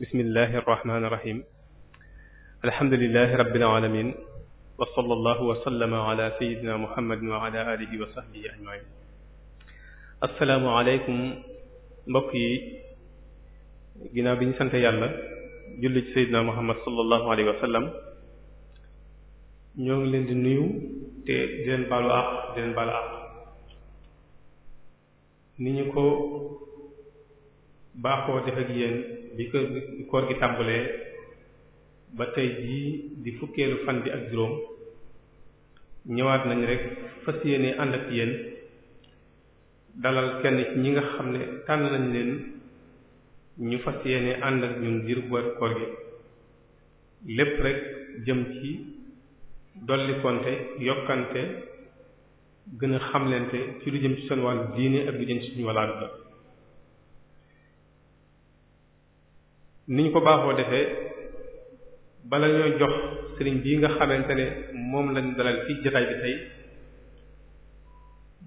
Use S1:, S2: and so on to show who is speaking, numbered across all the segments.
S1: bismillahi arrahmani irrahim alhamdulilahi rabilalamin wa sallallahu wa sallama ala sayidina muhammadin wa ala alihi wa sahbihi ajmain asalaamualeykum mbokk yi ginnaaw bi ñu sant yàlla julli ci sayidina muhammad sallallahu alayhi wa sallam ñoo ngi leen di nuyu te di leen baalu àq di leen baalu àq ni ñu ko baaxoo def ak yéen bi ko koor gi tàmbalee ba tey jii di fukkeelu fan bi ak juróom ñëwaat nañ rek fas yéene ànd ak yéen dalal kenn ci ñi nga xam ne tànn nañ leen ñu fas yéene ànd ak ñun diir bu koor gi lépp rek jëm ci dollikonte yokkante gën a xamlente ci lu jëm ci seen wàllu diine ak lu jëm ci suñu wàllu àdduna ni ñu ko baaxoo defee bala ñoo jox sëriñ bii nga xamante ne moom lañu dalal fii jotaay bi tey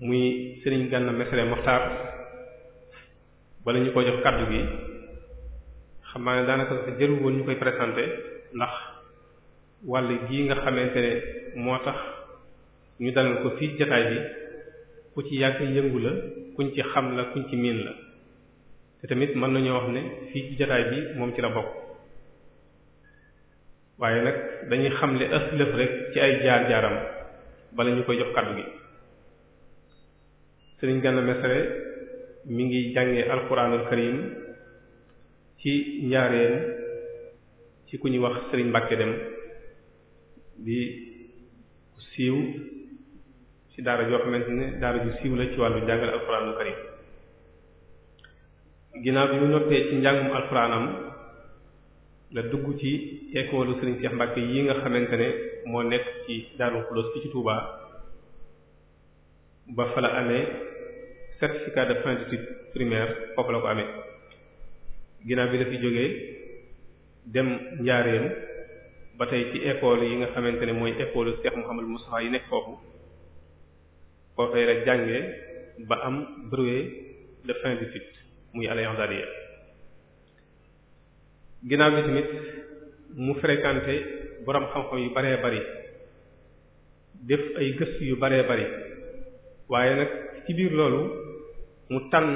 S1: muy sëriñ Gana Messere Moxtaar bala ñu ko jox kàddu gi xam naa ne daanaka sa woon ñu koy présenté ndax wàll gii nga xamante ne moo tax ñu dalal ko fii jotaay bi ku ci yàgg yëngu la kuñ ci xam la kuñ ci miin la te tamit mën nañoo wax ne fii ci jataay bi moom ci la bokk waaye nag dañuy xamle aslëf rek ci ay jaar jaaram bala ñu koy jox kàddu gi Sëriñ Gana Messere mi ngi jàngee alquranul karim ci njaareen ci ku ñuy wax Sëriñ Mbàkke dem di siiw ci daara joo xamante ne daara ju siiw la ci wàllu jàngale alquranul karim ginnaaw bi mu noppee ci njàngum alxuraanam la dugg ci école Serigne Cheikh Mbacke yi nga xamante ne moo nekk ci Darou Khoudoss fi ci Touba ba fa la amee certificat de fin d'études primaires foofu la ko amee ginnaaw bi la fi jógee dem njaareem ba tey ci école yi nga xamante ne mooy école Cheikh Mouhamadou Moustapha yi nekk foofu foofee la jàngee ba am brevet de fin d'études muy al-I'dadiyya ginnaaw bi tamit mu fréquenté borom xam-xam yu baree bari def ay gëstu yu baree bari waaye nag ci biir loolu mu tànn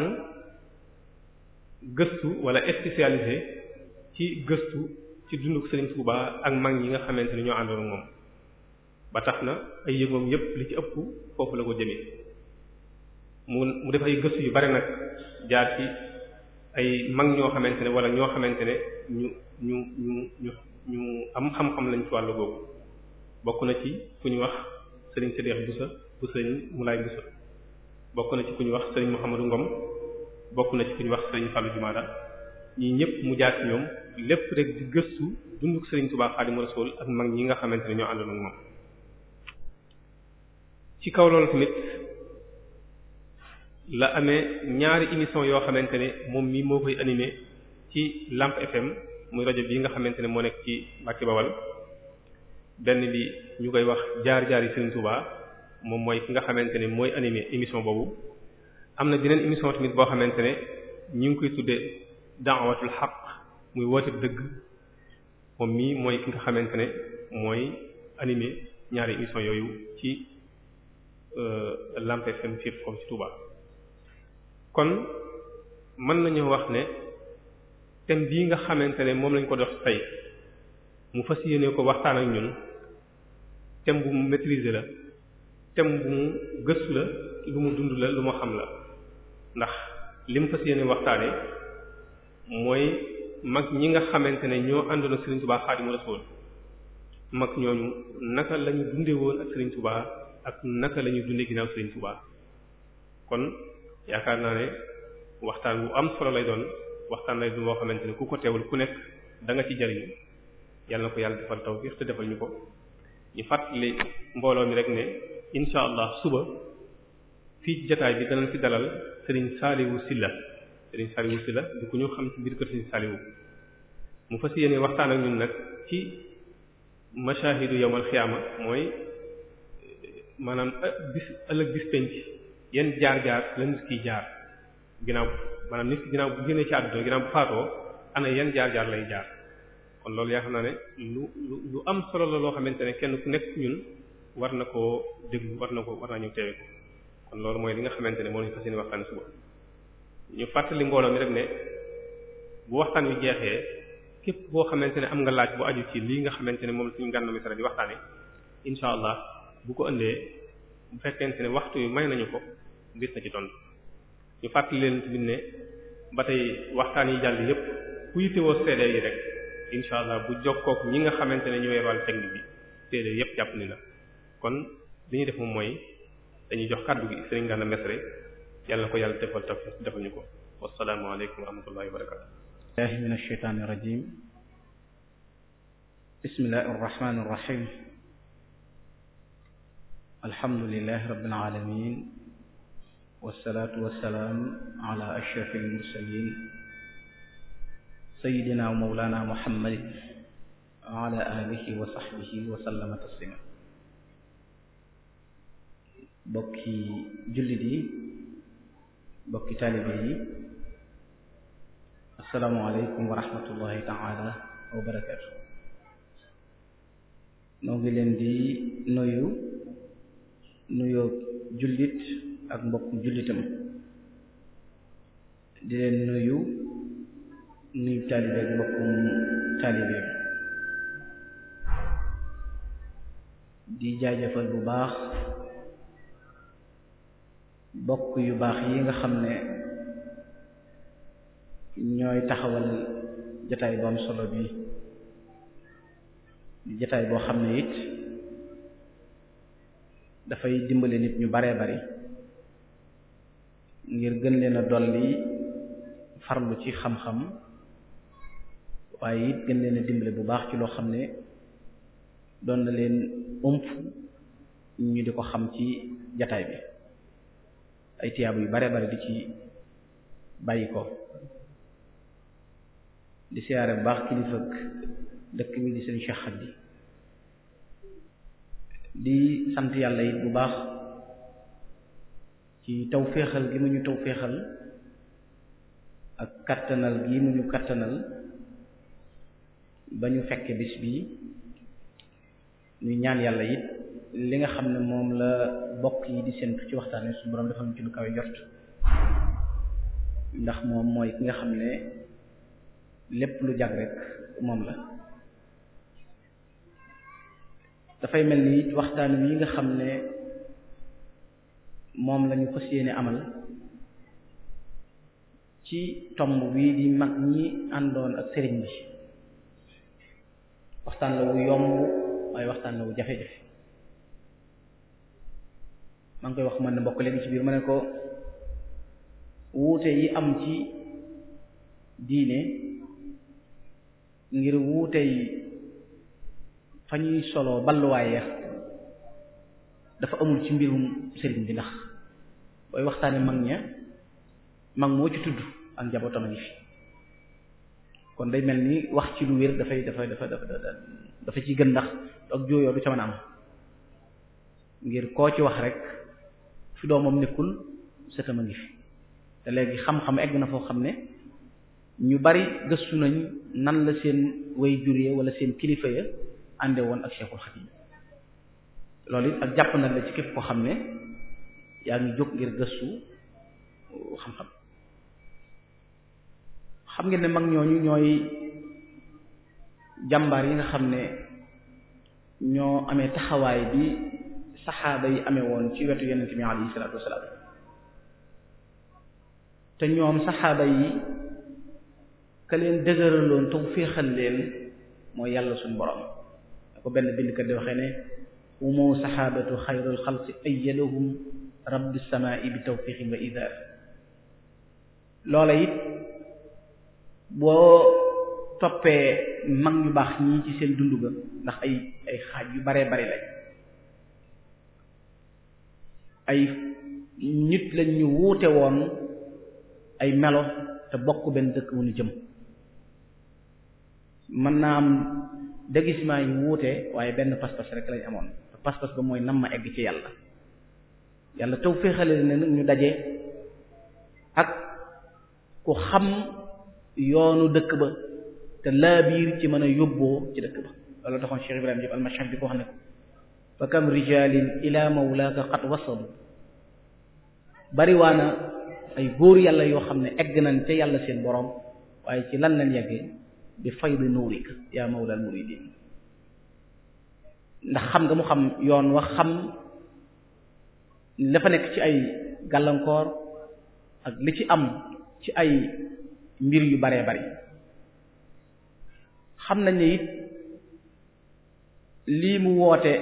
S1: gëstu wala spécialisé ci gëstu ci dunduk Serigne Touba ak mag ñi nga xamante ni ñoo àndoon moom ba tax na ay yëngoom yépp li ci ëpp foofu la ko jëmee mu mu def ay gëstu yu bari nag jaar ci ay mag ñoo xamante ne wala ñoo xamante ne ñu ñu ñu ñu ñu am xam-xam lañ ci wàll googu bokk na ci ku ñu wax sëriñ Sédéex Busa bu sëriñ Mulaay Busa bokk na ci ku ñu wax mu Mouhamadou Ngom bokk na ci ku ñu wax sëriñ Fallou Jumaada ñii ñëpp mu jaar ci ñoom lépp rek di gëstu dunduk sëriñ Tuubaa Xaadimu Rasuul ak mag ñi nga xamante ne ñoo àndoon ak moom ci kaw loolu tamit la amee ñaari émission yoo xamante ne moom mii moo koy ci LAMP FM muy rajo bii nga xamante ne moo nekk ci Mbàkke Bawal benn bi ñu koy wax jaar jaar yi Serigne Touba moom mooy ki nga xamante ne mooy animé émission boobu am na beneen émission tamit boo xamante ne ñu ngi koy tuddee da'watul muy woote dëgg moom mii mooy ki xamante ne mooy animé ñaari émission yooyu ci euh, LAMP FM fii foofu ci Touba. kon mën nañu wax ne thème bii nga xamante ne moom lañ ko dox tey mu fas yéene ko waxtaan ak ñun tem bu mu maîtriser la tem bu mu gëstu la lu mu dund la lu ma xam la ndax li mu fas yéene waxtaane mooy mag ñi nga xamante ne ñoo àndoon ak Serigne Touba Xaadimu Rasuul mag ñooñu naka lañu dunde woon ak Serigne Touba ak naka lañu dunde ginaaw Serigne Touba kon yaakaar naa ne waxtaan bu am solo lay doon waxtaan lay doon boo xamante ni ku ko teewul ku nekk da nga ci jariñu yàlla na ko yàlla defal tawfiq te defal ñu ko ñu fàttali mbooloo mi rek ne insha allah suba fii jataay bi danañ fi dalal Serigne Saliou Sylla Serigne Saliou Sylla du ku ñu xam ci biir kër Serigne Saliou mu fas yéene waxtaan ak ñun nag ci mashahidu yawmal xiyaama mooy maanaam eh, bis ëllëg bis yenn jaar-jaar la nit ki jaar ginnaaw maanaam nit ki ginnaaw bu génnee ci àdduna ginnaaw bu faatoo ana yenn jaar-jaar lay jaar kon loolu yaa xam naa ne lu lu lu am solo la loo xamante ne kenn ku nekk ñun war na koo déglu war na ko war na ñu teewe ko kon loolu mooy li nga xamante ne moom ñu fas yéene waxtaane suba ñu fàttali mbooloo mi rek ne bu waxtaan wi jeexee képp boo xamante ne am nga laaj bu aju ci lii nga xamante ne moom la suñu ngànn misara di waxtaane incha allah bu ko ëndee bu fekkente ne waxtu yi may nañu ko gis na ci tontu ñu fàttali leen ne ba tey waxtaan yi jàll yépp ku yittewoo CD yi rek incha allah bu jokkook ñi nga xamante ne ñoo yor wàllu technique bi CD yépp jàpp ni la kon li ñuy def moom mooy dañuy jox kàddu gi Serigne Gana Messere yàlla ko yàlla defal taf defuñu ko wassalaamu aleykum wa rahmatullahi wa barakatuh
S2: billahi minash rajim bismillahir rahmanir rahim alhamdulillahi rabbil alamin wasalaatu wasalaam ala ashraf almursalin sayidina wa mawlana muhammadin wa ala alihi wa sahbihi wa sallama taslima bokki jullit yi bokki taalibe yi assalaamu aleykum wa rahmatullahi taala wa barakaatu noo ngi leen di nuyu nuyoo jullit ak mbokk jullitam
S3: di leen nuyu nuyu taalibe ak mbokkum taalibe
S2: di jaajëfal bu baax bokk yu baax yi nga xam ne ñooy taxawal jataay bu am solo bi jataay boo xam ne it dafay dimbale nit ñu baree bari ngir gën leen a dolli farlu ci xam-xam waaye it gën leen a dimbale bu baax ci loo xam ne doon na leen ump ñu di ko xam ci jataay bi ay tiyaabu yu bare bare di ci bàyyi ko di siyaare bu baax kilifa dëkk bi di seen Cheikh Xadi di sant yàlla it bu baax ci taw féexal gi mu ñu taw féexal ak kattanal gi mu ñu kattanal ba ñu fekke bis bii ñu ñaan yàlla it li nga xam ne moom la bokk yi di séntu ci waxtaane suñu boroom dafa ñu ci lu kawe jot ndax moom mooy ki nga xam ne lépp lu jag rek moom la dafay mel ni waxtaan wi nga xam ne moom lañu fas yéene amal ci tomb bi di mag ñi àndoon ak sëriñ bi waxtaan la wu yomb waaye waxtaan la wu jafe-jafe maa ngi koy wax mën na bokk léegi ci biir ma ne ko wuute yi am ci diine ngir wuute yi fa ñuy solo balluwaay ya dafa amul ci mbirum sëriñ bi ndax booy waxtaane mag ña mag moo ci tudd ak njabootam a ngi fi kon day mel ni wax ci lu wér dafay dafa dafa dafa dafa ci gën ndax ak jooyoo du ca mën a ngir koo ci wax rek fi doomam nekkul sëtam ngi fi te léegi xam-xam egg na foo xam ne ñu bari gëstu nañ nan la seen way jur ya wala seen kilifa ya ànde woon ak Cheikhul Khadim lool it ak jàpp nag la ci képp koo xam ne yaa ngi jóg ngir gëstu xam-xam xam ngeen ne mag ñooñu ñooy jàmbaar yi nga xam ne ñoo amee taxawaay bi saxaaba yi amee woon ci wetu yonent bi alayhi salaatu wasalaam ñoom saxaaba yi ka leen dëgëraloon taw mooy yàlla suñu borom da ko benn bind kat di ne umow saxaabatu xayrul xalqi ayyadahum rabbi samaai bi tawfiqi wa idaar it boo toppee mag ñu baax ñii ci seen dund ga ndax ay ay xaaj yu baree bari lañ ay nit lañ ñu wuute woon ay melo te bokk benn dëkk wu jëm mën naa am déguisement yu wuute waaye benn pas-pas rek lañ amoon pas-pas ba mooy nam ma egg ci yàlla yàlla taw féexale na nag ñu daje ak ku xam yoonu dëkk ba te laa biir ci mën a yóbboo ci dëkk ba loolu taxoon Cheikh Ibrahima Diop almashar bi ko wax ne ko fa kam rijalin ila mawlaaka xat wasalu bariwaana ay góor yàlla yoo xam ne egg nañ ca yàlla seen boroom waaye ci lan lañ yeggee bi faydi nuurika yaa mawlaal muridin ndax xam nga mu xam yoon wax xam dafa fa nekk ci ay gàllankoor ak li ci am ci ay mbir yu baree bari xam na ne it lii mu woote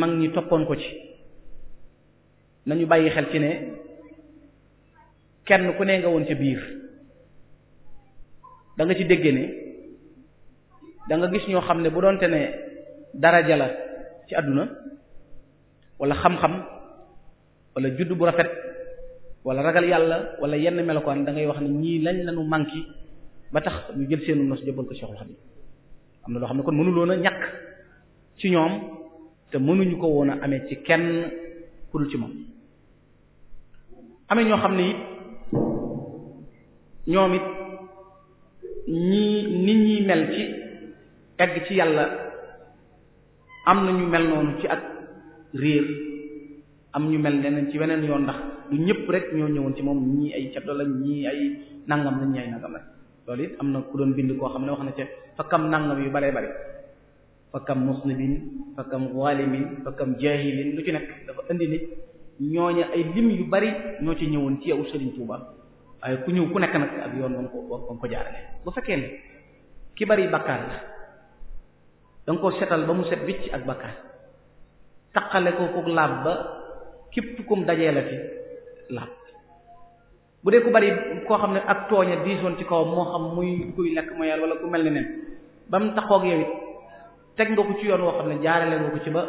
S2: mag ñi toppoon ko ci nañu bàyyi xel ci ne kenn ku ne nga woon ca biir danga ci dégge ne da gis ñoo xam ne bu doonte ne daraja la ci àdduna wala xam-xam wala juddu bu rafet walla ragal yàlla wala yenn melokaan da ngay wax ni ñii lañ lañu manqué ba tax ñu jël seenu nos jëbbal ko Cheikhul Khadim na loo xam ne kon mënuloon a ñàkk ci ñoom te mënuñu ko woon a amee ci kenn ku dul ci moom ñoo xam ne it ñoom it ñii nit ñi mel ci egg ci yàlla am na ñu mel noonu ci ak réer am ñu mel neneen ci weneen yoon ndax du ñëpp rek ñoo ñëwoon ci moom ñii ay caddo lañ ñii ay nangam lañ ay nangam lañ loolu it am na ku doon bind koo xam ne wax na ca fa kam nangam yu bare bare fa kam muslimin fa kam zalimin fa kam jahilin lu ci nekk dafa indi nit ñooña ay lim yu bari ñoo ci ñëwoon ci yow Serigne Touba waaye ku ñëw ku nekk nag ak yoon ba mu ko ko jaarale bu fekkee ne ki bari bakkaar la da nga ko setal ba mu set wicc ak bakkaar taqale ko ku laab ba képp kum dajee la fi laab bu dee ku bari koo xam ne ak tooña diisoon ci kawam moo xam muy kuy lekk mooy yàlla wala ku mel ni nen ba mu taxoog yow it teg nga ko ci yoon woo xam ne jaarale nga ko ci ba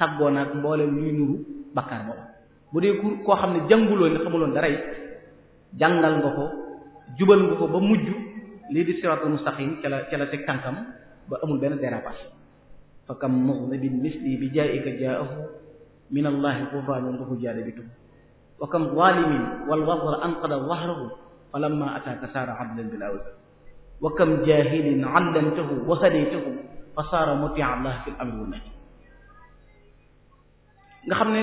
S2: tàggoo naag mbooleem luy nuru bakkaar boobu bu dee ku koo xam ne jànguloo ni xamuloon dara jàngal nga ko jubal nga ko ba mujj lii di siratul mustaqim ca la ca la teg tànkam ba amul benn dérapage fa kam mughnabin misli bi jaa'ika jaa'ahu min allahi ghufraanun lahu jaanibatuhu wa kam zalimin wal wadra anqada dhahrahu falamma ataaka saara adlan bil awsa wa kam jaahilin allamtahu wa hadaytahu fa saara muti'a allah fil amri wan nahyi nga xam ne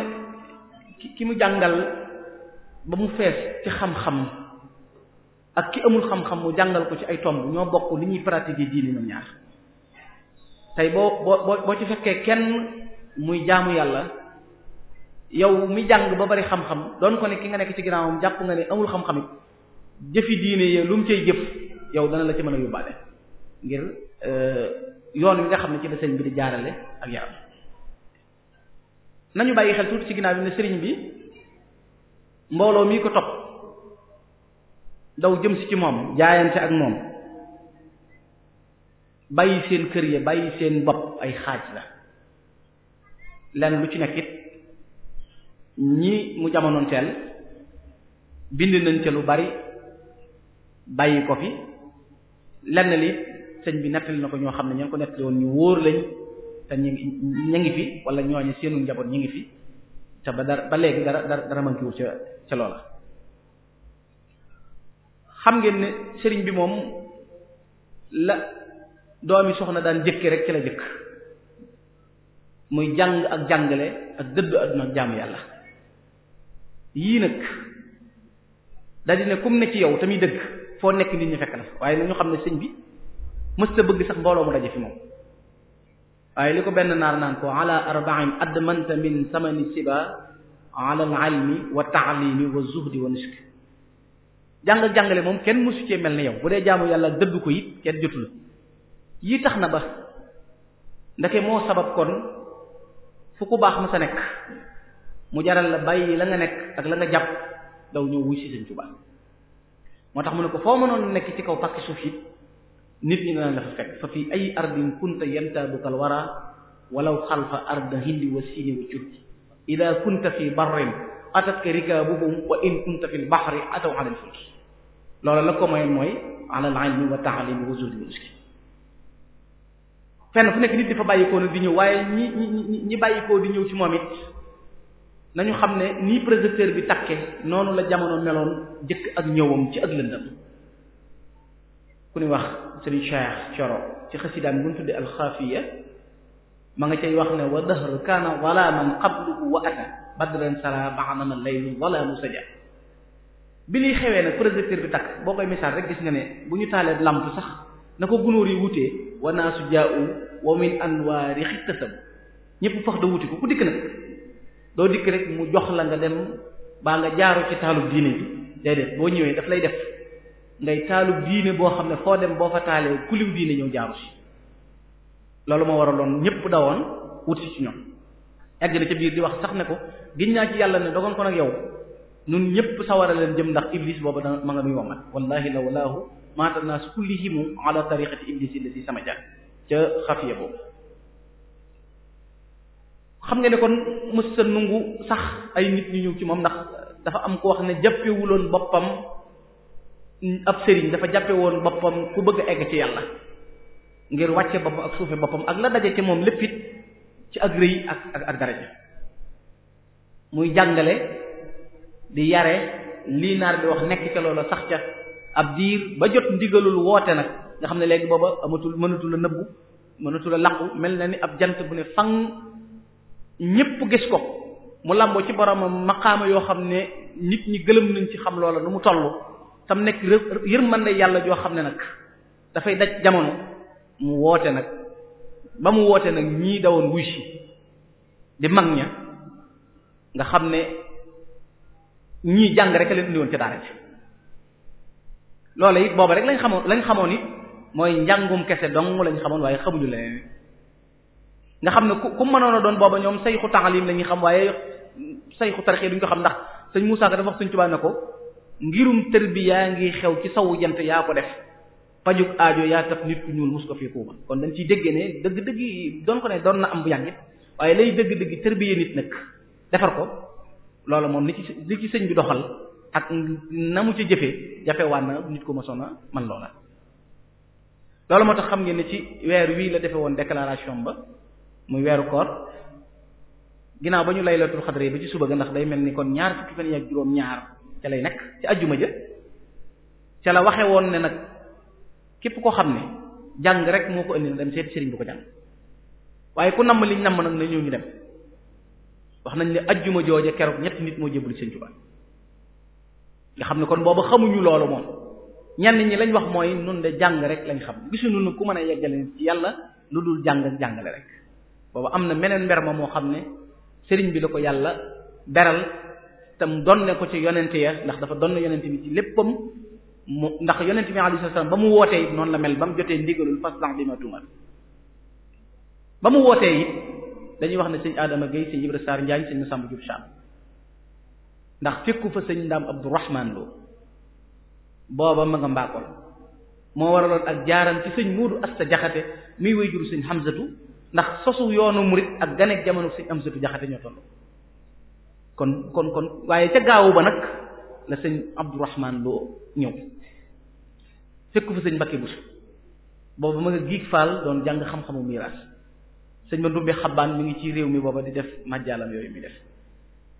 S2: ki mu jàngal ba mu fees ci xam-xam ak ki amul xam-xam mu jàngal ko ci ay tomb ñoo bokk li ñuy pratiquer diini ñoom ñaar tey boo boo boo ci fekkee kenn muy jaamu yàlla yow mi jàng ba bari xam-xam doon ko ne ki nga nekk ci ginnaawam jàpp nga ne amul xam-xam it jëfi diine yi lu mu cay jëf yow dana la ci mën a yóbbaale ngir euh, yoon wi nga xam ne ci la sëriñ bi di jaarale ak yaram nañu bàyyi xel tuuti ci ginnaaw bi ne sëriñ bi mbooloo mii ko topp daw jëm ci moom jaayante ak moom bàyyi seen kër ya bàyyi seen bopp ay xaaj la lenn lu ci nekk it ñi mu jamonoonteel bind nañ ca lu bari bàyyi ko fi lenn li sëñ bi nettali na ko ñoo xam ne ña ngi ko nettali woon ñu wóor lañ te ñu ngi ña ngi fi wala ñooñu seenu njaboot ñu ngi fi te ba dara ba léegi dara dara dara mankiwul ca ca loola xam ngeen ne sëriñ bi moom la doomi soxna daan jëkke rek ci la jëkk muy jàng ak jàngale ak dëddu àdduna ak jaamu yàlla yii nag daldi ne kum ne ci yow tamit dëgg foo nekk nit ñi fekk na waaye na ñu xam ne sëñ bi mësta bëgg sax mbooloo mu daje fi moom waaye li ko benn naar naan ko ala arba'in admanta min samani siba ala al wa ta'limi wa zuhdi wa nusk jàng ak jàngale moom kenn mësu cee mel ne yow bu dee jaamu yàlla dëddu ko it kenn jotu yi tax na ba ndeke moo sabab kon fu ku baax ma sa nekk mu jaral la bàyyi la nga nekk ak la nga jàpp daw ñëw wuy si Sëriñ Tuubaa moo tax mu ne ko foo mënoon nekk ci kaw pàkki suuf yi nit ñi nga naan la fekk fa fi ay ardin kunta yamtaabukal wara walaw xalfa arda hindi wa siini wa jurdi ida kunta fi barrin atatka rikaabuhum wa in kunta fi lbahri ataw ala lfulki loolu la ko mayoon mooy ala al ilmi wa taalimi wa fenn fu nekk nit dafa bàyyikoo nag di ñëw waaye ñi ñi ñi bàyyikoo di ñëw ci moom it nañu xam ne nii projecteur bi takke noonu la jamono meloon jëkk ak ñëwam ci ak lëndam ku ni wax Serigne Cheikh Thioro ci xasidaam bu ñu tuddee alxaafiya ma nga cay wax ne wa dahr kaana zalaman qabluhu wa ata badran sala ba'dana laylu zalamu saja bi liy xewee nag projecteur bi takk boo koy misaal rek gis nga ne bu ñu taalee lampe sax na ko gunóor yi wutee wanaasu jaa'u wa min anwaari xittasam ñépp fax da wuti ko ku dikk nag doo dikk rek mu jox la nga dem baa nga jaaru ci taalub diine bi déedéet boo ñëwee daf lay def ngay taalub diine boo xam ne foo dem boo fa taalee kuliw diine ñëw jaaru si loolu moo waraloon ñëpp dawoon wuti ci ñoom egg na ca biir di wax sax ne ko giñ naa ci yàlla ne dogoon ko nag yow nun ñëpp sawara leen jëm ndax iblis booba da ma nga nuy womat wallahi maata naas kullihim ala tariqati iblis illati sama jàng ca xafiya boobu xam nga ne kon mës sa nungu sax ay nit ñu ñëw ci moom ndax dafa am ko wax ne jàppewuloon boppam ab sëriñ dafa jàppe woon boppam ku bëgg a egg ci yàlla ngir wàcce boppam ak suufe boppam ak la daje ci moom lépp it ci ak rëy ak ak ak daraja muy jàngale di yare lii naar bi wax nekk ca loola sax ca ab diir ba jot ndigalul woote nag nga xam ne léegi booba amatul mënatul a nëbbu mënatul a laqu mel na ni ab jant bu ne fang ñépp gis ko mu làmboo ci boromam maqaama yoo xam ne nit ñi gëlëm nañ ci xam loola nu mu toll tam nekk na yàlla joo xam ne nag dafay daj jamono mu woote nag ba mu woote nag ñii dawoon wuy si di mag ña nga xam ne ñii jàng rekk a leen indiwoon ca daara loola it booba rek lañ xamoon lañ xamoon it mooy njàngum kese dong lañ xamoon waaye xamuñu leneen nga xam ne ku ku mënoon a doon booba ñoom sayxu taalim la ñuy xam waaye sayxu tarixee duñ ko xam ndax sëñ Moussa Ka dafa wax sëñ Tuubaa ne ko ngirum tërbiya ngi xew ci sawu jant yaa ko def pajuk aajo yaa taf nit ku ñuul mus ko fi kuuba kon dañ ciy déggee ne dëgg dëgg doon ko ne doon na am bu yàggit waaye lay dëgg dëgg tërbiya nit nag defar ko loolu moom li ci li bi doxal ak na mu ci jëfee jafewaan na nit ko mosoon a man loola loolu moo tax xam ngeen ne ci weer wii la defe woon déclaration ba muy weeru koor ginnaaw ba ñu laylatul xadre bi ci suba ga ndax day mel ni kon ñaar fukki fan ak juróom ñaar ca lay nekk ci àjjuma ja ca la waxe woon ne nag képp koo xam ne jàng rek moo ko indi na dem seeti sëriñ bu ko jàng waaye ku namm liñ namm nag na ñëw ñu dem wax nañ ne ajjuma jooje keroog ñett nit moo jébbalu Sëriñ Tuubaa nga xam ne kon boobu xamuñu loolu moom ñenn ñi lañ wax mooy nun de jàng rek lañ xam gisuñu nu ku mën a yeggale nit ci yàlla lu dul jàng ak jàngale rek boobu am na meneen mber ma moo xam ne sëriñ bi la ko yàlla beral tam donne ko ci yonente ya ndax dafa donn yonente bi ci léppam mu ndax yonente bi alayhi salaam ba mu wootee it noonu la mel ba mu jotee ndigalul faslan bi ma tumal ba mu wootee it dañuy wax ne sëñ Adama Guèye sëñ Ibra Sarr Njaañ sëñ Masamba ndax fekku fa sëñ ndaam abdourahman loo booba ma nga mbaakool moo waraloon ak jaaram ci sëñ muudu asta jaxate muy way juru sëñ xamsatu ndax sosu yoonu murit ak ganeeg jamono sëñ xamsatu jaxate ñoo toll kon kon kon waaye ca gaawu ba nag la sëñ abdourahman loo ñëw fekku fa sëñ mbakke bus booba ma nga giig faal doon jàng xam-xamu miraas sëñ ma ndumbe xabaan mi ngi ci réew mi booba di def majjaalam yooyu mi def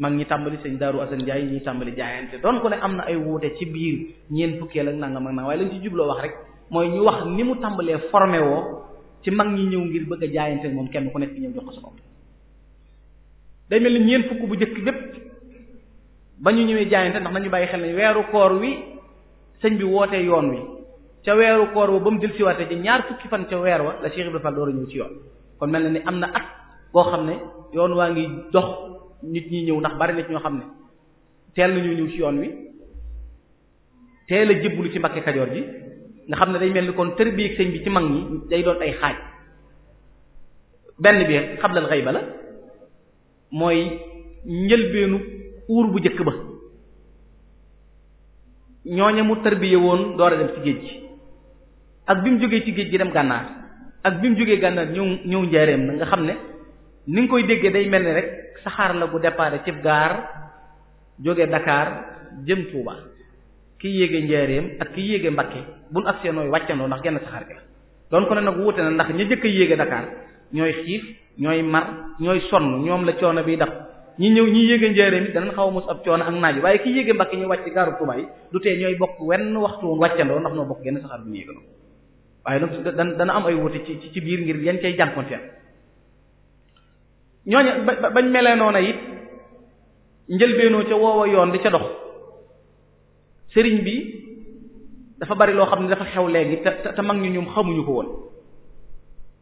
S2: mag ñi tàmbali sëñ Daaru Asan Njaay ñi tàmbali jaayante doon ko ne am na ay wuute ci biir ñeen fukkeel ak nangam ak nangam waaye lañ ci jubloo wax rek mooy ñu wax ni mu tàmbalee formé woo ci mag ñi ñëw ngir bëgg a jaayante moom kenn ku nekk ñëw jox ko sa bopp day mel ni ñeen fukk bu jëkk bépp ba ñu ñëwee jaayante ndax nañu bàyyi xel ne weeru koor wi sëñ bi wootee yoon wi ca weeru koor wa ba mu dil siwaate ci ñaar fukki fan ca weer wa la Cheikh Ibrahima Fall door ci yoon kon mel na ni am na at boo xam ne yoon waa ngi dox nit ñi ñëw ndax bari na ñoo xam ne teel nañu ñëw ci yoon wi teel a jébbalu ci Mbàkke Kajoor ji nga xam ne day mel ni kon tërbiyeek sëñ bi ci mag ñi day doon ay xaaj benn bi xablal xayba la mooy njëlbeenu uur bu njëkk ba ñooñe mu woon door a dem ci géej gi ak bi mu jógee ci géej gi dem gànnaar ak bi mu jógee gànnaar ñëw ñëw njaareem na nga xam ne ni nga koy déggee day mel ni rek saxaar la gu départ cib gaar jóge Dakar jëm Touba ki yéege njaareem ak ki yéege Mbakke buñ agsee nooy wàccandoo ndax genn saxaar gi la doon ko ne na ndax ña jëkk yéege Dakar ñooy xiif ñooy mar ñooy sonn ñoom la coono bi dab ñi ñëw ñi yéege njaareem it xaw a mos ab ak naaj waaye ki yéege ñu wàcc gaaru Touba yi du tee bokk wenn waxtu woon wàccandoo ndax noo bokk genn saxaar bu ñu yéegandoo waaye dana am ay wuute ci biir ngir yan cay jànkonteel ñooñu ba bañ melee noona it njëlbeenoo ca woowa yoon di ca dox sëriñ bi dafa bari loo xam ne dafa xew léegi te te mag ñu ñoom xamuñu ko woon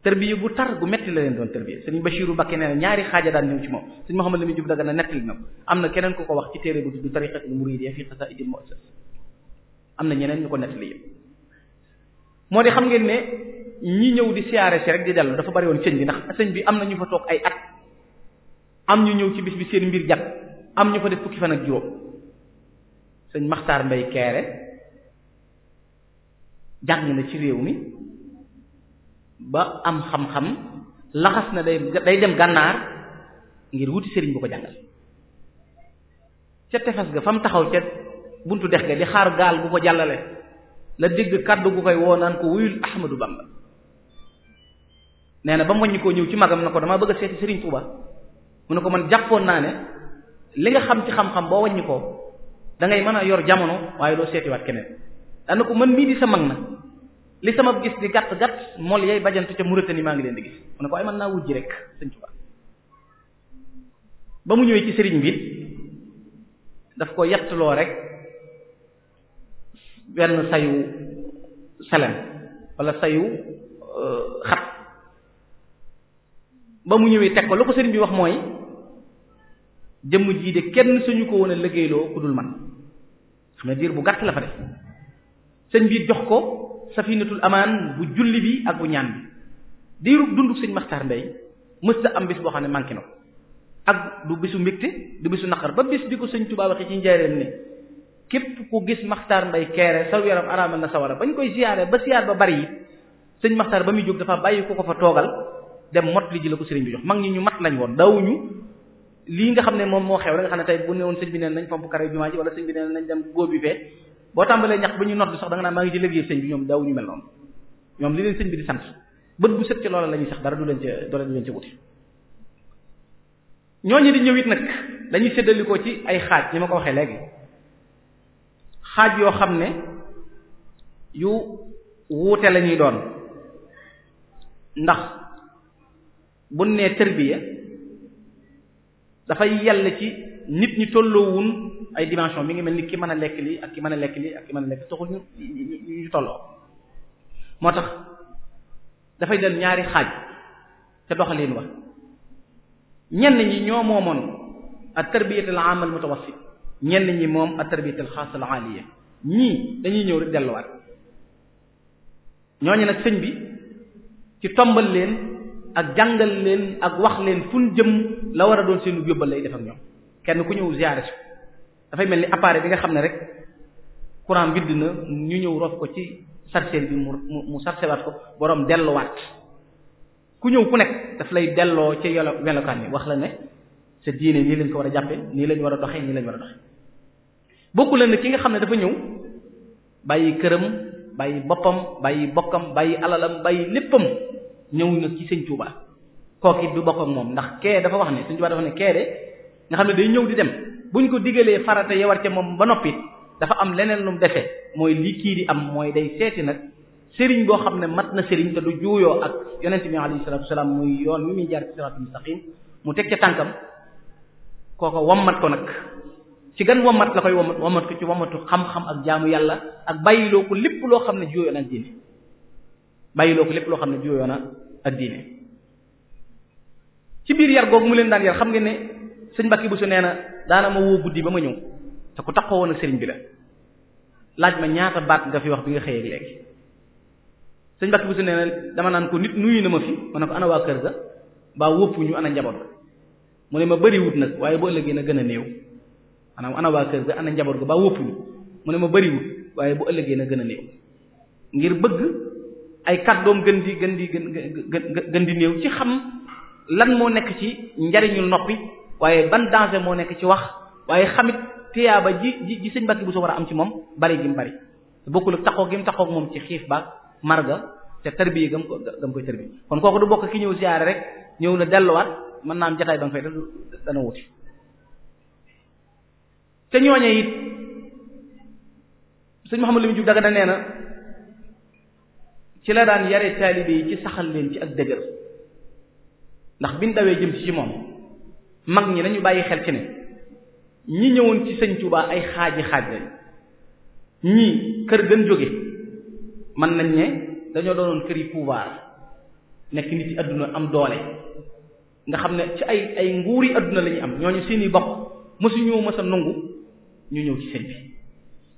S2: tërbiya bu tar bu metti la leen doon tërbiya sëriñ Bachiru Bakke nee na ñaari xaaja daan ñëw ci moom sëriñ Muhammad Lamin Jub daga na nettali na am na keneen ku ko wax ci téere bu tudd tariqatul muridiyya fi qasaa'idil mu'assas am na ñeneen ñu ko nettali yëpp
S3: moo di xam ngeen ne
S2: ñi ñëw di siyaare si rek di dellu dafa bari woon sëñ bi ndax bi am na ñu fa toog ay at am ñu ñëw ci bis bi seen mbir jat am ñu fa def fukki fan ak juróom sëñ maxtaar mbay keere jàng na ci réew mi ba am xam-xam laxas na day day dem gànnaar ngir wuti sëriñ bu ko jàngal ca tefes ga fa mu taxaw ca buntu dex ga di xaar gaal bu ko jàllale la dégg kàddu gu koy woo naan ko wuyul Ahmadu Bamba nee na ba mu wàññi koo ñëw ci magam na ko dama bëgg a seeti sëriñ Tuuba mu ne ko man jàppoon naa ne li nga xam ci xam-xam boo wàññi ko da ngay mën a yor jamono waaye doo seetiwaat keneen dana ko man mii di sa mag na li sama gis di gàtt gàtt mool yay bajantu ca Mauritanie maa ngi leen di gis mu ne ko ay mën naa wujji rek sëñ Tuubaa ba mu ñëwee ci sëriñ bi daf ko yettloo rek benn sayu selem walla sayu euh, xat ba mu ñëwee teg ko lu ko sëriñ bi wax mooy jëmm jii de kenn suñu ko woon a liggéeyloo ku dul man xam ne diir bu gàtt la fa def sëñ biir jox ko safinatul amaan bu julli bi ak bu ñaan bi diiru dunduk sëñ Maxtaar Mbay mësta am bis boo xam ne manqué na ko ak du bisu mbégte du bisu naqar ba bis bi ko sëñ Tuubaa waxee ci njaareem ne képp ku gis Maxtaar Mbay keere saw yaram araamal na sawara bañ koy siyaare ba siyaar ba bari yi sëñ Maxtaar ba muy jóg dafa bàyyi ko ko fa toogal dem mot li ji la ko sëriñ bi jox mag ñi ñu mat lañ woon daawuñu lii nga xam ne moom moo xew la nga xam ne tey bu ne woon sëñ bi neen nañ pomp kare jumaa ji wala sëñ bi neen nañ dem góob bi fee boo tàmbalee ñax ba ñu nodd sax da nga naan maa ngi ci liggéey sëñ bi ñoom daawuñu mel noonu ñoom li leen sëñ bi di sant bët bu set ci loola la ñuy sax dara du leen ca doole du leen ca wuti ñooñu di ñëw it nag dañuy séddalikoo ci ay xaaj ni ma ko waxee léegi xaaj yoo xam ne yu la ñuy doon bu nee tërbiya dafay yàlla ci nit ñi tolloowun ay dimension mi ngi mel ni ki mën a lekk li ak ki mën a lekk li ak ki mën a lekk taxul ñu ñu tolloo moo tax dafay dem ñaari xaaj te doxalin wa ñenn ñi ñoo moomoon at tarbiyatul aam al mutawassit ñenn ñi moom at tarbiyatul xaas al aaliya ñii dañuy ñëw rek delluwaat ñooñu nag sëñ bi ci tombal leen ak jàngal leen ak wax leen fu jëm la war a doon seenu yóbbal lay defak ak kenn ku ñëw ziyaare si dafay mel ni appareil bi nga xam ne rek courant widd na ñu ñëw rof ko ci sarcelle bi mu mu sarcewaat ko borom delluwaat ku ñëw ku nekk daf lay delloo ci yolo melokaan bi wax la ne sa diine nii lañ ko war a jàppe nii lañ war a doxe nii lañ war a doxe bokku la ne ki nga xam ne dafa ñëw bàyyi këram bàyyi boppam bàyyi bokkam bàyyi alalam bàyyi léppam ñëw na ci sëñ Touba kooku du bokk ak moom ndax kee dafa wax ne sëñ Touba dafa ne kee de nga xam ne day ñëw di dem buñ ko diggalee farata ya war moom ba noppi dafa am leneen lu mu defee mooy li kii di am mooy day seeti nag sëriñ boo xam ne mat na sëriñ te du juuyoo ak yonent bi alayhi salaatu wasalaam muy yoon mi muy jaar ci siraatul mustaqim mu teg ca tànkam kooko mat ko nag ci gan wammat la koy wammat wammat ko ci wammatu xam-xam ak jaamu yàlla ak bàyyiloo ko lépp loo xam ne juuyoo nag diine bàyyiloo ko lépp loo xam ne juyoo na ak diine ci biir yar googu mu leen daan yar xam nga ne sëñ Mbàkke Buso nee na daana ma woo guddi ba ma ñëw te ku taxoo woon ak sëriñ bi la laaj ma ñaata baat nga fi wax bi nga xëyee léegi sëñ Mbàkke Buso nee na dama naan ko nit nuyu na ma fi ma ne ko ana ga baa wóppu ñu ana njaboot mu ne ma bariwut nag waaye bu ëllëgee na gën a néew maanaam ana waa kër ga ana njaboot ga baa wóppu ñu mu ne ma bëriwut waaye bu ëllëgee na gën a néew ay kàddoom gën di gën di gën gën di néew ci xam lan moo nekk ci njariñul noppi waaye ban danger moo nekk ci wax waaye xamit tiyaaba ba ji ji sëñ Mbàkke bu soo war a am ci moom bari gi mu bari bokkul ak taxaw gi mu taxaw moom ci xiif ba marga te tarbiya gam gam koy tarbiya kon kooku du bokk ki ñëw siyaare rek ñëw na delluwaat mën naa am jataay ba nga fay def dana wuti te ñooñe it sëñ Mouhamadou Lamine Diouf daga da nee na ci la daan yare taalibe yi ci saxal leen ci ak dëgër ndax biñ dawee jëm ci moom mag ñi nañu bàyyi xel ci ne ñi ñëwoon ci sëñ Tuubaa ay xaaji xaaj lañ ñii kër gën jóge mën nañ ne dañoo doonoon kër yi pouvoir nekk nit ci àdduna am doole nga xam ne ci ay ay nguuri àdduna la ñuy am ñooñu seeni bokk mësuñu mës a nangu ñu ñëw ci sëñ bi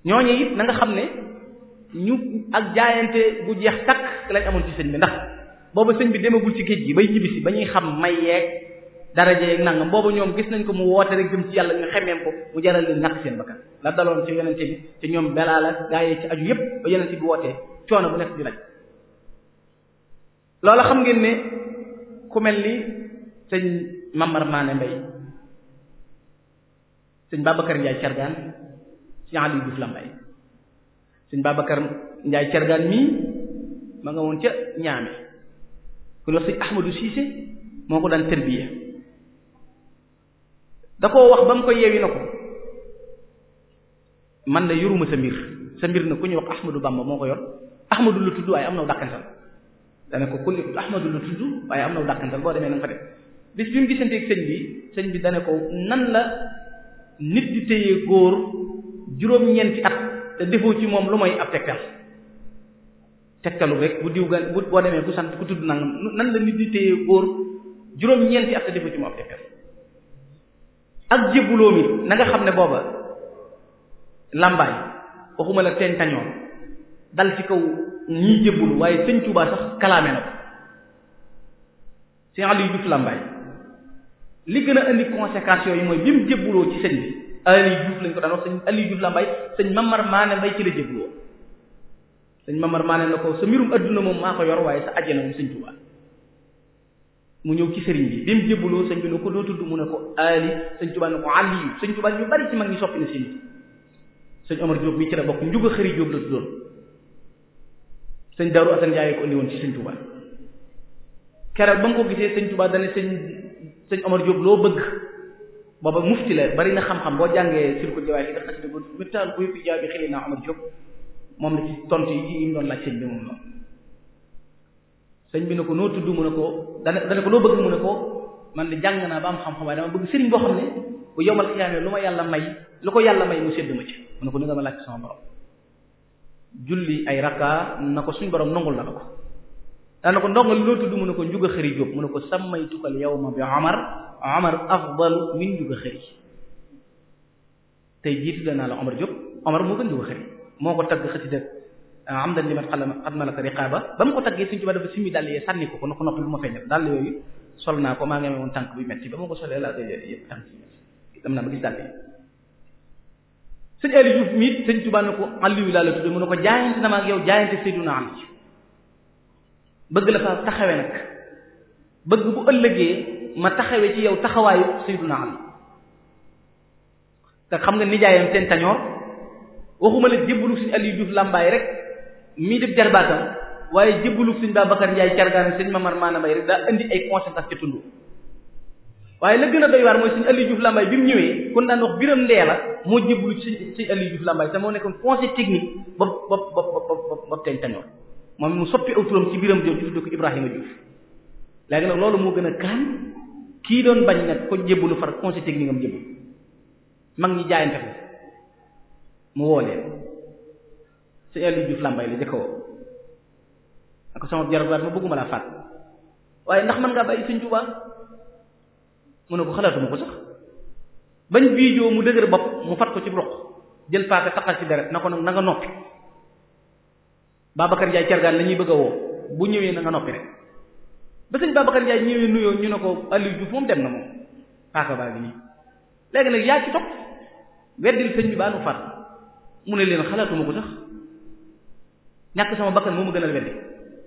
S2: ñooñu it na xam ne ñu ak jaayante bu jeex takk lañ amoon ci sëñ bi ndax booba sëñ bi demagul ci géej gi bay ñibbisi ba ñuy xam may yeeg daraje yeeg nangam booba ñoom gis nañ ko mu woote rek jëm ci yàlla ñu xemeem ko mu jaral leen ñàkk seen bakkan la daloon ci yonente bi te ñoom belaa la gaa yee ci aju yépp ba yonente bi wootee coono bu nekk di laaj loola xam ngeen ne ku mel ni sëñ Mamar Maane Mbay sëñ Babacar Ndiaye Cargaan sëñ Ali Diouf Lambaye suñ Babacar Ndiaye Cergaan mii ma nga woon ca ñaame ku wax sëñ Ahmadou Cissé moo ko daan tërbiya da koo wax ba mu ko yeewi na ko man na yuruma sa mbir sa mbir na ku ñuy wax Ahmadou Bamba moo ko yor Ahmadou lu tudd waaye am na dàkkantal dana ko ku ñuy Ahmadou tudd waaye am na dàkkantal boo demee na nga fa def bis bi mu gisanteeg sëñ bi sëñ bi dana ko nan la nit di téye góor juróom-ñeenti at te defoo ci moom lu mooy ab tegtal tegtalu rek bu diw ga bu boo demee bu sant ku tudd nangam nan la nit ñi téye góor juróom-ñeenti at te defoo ci moom ab tegtal ak jébbuloo mi na xam ne booba làmbaay waxuma la teen tañoon dal ci kaw ñii jébbulu waaye sëñ Tuubaa sax kalaame na ko sëñ Aliou Diouf làmbaay li gën a indi conséquences yooyu mooy bi mu jébbuloo ci sëñ bi Aliou Diouf lañ ko daan wax sëñ Aliou Diouf Lambaye sëñ Mamar Maane Mbay ci la jéblu woon Mamar Maane na ko sa mbirum adduna moom maa ko yor waaye sa àjjana moom sëñ Tuubaa mu ñëw ci sëriñ bi bi mu jébbaloo na seen sëñ Omar Diop mi ci la bokk njuga xëri Diop la tuddoon sëñ Daaru Asan Njaay ko indi woon ci sëñ Tuubaa keroog ba nga ko gisee sëñ Tuubaa dane sëñ sëñ Omar Diop loo bëgg booba mufti la bari na xam-xam boo jàngee sirku jawaay li nga xas dëgg bu taal bu na Omar Diop moom la ci tontu yi ñu doon laaj sëñ bi moom la sëñ bi ne ko noo tudd mu ko loo bëgg mu man de jàng naa ba am xam-xam waaye lu ma yàlla may lu ko yàlla may mu ma ci mu ne li julli ay rakka na ko suñ borom nangul na ko. daana ko ndongo li loo mu ne ko njuga xëri jóob mu ne ko sammaytukal yawma bi omar omar afdalu min njuga xëri tey jii tudd naa la omar jóob omar moo ko tagg xëti dëkk am dan limat xad taggee suñ ci dafa simmi dàll yee sànni ko ko na ko noppi lu ma feeñal dàll yooyu sol naa ko maa ngi amee woon tànk bi metti ba ma ko solee laa koy yëpp tànk bi metti dam naa ba gis dàll yi sëñ Aliou Diouf mii sëñ ko Aliou laa la tudde mu ne ko jaayante na ma ak yow jaayante Seydouna am ci bëgg la faa taxawe nag bëgg bu ëllëgee ma taxawe ci yow taxawaayu sayyiduna Ali te xam nga nijaayam seen tañoor waxuma la jébbalu suñu Aliou Diouf làmbaay rek mii def jarbaatam waaye jébbalu baa Babacar Ndiaye cargaane suñu Mamar Maana Mbay rek daa indi ay conséquences ci tund waaye la gën a doy waar mooy suñu Aliou Diouf làmbaay bi mu ñëwee kon daan wax biram ndee la moo jébbalu suñu Aliou Diouf làmbaay te moo nekkoon conseil technique bopp bopp bopp bopp bopp moom mu soppi aw turam ci biiram Diouf tudde ko Ibrahima Diouf léegi nag loolu moo gën a kaan kii doon bañ nag ko jébbalu far conseil technique am jébbalu mag ñi jaayante ko mu woo si Aliou Diouf lambay la jëkk woo ak sama jarbaat ma bëgguma laa faat waaye ndax mën ngaa bàyyi Sëriñ Tuubaa mu ne ko xalaatuma ko sax bañ bii joo mu dëgër bopp mu fat ko ci roq jël paaka taqal ci deret na ko nag na noppi Babacar Ndiaye Thiergane la ñuy bëgg woo bu ñëwee na nga noppi rek ba sëñ Babacar Ndiaye ñëwee nuyoo ñu ne ko Aliou Diouf moom dem na moom paaka baa ngi nii léegi nag yaa ci topp weddil sëñ bi baa nu far mu ne leen xalaatuma ko sax ñàkk sama bakkan moo ma gënal weddi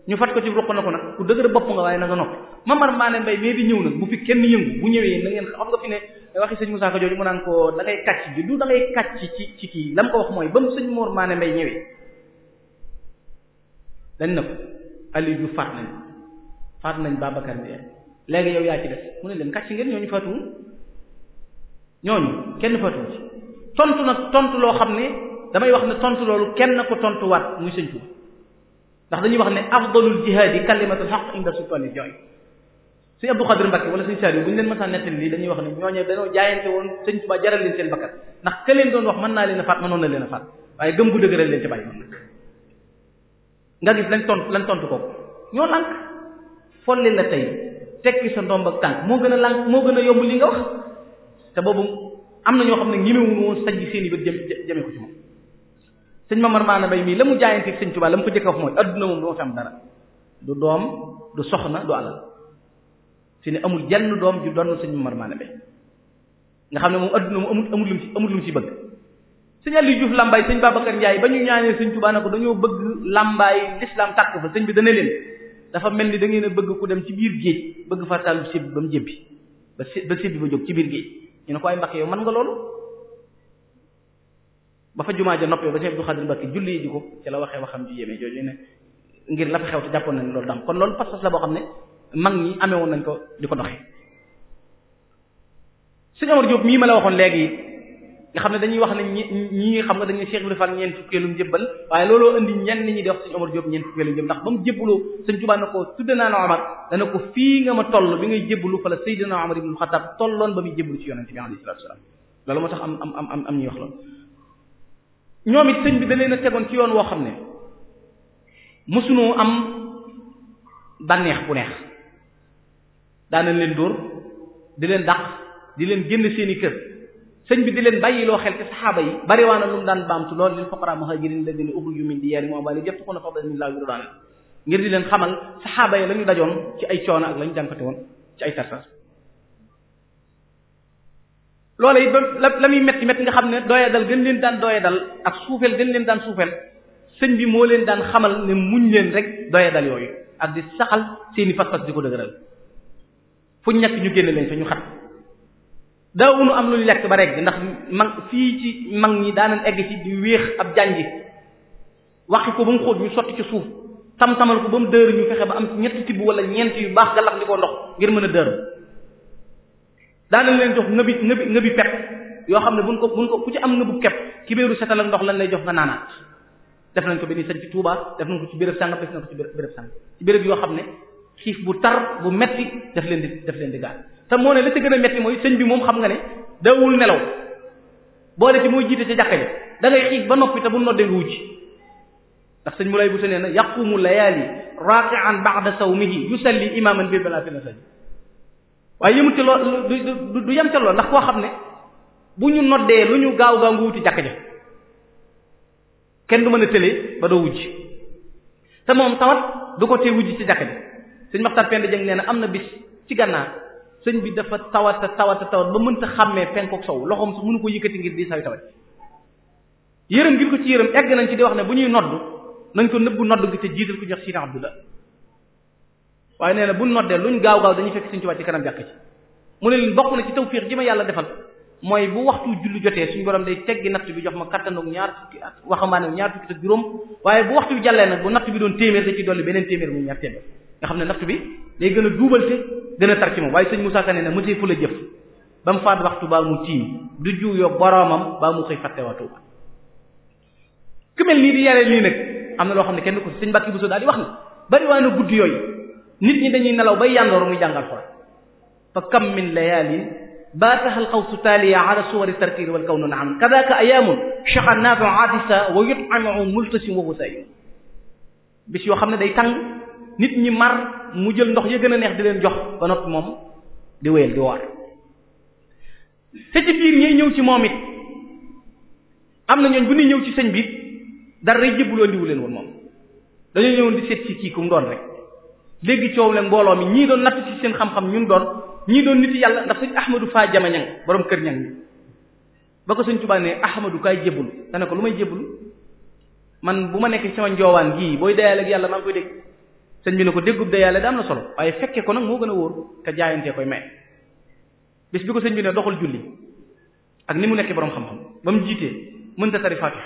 S2: ñu fat ko ci ruq na ko nag ku dëgër bopp nga waaye na nga ma man maa ne mbay mais di ñëw nag bu fi kenn yëngu bu ñëwee na ngeen xam nga fi ne waxi sëñ Moussa Ka jooju mu naan ko da ngay kàcc bi da ngay kàcc ci ci ko wax mooy ba mu sëñ Mor mbay ñëwee dañ na ko Aliou Diouf faat nañ faat nañ Babacar Ndiaye léegi yow yaa ci def mu ne leen kàcc ngeen ñooñu faatuwul ñooñu kenn faatuwul ci tontu na tontu loo xam ne damay wax ne tontu loolu kenn ko tontuwaat muy sëñ Tuuba ndax dañuy wax ne afdalul jihaadi kalimatul haqq inda sultaani joy suñu Abdou Xadir Mbakke wala suñu Saaliw bu ñu leen mën a nettali lii dañuy wax ne ñooñu dañoo jaayante woon sëñ Tuuba jaral leen seen bakkat ndax ka doon wax naa leen a faat mënoon a faat nga gis lañ tontu lañ tontu ko ñoo lànk folli la tey tekki sa ndomb ak tànk moo gën a lànk moo gën a yomb li nga wax te boobu am na ñoo xam ne ñemewuñu woon sañ bi seen i bët jë Bay mii la mu jaayanteeg sëñ Tuubaa la mu ko jëkk wax mooy adduna moom dama fi am dara du doom du soxna du alal fi ne amul jenn doom ju doon sëñ Mamar Maana Bay nga xam ne moom àdduna moom amul amul lu mu ci amul bëgg. sëñ Aliou Diouf Lambaye sëñ Babacar Ndiaye ba ñu ñaanee sëñ Tuubaa ne ko dañoo bëgg Lambaye l'islam tàkk fa sëñ bi dana leen dafa mel ni da ngeen a bëgg ku dem ci biir géej bëgg fa taalub sib ba mu jébbi ba si ba sib ba jóg ci biir géej ñu ne ko ay Mbàkke yow mën nga loolu ba fa jumaa ja noppee ba Cheikh Abdou Khadir Mbàkke julli di ko ci la waxee waxam ji yéeme jooju ne ngir la fa xew te jàppoon nañ loolu daam kon loolu pas-pas la boo xam ne mag ñi amewoon nañ ko di ko doxee sëñ Amar Diop mii ma la waxoon léegi nga xam ne dañuy wax ne ñi xam nga dañuy Cheikh Ibrahima Fall ñeent fukkeelum jëbbal waaye looloo indi ñenn ñi di wax suñu Omar Diop ñeent fukkeelum jëb ndax ba mu jébbaloo Sëriñ Tuubaa na ko tudde naa la dana ko fii nga ma toll bi ngay jébbalu fa la Seydina Omar ibn Khattab tolloon ba muy jébbalu ci yonente bi alayhi salatu wasalam loolu moo tax am am am am am ñuy wax loolu ñoom it sëñ bi da leen tegoon ci yoon woo xam ne mësunoo am bànneex bu neex daanañ leen dóor di leen dàq di leen génn seeni sëñ bi di leen bàyyiloo xel ci saxaaba yi bariwaana lu mu daan baamtu loolu lil fuqara muhajirin ladina uxriju min diyaari moom wala yëpp xuna fadlan min laahi ridwaan ngir di leen xamal saxaaba yi la dajoon ci ay coono ak la ñu jànkate woon ci ay tartar loola it la la muy metti metti nga xam ne dooya dal gën leen daan dooya dal ak suufeel gën leen daan suufeel sëñ bi moo leen daan xamal ne muñ leen rek dooya dal yooyu ak di saxal seeni fas fas ko dëgëral fu ñàkk daawunu am lu ñu lekk ba regg ndax mag fii ci mag ñi daanañ egg ci di wéex ab jànji waxi ko ba mu xóot sotti ci suuf tam-tamal ko ba mu dër ñu fexe ba am ñetti tibb wala ñeent yu baax galax di ko ndox ngir mën a dër daanañ leen jox ngëbi ngëbi ngëbi pepp yoo xam ne buñ ko buñ ko am ngëbu kepp ki béeru setal ak ndox lañ lay jox nga naanaat def nañ ko benn sañ ci Touba def nañ ko ci béréb sàngam def nañ ko ci béréb sàngam ci béréb yoo xam ne xiif bu tar bu metti def leen di def leen di gaal te moo ne la ci gën a metti mooy sëñ bi moom xam nga ne daawul nelaw boole ci mooy jiite ci jàkka ji da ngay xiig ba noppi te bu noddee nga wujj ndax sëñ mu lay bu te nee na yaqumu layaali raqi'an ba'da sawmihi yusalli imaman bi balaa fi masajid waaye yëmut ci lool du du yem ca lool ndax koo xam ne bu ñu noddee lu ñu gaaw gaaw nga wuti jàkka ja kenn du mën a tëlee ba doo wujj te moom tawat du ko tee wujj ci jàkka ja sëñ Maxtar Penda Jëng nee na am na bis ci gànnaar sëñ bi dafa tawata tawata tawat ba mënta xàmmee penku ak sow loxoom su mënu ko yëkkati ngir di sawi tawat yërëm ngir ko ci yërëm egg nañ ci di wax ne bu ñuy nodd nañ ko nëbbu nodd gi te jiital ko jox Sëriñ Abdullah waaye nee na bu noddee luñ gaaw gaaw dañuy fekk Sëriñ Tuubaa ci kanam jàkk ci mu ne leen bokk na ci tawfiix ji ma yàlla defal mooy bu waxtu julli jotee suñu borom day teggi natt bi jox ma kattanoog ñaar fukki at waxambaane ñaar fukki at juróom waaye bu waxtu bi jàllee nag bu natt bi doon téeméer da ci dolli beneen téeméer mu ñaar téeméer nga xam ne natt bi day gën a duubal te gën a tar ci moom waaye sëñ Moussa Kane ne mu tey fu la jëf ba mu faat waxtu baa mu tiim du juuyoo boroomam baa mu xëy fàttewaat Tuuba ku mel nii di yaree nii nag am na loo xam ne kenn ko sëñ Mbàkke Buso daal di wax na bari waa na guddi yooyu nit ñi dañuy nelaw bay yàndoor muy jàngal xol fa kam min layaalin baataxal xawsu taaliya ala suwari tarkiir wal kawnu naam kadaaka ayaamun shaxa naatu adisa wa wa husaayun nit ñi mar mu jël ndox ya gën a neex di leen jox ba noppi moom di wéyal di woor te biir ñay ñëw ci moom it am na ñooñ bu ñuy ñëw ci sëñ bi dara day jébbaloo ndiwu leen woon moom dañoo ñëwoon di seet ci kii ku doon rek léegi coow leen mbooloo mi ñii doon natt ci seen xam-xam ñun doon ñii doon nit yàlla ndax sëñ Ahmadou Fa Jama ñang borom kër ñang ba ko sëñ Tuubaa ne Ahmadou kaay jébbalu dana ko lu may jébbalu man bu ma nekk ci sama njoowaan gii booy dayal yàlla maa ngi sëñ bi ne ko déggub de yàlla da am na solo waaye fekke ko nag moo gën a wóor te jaayantee koy may bis bi ko sëñ bi na doxal julli ak ni mu nekkee boroom xam-xam ba mu jiitee mënta tari Faatiha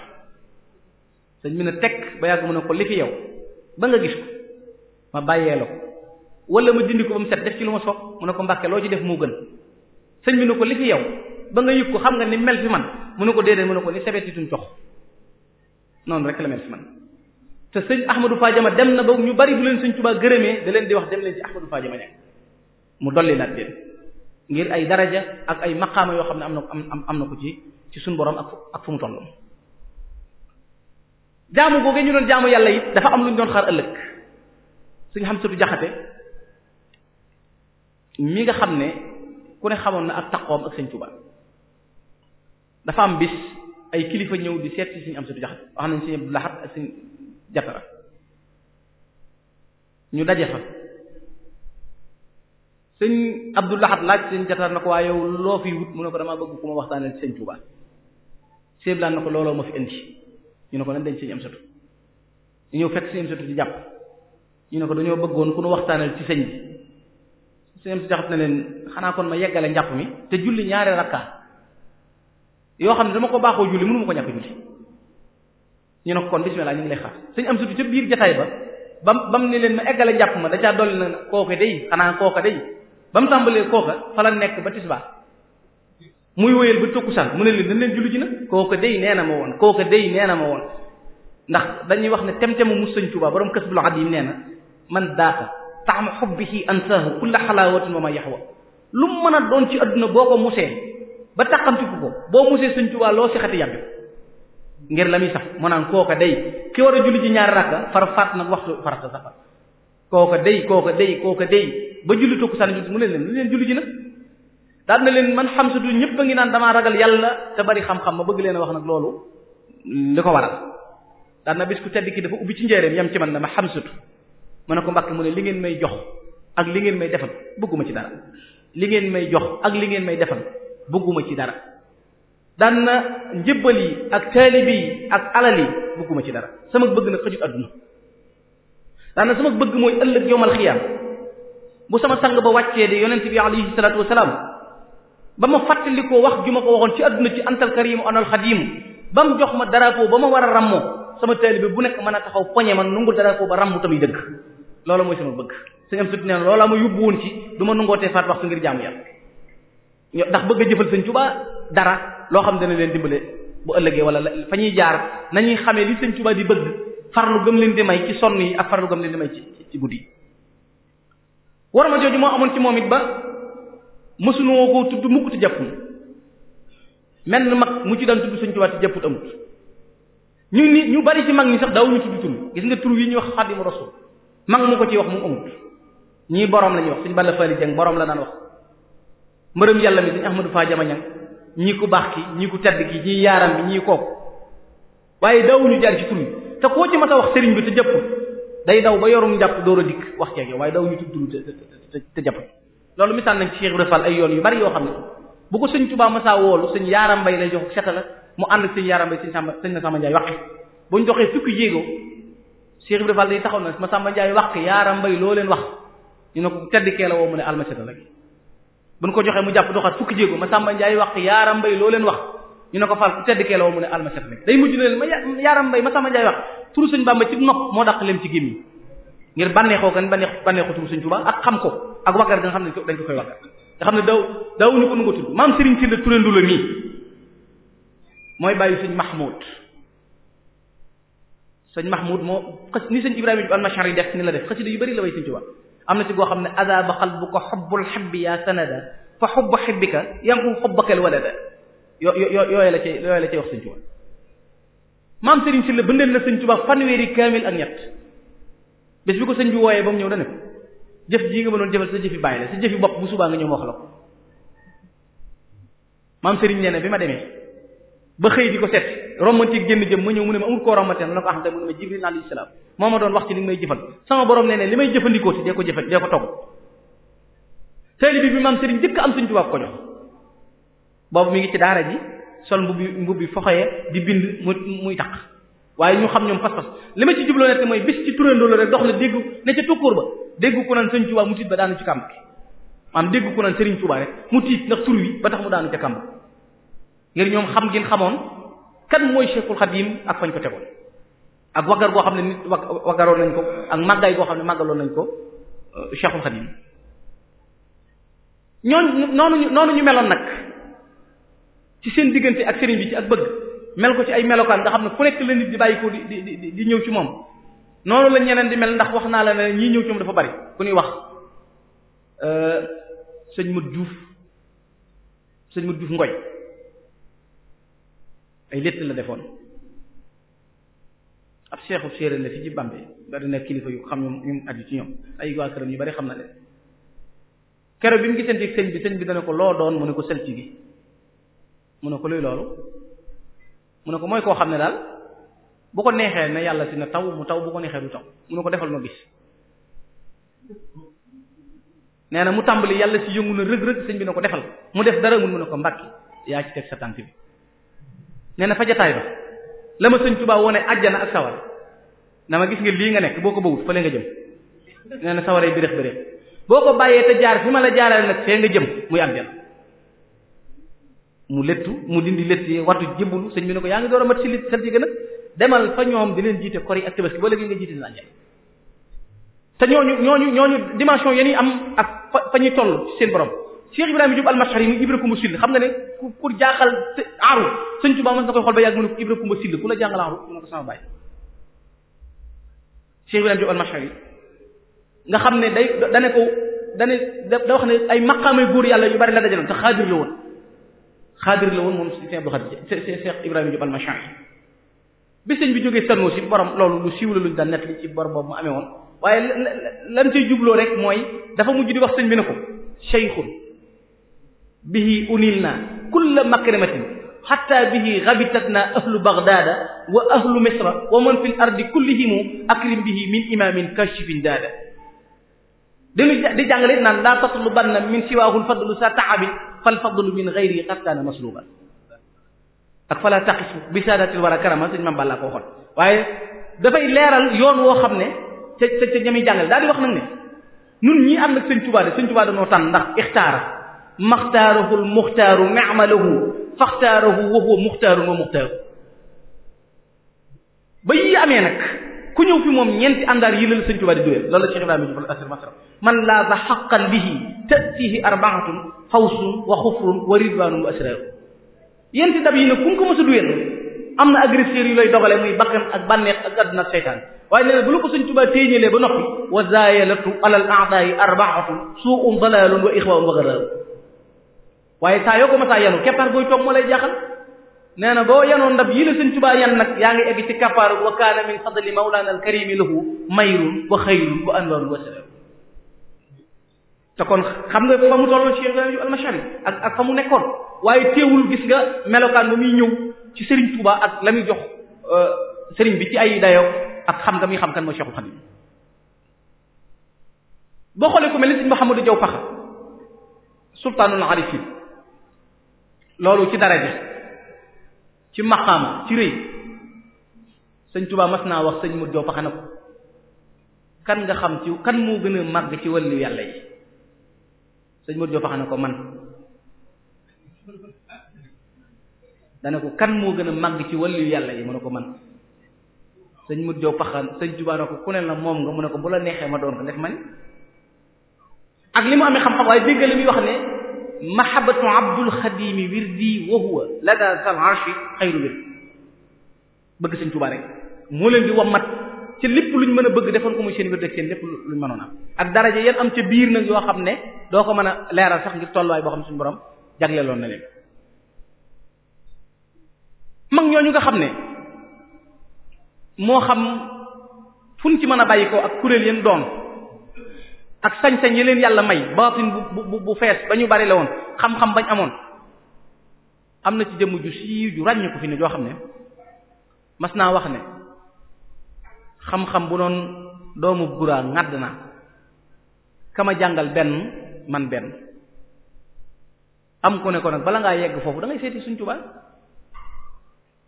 S2: sëñ bi ne tekk ba ne ko li yow ba nga gis ko ma ko wala ma dindi ko ba def ci lu ma soog mu ko mbàkke loo ci def gën sëñ bi ne ko li fi yow ba nga yëg ko xam nga ni mel fi man mu ne ko de mu ne ko ni sebet yi tuñ cox noonu rek la mel fi man te sëñ Ahmadou Fadiama dem na ba ñu bari bu leen sëñ Tuubaa gërëmee da leen di wax dem leen ci Ahmadou Fadiama nekk mu dolli laat leen ngir ay daraja ak ay maqaama yoo xam ne am na am am na ko ci ci suñu borom ak ak fu mu toll. jaamu googee ñu doon jaamu yàlla it dafa am lu ñu doon xaar ëllëg suñu xam satu jaxate mi nga xam ne ku ne xamoon na ak taqoom ak sëñ Tuubaa dafa am bis ay kilifa ñëw di seet ci suñu am satu jaxate wax nañ sëñ Abdou Lahad ak jatara ñu daje fa sëñ Abdul Ahad laaj sëñ jatara na ko waaye yow loo fi wut mu ne ko damaa bëgg ku ma waxtaanee sëñ Tuubaa na ko looloo ma fi ko dañ sëñ am satu jàpp ñu ne ko dañoo bëggoon ku nu waxtaanal ci sëñ bi sëñ am si jaxat na leen xanaa kon ma yeggale njàpp mi te julli ñaari rakka yoo xam ne dama ko baaxoo julli mënu ma ko ñàkk julli ñu ne ko kon bismillah ñu ngi lay xaar suñu am sutu ca biir jataay ba ba bam ne leen ma eggale njàpp ma da caa dolli na kooka day xanaa kooka day ba mu tàmbalee kooka fa la nekk ba tisbaar muy wéyal ba tukkusaan mu ne leen dañ leen julli ji na kooka day nee na ma woon kooka day nee na ma woon ndax dañuy wax ne tem-temu mu sëñ Tuubaa borom kës bu loxat yi nee na man daata taxma xubbihi ansaahu kulla xalaawatin wa ma yaxwa lu mu mën a doon ci adduna boo ko musee ba taxamtiku ko boo musee sëñ Tuubaa loo sixati yàbbi ngir la mi sax mu naan kooka dey ki war a julli ci ñaari rakka far faat nag waxtu farata safar kooka dey kooka day kooka day ba julli tokku sànni mu leen leen lu leen julli ji nag daal na leen man xam sudu ñëpp a ngi naan damaa ragal yàlla te bari xam-xam ma bëgg leen wax nag loolu li ko waral daal na bis ku tedd ki dafa ubbi ci njéeréem yam ci man na ma xam sutu mu ne ko mbàkk mu ne li ngeen may jox ak li ngeen may defal bëgguma ci dara li ngeen may jox ak li ngeen may defal bëgguma ci dara daan na njëbbal ak taalibe ak alal yi bëgguma ci dara sama bëgg na xëjut àdduna dana na sama bëgg mooy ëllëg yowmal xiyaam bu sama sang ba wàccee de yonent bi alayhi salaatu wasalaam ba ma fàttalikoo wax ju ma ko waxoon ci àdduna ci antal karim anal xadim ba mu jox ma drapeau ba ma war a rammoo sama taalibe bu nekk mën a taxaw koñe ma nungul drapeau ba rammu tamit dëgg loola mooy sama bëgg sëñ am sut neen loolaa ma yóbbu woon ci du ma te faat waxtu ngir jaamu yàlla ndax bëgg a jëfal sëñ Tuubaa dara loo xam dana leen dimbale bu ëllëgee wala fa ñuy jaar nañuy xamee li sëñ Tuubaa di bëgg farlu gëm leen di may ci sonn yi ak farlu gëm leen di may ci guddi war ma jooju moo amoon ci moom it ba mësunoo ko tudd mukk ci jàpp mu ci daan tudd sëñ Tuubaa ci jàpput amut ñu ni ñu bari ci mag ñi sax daawuñu tudd tur gis nga tur yi ñuy wax Xaadimu Rasuul mag mu ko ci wax mu amut ñii borom la ñuy wax suñu Balla Faali borom la daan wax mbërëm yàlla mi suñu Ahmadou Fa Jama Ñang ñii ku baax ki ñii ko tedd ki ñii yaaram bi ñii kooku waaye daawuñu jaar ci tur te koo ci mën a wax sëriñ bi te jëpp day daw ba yorum njàpp door a dikk wax ceeg yow waaye daawuñu tudd te te te jëpp loolu misaal nañ ci Cheikh Ibra Fall ay yoon yu bari yoo xam ne bu ko sëñ Tuubaa masaa woolu sëñ yaaram bay lay jox setala mu ànd ak sëñ yaaram bay sëñ Samba sëñ na Samba wax waqi bu ñu joxee fukki jéego Cheikh Ibra Fall day taxaw na ma Samba Ndiaye waqi yaaram bay loo leen wax ñu ne ko tedd kee la woo mu ne almaseta la buñ ko joxee mu jàpp doxaat fukki jéego ma Samba Ndiaye wax yaaram mbay loo leen wax ñu ne ko fal ku tedd kee la woon mu ne almaset lañ day mujj leen ma yaaram mbay ma Samba Ndiaye wax turu sëñ Bamba ci nopp moo daq leen ci gémmi ngir bànneexoo kan bànneex bànneexu turu sëñ Tuubaa ak xam ko ak waggar nga xam ne dañ ko koy waggar nga xam ne daw daawuñu ko nu ko tudd maam Serigne Sylla Touré Ndoulo mii mooy bàyyi sëñ Mahmoud sëñ Mahmoud moo xas ni sëñ Ibrahima Al Mashari def ni la def xasida bari la way sëñ am na ci boo xam ne adaaba xal bu ko xobbul xibbi yaa sanada fa xubbu xibbika yam xu xobbakal walada yo yo yooye la cay yooye la cay wax sëñ Tuba maam Serigne Sylla bëndal na sëñ Tuba fanweeri kaamil ak ñett bés bi ko sëñ bi wooyee ba mu ñëw dane ko jëf jii nga mënoon jëfal sa jëfi bàyyi la sa jëfi bopp bu subaa nga ñëw ma wax la maam Serigne nee na bi ma demee ba xëy di ko set romantique génn jëm ma ñëw mu ne ma amul koo romanté na la ko axamte ah mu ne ma jibril alayhi salaam moo ma doon wax ci li nga may jëfal sama borom nee ne li may jëfandikoo si ko jëfal dee ko togg tëli bi bi maam am suñ tubaab ko boobu mi ngi ci daara ji sol mbubbi mbubbi foxoye di bind mu muy taq waaye ñu xam ñoom pas-pas li ma ci jubloo nekk mooy bis ci turandoo la rek dox na dégg ne ca tukkuur ba dégg ku naan sëriñ Tuubaa mu tiit ba daanu ci kàmb am dégg ku naan sëriñ Tuubaa rek mu tiit ndax tur wi ba tax mu daanu ca kàmb ngir ñoom xam ngeen xamoon kan mooy Cheikhul Khadim ak fañ ko tegoon ak waggar goo xam ne nit waggaroon nañ ko ak màggaay goo xam ne màggaloon nañ ko euh, Cheikhul Khadim ñooñu noonu noonu ñu meloon nag ci seen diggante ak sëriñ bi ci ak bëgg mel ko ci ay melokaan nga xam ne fu nekk la nit di bàyyi ko di di di ñëw ci moom noonu la ñeneen di mel ndax wax naa la ne ñii ñëw ci moom dafa bari ku ñuy wax euh, sëñ Modou Diouf sëñ Modou Diouf Ngoy ay létt la defoon ab seexu séeréer la fi ci Bambey da dina kilifa yu xam ñoom ñu aju ci ñoom ay waa këram yu bari xam na leen keroog bi mu gisante sëñ bi sëñ bi dana ko loo doon mu ne ko selci gi mu ne ko luy loolu mu ne ko mooy koo xam ne daal bu ko neexee ne yàlla si na taw mu taw bu ko neexee du taw mu ne ko defal ma gis nee na mu tàmbali yàlla si yëngu na rëg-rëg sëñ bi ne ko defal mu def dara mun mu ne ko mbàkki yaa ci teg sa tànk nee na fa ba la ma sëñ Tuubaa wone ajjana ak sawar na ma gis nga lii nga nekk boo ko bëggut fa la nga jëm nee na sawaree bireex bireex boo ko bàyyee te jaar fi ma la jaarale nag fee nga jëm muy aljana mu lettu mu dindi lett yi wattu jébbalu sëñ bi ne ko yaa ngi door a mat si li sat yi gën a demal fa ñoom di leen jiite kori ak tabaski ba léegi nga jiite dina aljana te ñooñu ñooñu ñooñu dimension yéen am ak fa fa ñuy toll ci seen borom Cheikh Ibrahima Diop al-Mashari yi mu Ibra Kumba Sill xam nga ne ku ku jaaxal na mu ne ko Ibra Kumba Sill ku la jàngal aaru mu ne ko sama baay Cheikh Ibrahima yi nga xam ne day dane ko dane da wax ne ay maqaamay góor yàlla yu bari la dajaloon te xaadir la woon xaadir la woon moom Cheikh Abdou Khadir Cheikh Ibrahima Diop al-Mashari bi sëñ bi jógee sannoo si borom loolu lu siiw la luñ daan nett li ci borom boobu mu amee woon waaye lan jubloo rek mooy dafa mujj di wax sëñ bi ne ko cheikhun bihi unil na kulla makrimatin xatta bihi xabitat na ahlu baghdada wa ahlu misra wa man fi l ardi kullihimu akrim bihi min imamin kashifin daada dañu di jàngale naan laa tatlubanna min siwaahul fadlu sa taabin fal fadlu min gayri qad kaana masluban ak fala taqisu bi saadatil war a karama sëñ mam bàllaa ko waxoon waaye dafay leeral yoon woo xam ne ca ca ca ñami jàngale daal di wax nag ne ñun ñii am nag sëñ Tuubaa de sëñ Tuubaa dañoo tànn ndax ixtaara maxtaarahu l muxtaaru maamalahu faxtaarahu wa huwa muxtaarun wa muxtaaru ba yi amee nag ku ñëw fi moom ñeenti àndaar yi lal sëñ Tuubaa di doyal loolu la Cheikh Ibrahima jubal asir masra man laaza xaqan bihi tatihi arbaatun xawsun wa xufrun wa ridwanun wa asraaru yenti dab yi ne ku ko mës a doyal am na agresseur yu lay dogale muy bakkan ak bànneex ak àdduna ak seytaan waaye nee na bu la ko sëñ Tuubaa téeñalee ba noppi wa zaayalatu alal aadaayi arbaatun suu'un dalaalun wa ixwaun wa garaaru waaye saa yoo ko masaa yenu keppaar gooy toog moo lay jaaxal nee na boo yenoon ndab yi la sëñ Tuubaa yan nag yaa ngi egg ci kappaaru wa kaana min fadli mawlaana alkarimi lahu mayrun wa xayrun wa anwarun wa sirrun te kon xam nga fa mu tolloon Cheikh Ibrahima al ak ak fa mu nekkoon waaye teewul gis nga melokaan ba muy ñëw ci Serigne Touba ak la muy jox euh, Serigne bi ci ay dayoo ak xam nga muy xam kan mooy Cheikhul Khadim boo xoolee ku mel ni Serigne Mouhamadou Diaw Pakha sultaanul loolu ci dara daraja ci maqaam ci rëy sëñ Tuubaa mas naa wax sëñ mu joo paxana ko kan nga xam ci kan moo gën a màgg ci wàllu yàlla yi sëñ mu joo paxana ko man dana ko kan moo gën a màgg ci wàllu yàlla yi mu ne ko man sëñ mu joo paxan sëñ Tuubaa na ko ku ne la moom nga mu ne ko bu la neexee ma doon ko def man ak li mu amee xam-xam waaye dégg li muy wax ne mahabatu abdul xadimi wirdi wa huwa lada zal arshi xayru wird bëgg sëñ Tuubaa rek moo leen bi di mat ci lépp lu ñu mën a bëgg defoon ko muy seen wird ak seen lépp luñ mënoon am ak daraja yéen am ca biir nag yoo xam ne doo ko mën a leeral sax ngir tolluwaay boo xam suñu borom jagleeloon na leen mag ñu nga xam ne moo xam fuñ ci mën a bàyyi ko ak kuréel yéen doon ak sañ-sañ yi leen yàlla may baatin bu bu bu fees ba ñu bari la woon xam-xam bañ amoon am na ci jëmm ju siiw ju ràññ ko fi ne joo xam ne mas naa wax ne xam-xam bu doon doomu guraa ŋàdd na kama jàngal benn man benn am ku ne ko nag bala ngaa yegg foofu da ngay seeti suñ Tuubaa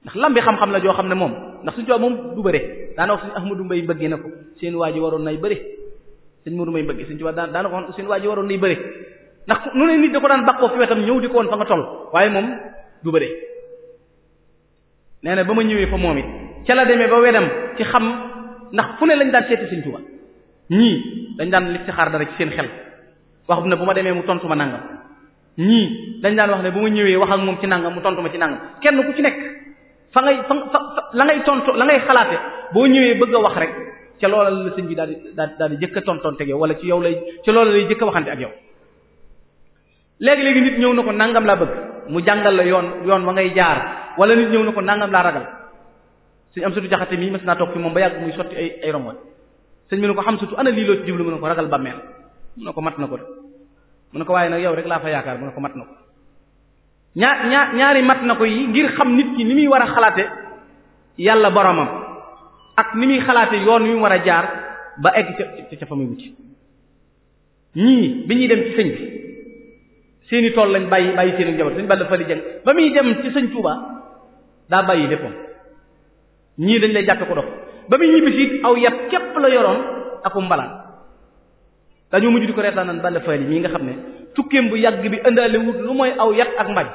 S2: ndax lambi xam-xam la joo xam ne moom ndax suñ Tuubaa moom du bëre daana suñu Ahmadu Mbay bëggee na ko seen waa ji waroon nay bëre sëñ Mourou may mbëgg sëñ Tuubaa daan daana ko woon seen waa ji waroon nay bëre ndax nu ne nit da ko daan bàkkoo fi wetam ñëw di ko woon fa nga toll waaye moom du bëre nee na ba ma ñëwee fa moom it ca la demee ba wedam ci xam ndax fu ne lañ daan seeti sëñ Tuubaa ñii dañ daan listixaar dara ci seen xel wax na bu ma demee mu tontu ma nangam ñii dañ daan wax ne bu ma ñëwee wax ak moom ci nangam mu tontu ma ci nangam kenn ku ci nekk fa ngay fa fa la ngay tontu la ngay xalaate boo ñëwee bëgg a wax rek ca loola la sëñ bi daal di daal di jëkk a tontonte ak yow wala ci yow lay ca loola lay jëkk waxante ak yow léegi-léegi nit ñëw na ko nangam laa bëgg mu jàngal la yoon yoon wa ngay jaar wala nit ñëw na ko nangam laa ragal suñu am sutu jaxate mii mes naa toog fi moom ba yàgg muy sotti ay ay rongoñ sëñ bi ne ko xam sutu ana lii loo ci jublu mu ne ko ragal bàmmeel mu ne ko mat na ko de mu ne ko waaye nag yow rek laa fa yaakaar mu ne ko mat na ko ñaar ñaari mat na ko yi ngir xam nit ki ni muy war a xalaate yàlla boromam ak ni muy xalaate yoon wi mu war a jaar ba egg ca ca fa muy wuti ñii bi ñuy dem ci sëñ bi seeni tool lañ bàyyi bàyyi seeni njaboot sëñ Balla Fally Dieng ba muy dem ci sëñ Touba daa bàyyi léppam ñii dañ lay jàppe ko dox ba muy ñibbisiit aw yat képp la yoroon akum mbalaan dañoo mujj di ko reetaan naan Balla Fally mii nga xam ne tukkeem bu yàgg bi ëndaale lu mooy aw yat ak mbàjj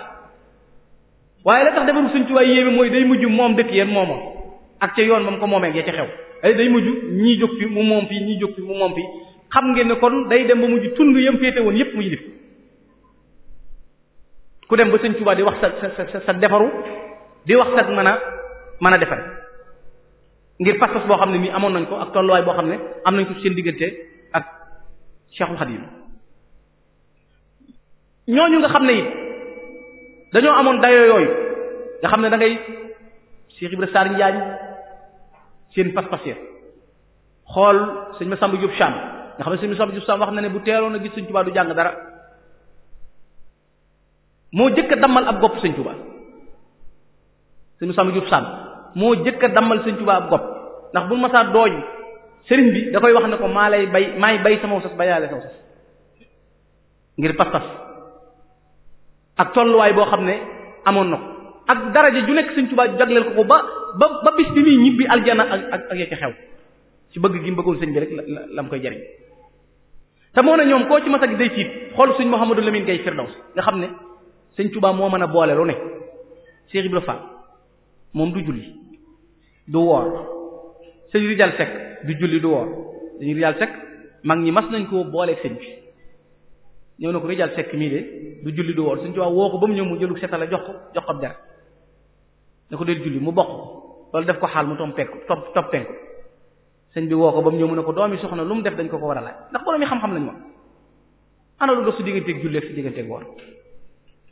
S2: waaye la tax defaru sëñ Touba yéeme mooy day mujj moom dëkk yéen moomoon ak ca yoon ba mu ko moomee ya ca xew ay day mujj ñii jóg fi mu moom fi ñii jóg fi mu moom fi xam ngeen ne kon day dem ba mujj tund yam féete woon yépp mu yilif ku dem ba sëñ Tuubaa di wax sa sa sa defaru di wax sa mën a mën a defar ngir pas-pas boo xam ne nii amoon nañ ko ak tolluwaay boo xam ne am nañ ko seen diggante ak Cheikhul Khadim ñooñu nga xam ne it dañoo amoon dayo yooyu nga xam ne da ngay Cheikh Ibrahima Njaañ seen pas-pas ya xool sëñ ma sàmb jub sham nga xam ne sëñ ma sàmb jub sham wax na ne bu teeloon a gis sëñ du jàng dara moo jëkk a dammal ab gopp sëñ Tuubaa sëñ ma sàmb jub sham moo jëkk a dammal sëñ Tuubaa ab gopp ndax bu masaa dooñ sëriñ bi da koy wax ne ko maa lay bay maay bay sama sas bayaale sama sas ngir pas-pas ak tolluwaay boo xam ne amoon na ko ak daraja ju nekk Sëriñ Tuubaa jagleel ko ko ba ba ba bis bi muy ñibbi aljana ak ak ak ya xew ci bëgg gi mu bëggoon sañ bi rek la mu koy jariñ te moo ne ñoom koo ci masak day tiit xool suñ Mouhamadou Lamine Gaye Firdaws nga xam ne Sëriñ Tuubaa moo mën a boole lu ne Cheikh moom du julli du woor sëñ Rijal Seck du julli du woor dañu Rijal mag ñi mas nañ koo booleeg sëñ bi na ko Rijal Seck mii du julli du woor Sëriñ woo ko ba mu ñëw mu jëlu setala jox ko jox ko der ne ko mu bokk def ko xaal mu tom penk top top penk bi woo ko ba mu ñëw mu ne ko doomi soxna lu mu def dañ ko ko war a laaj ndax borom xam-xam lañu moom ana lu dox su digganteeg jullee fi digganteeg woor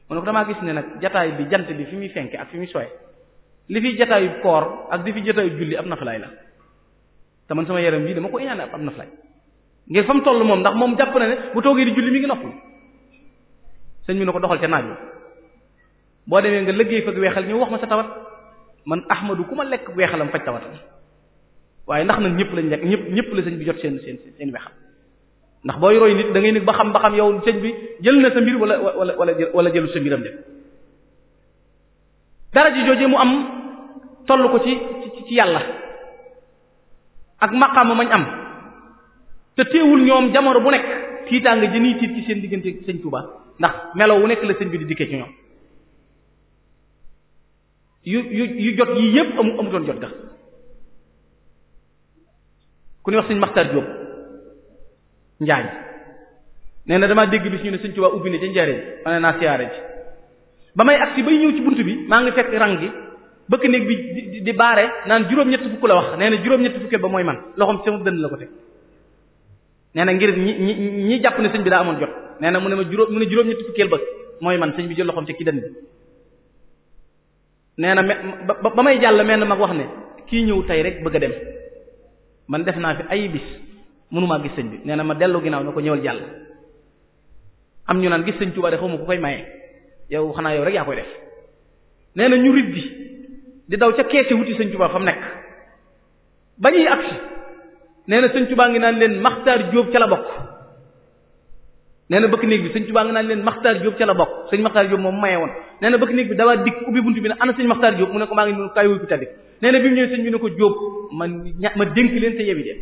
S2: mu ne damaa gis ne nag jataay bi jant bi fi muy fenke ak fi muy soye li fi jataayu koor ak di fi jataayu julli ab naflaay la te man sama yaram bii dama ko iñaane ab naflaay ngir fa mu toll moom ndax moom jàpp na ne bu toogee di julli mi ngi noppul sëñ bi ne ko doxal ca naaj boo demee nga liggéey fëgg weexal ñu wax ma sa tawat man ahmadu ku ma lekk weexalam faj tawat waaye ndax nag ñëpp lañ lekk ñëpp ñëpp la sëñ bi jot seen seen seen weexal ndax booy roy nit da ngay nit ba xam ba xam yow sëñ bi jël na sa mbir wala wala wala wala jëlu sa mbiram def dara ji jooje mu am toll ko ci ci yàlla ak maqaama mañ am te teewul ñoom jamono bu nekk tiitaanga jëniy tiit ci seen diggante sëñ Tuubaa ndax melo wu nekk la sëñ bi di dikkee ci ñoom yu yu yu jot yii yépp amu amutoon jot ga ku ñuy wax sëñ Maxtaar Jóob Njaañ nee na damaa dégg bis ñu ne sëñ Tuubaa ubbi ne ca njariñ ma ne naa siyaare ci ba may agsi bay ñëw ci bunt bi maa ngi fekk rang gi bëkk néeg bi di di baare naan juróom-ñett fukk la wax nee na juróom ñetti fukk ba mooy man loxoom sama dënn la ko teg nee na ngir ñi ñi ñi jàpp ne sëñ bi daa amoon jot nee na mu ne ma juróom mu ne juróom-ñett fukkeel ba mooy man sëñ bi jël loxoom ci ki nee na ba ba may jàll mel na mag wax ne kii ñëw tey rek bëgg a dem man def naa fi ay bis mënumaa gis sëñ bi nee na ma dellu ginnaaw na ko ñëwal jàll am ñu naan gis sëñ Tuubaa de xaw ma ku koy maye yow xanaa yow rek yaa koy def nee na ñu rit bi di daw ca keese wuti sëñ Tuubaa fa mu nekk ba ñuy agsi nee na sëñ Tuubaa ngi naan leen Maxtaar Jóob ca la bokk nee na bëkk néeg bi sëñ Tuubaa nga naan leen Maxtaar Jóob ca la bokk sëñ Maxtaar Jóob moom maye woon nee na bëkk néeg bi dawaa dikk ubbi buntu bi ne ana sëñ Maxtaar Jóob mu ne ko maa ngi noonu kaay wuy ko taddi nee na bi mu ñëwee sëñ bi ne ko Jóob ma ma dénk leen te yebi de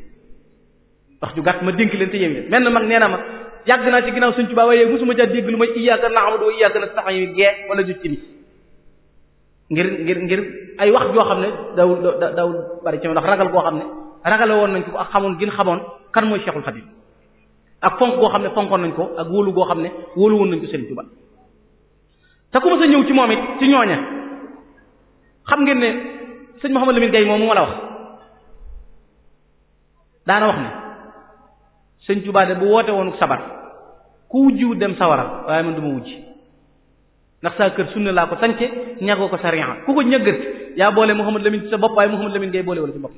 S2: wax ju gàtt ma dénk leen te yebi de mel na mag nee na ma yàgg naa ci ginnaaw sëñ Tuubaa waaye mosuma ca dégg lu may iyyaaka na'budu wa iyyaaka nasta'iin gee wala ju ci ni ngir ngir ngir ay wax joo xam ne dawul dawul bari ci ndax ragal koo xam ne ragale woon nañ ko ak xamoon gin xamoon kan mooy Cheikhul Khadim ak fonk goo xam ne fonkoon nañ ko ak wóolu goo xam ne wóolu woon nañ ko Sëriñ Tuba te ku ma sa ñëw ci moom it ci ñooña xam ngeen ne sëñ Mouhamadou Lamine Gueye moom mu ma la wax daana wax ne Sëriñ Tuba de bu woote woonu sabar ku wujjiwu dem sawara waaye man du ma ndax saa kër sunna laa ko sance ñagoo ko sariya ku ko ñëgër yaa boole Mouhamadou Lamine ci sa bopp waaye Mouhamadou Lamine Gueye boole woon ci bopp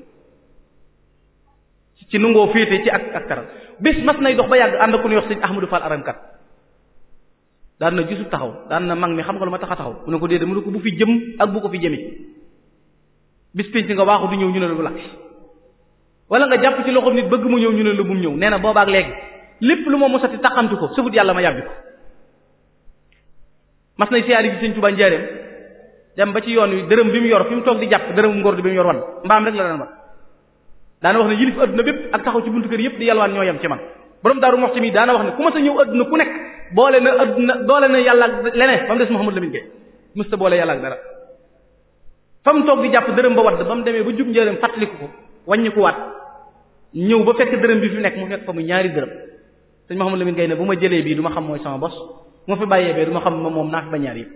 S2: ci nungoo féete ci ak ak karal bés mas nay dox ba yàgg ànd ku ñuy wax sëñ Ahmadou Fall aramkat daan na gisub taxaw daan na mag mi xam nga lu ma tax a taxaw mu ne ko déedéet mu ne ko bu fi jëm ak bu ko fi jëmi bis penc nga waaxu du ñëw ñu ne la bu lakk wala nga jàpp ci loxoom nit bëgg mu ñëw ñu ne la bu mu ñëw nee na boobaak léegi lépp lu ma mosati taxantu ko sëfut yàlla ma yàbbi ko mas nay siyaari gi sëñ Tuubaa njaareem dem ba ci yoon wi dërëm bi mu yor fi mu toog di jàpp dërëm ngor di bi mu yor la daan daana wax ne yilif adduna bépp ak taxaw ci buntu kër yëpp di yalwaan ñoo yem ci man borom daaru moxti mi daana wax ne ku ma sa ñëw adduna ku nekk boole na adduna boole na yàlla ak leneen ba mu des Mouhamadou Lamine Gueye musta boole yàlla ak ba wadd ba mu demee ba ko wàññiku waat ñëw ba fekk dërëm bi fi nekk mu fekk fa mu ñaari dërëm sëñ Mouhamadou Lamine Gueye ne bu ma jëlee bii du ma xam mooy sama bos moo ma fi bàyyee bee du ma xam moom naa fi ba ñaar yëpp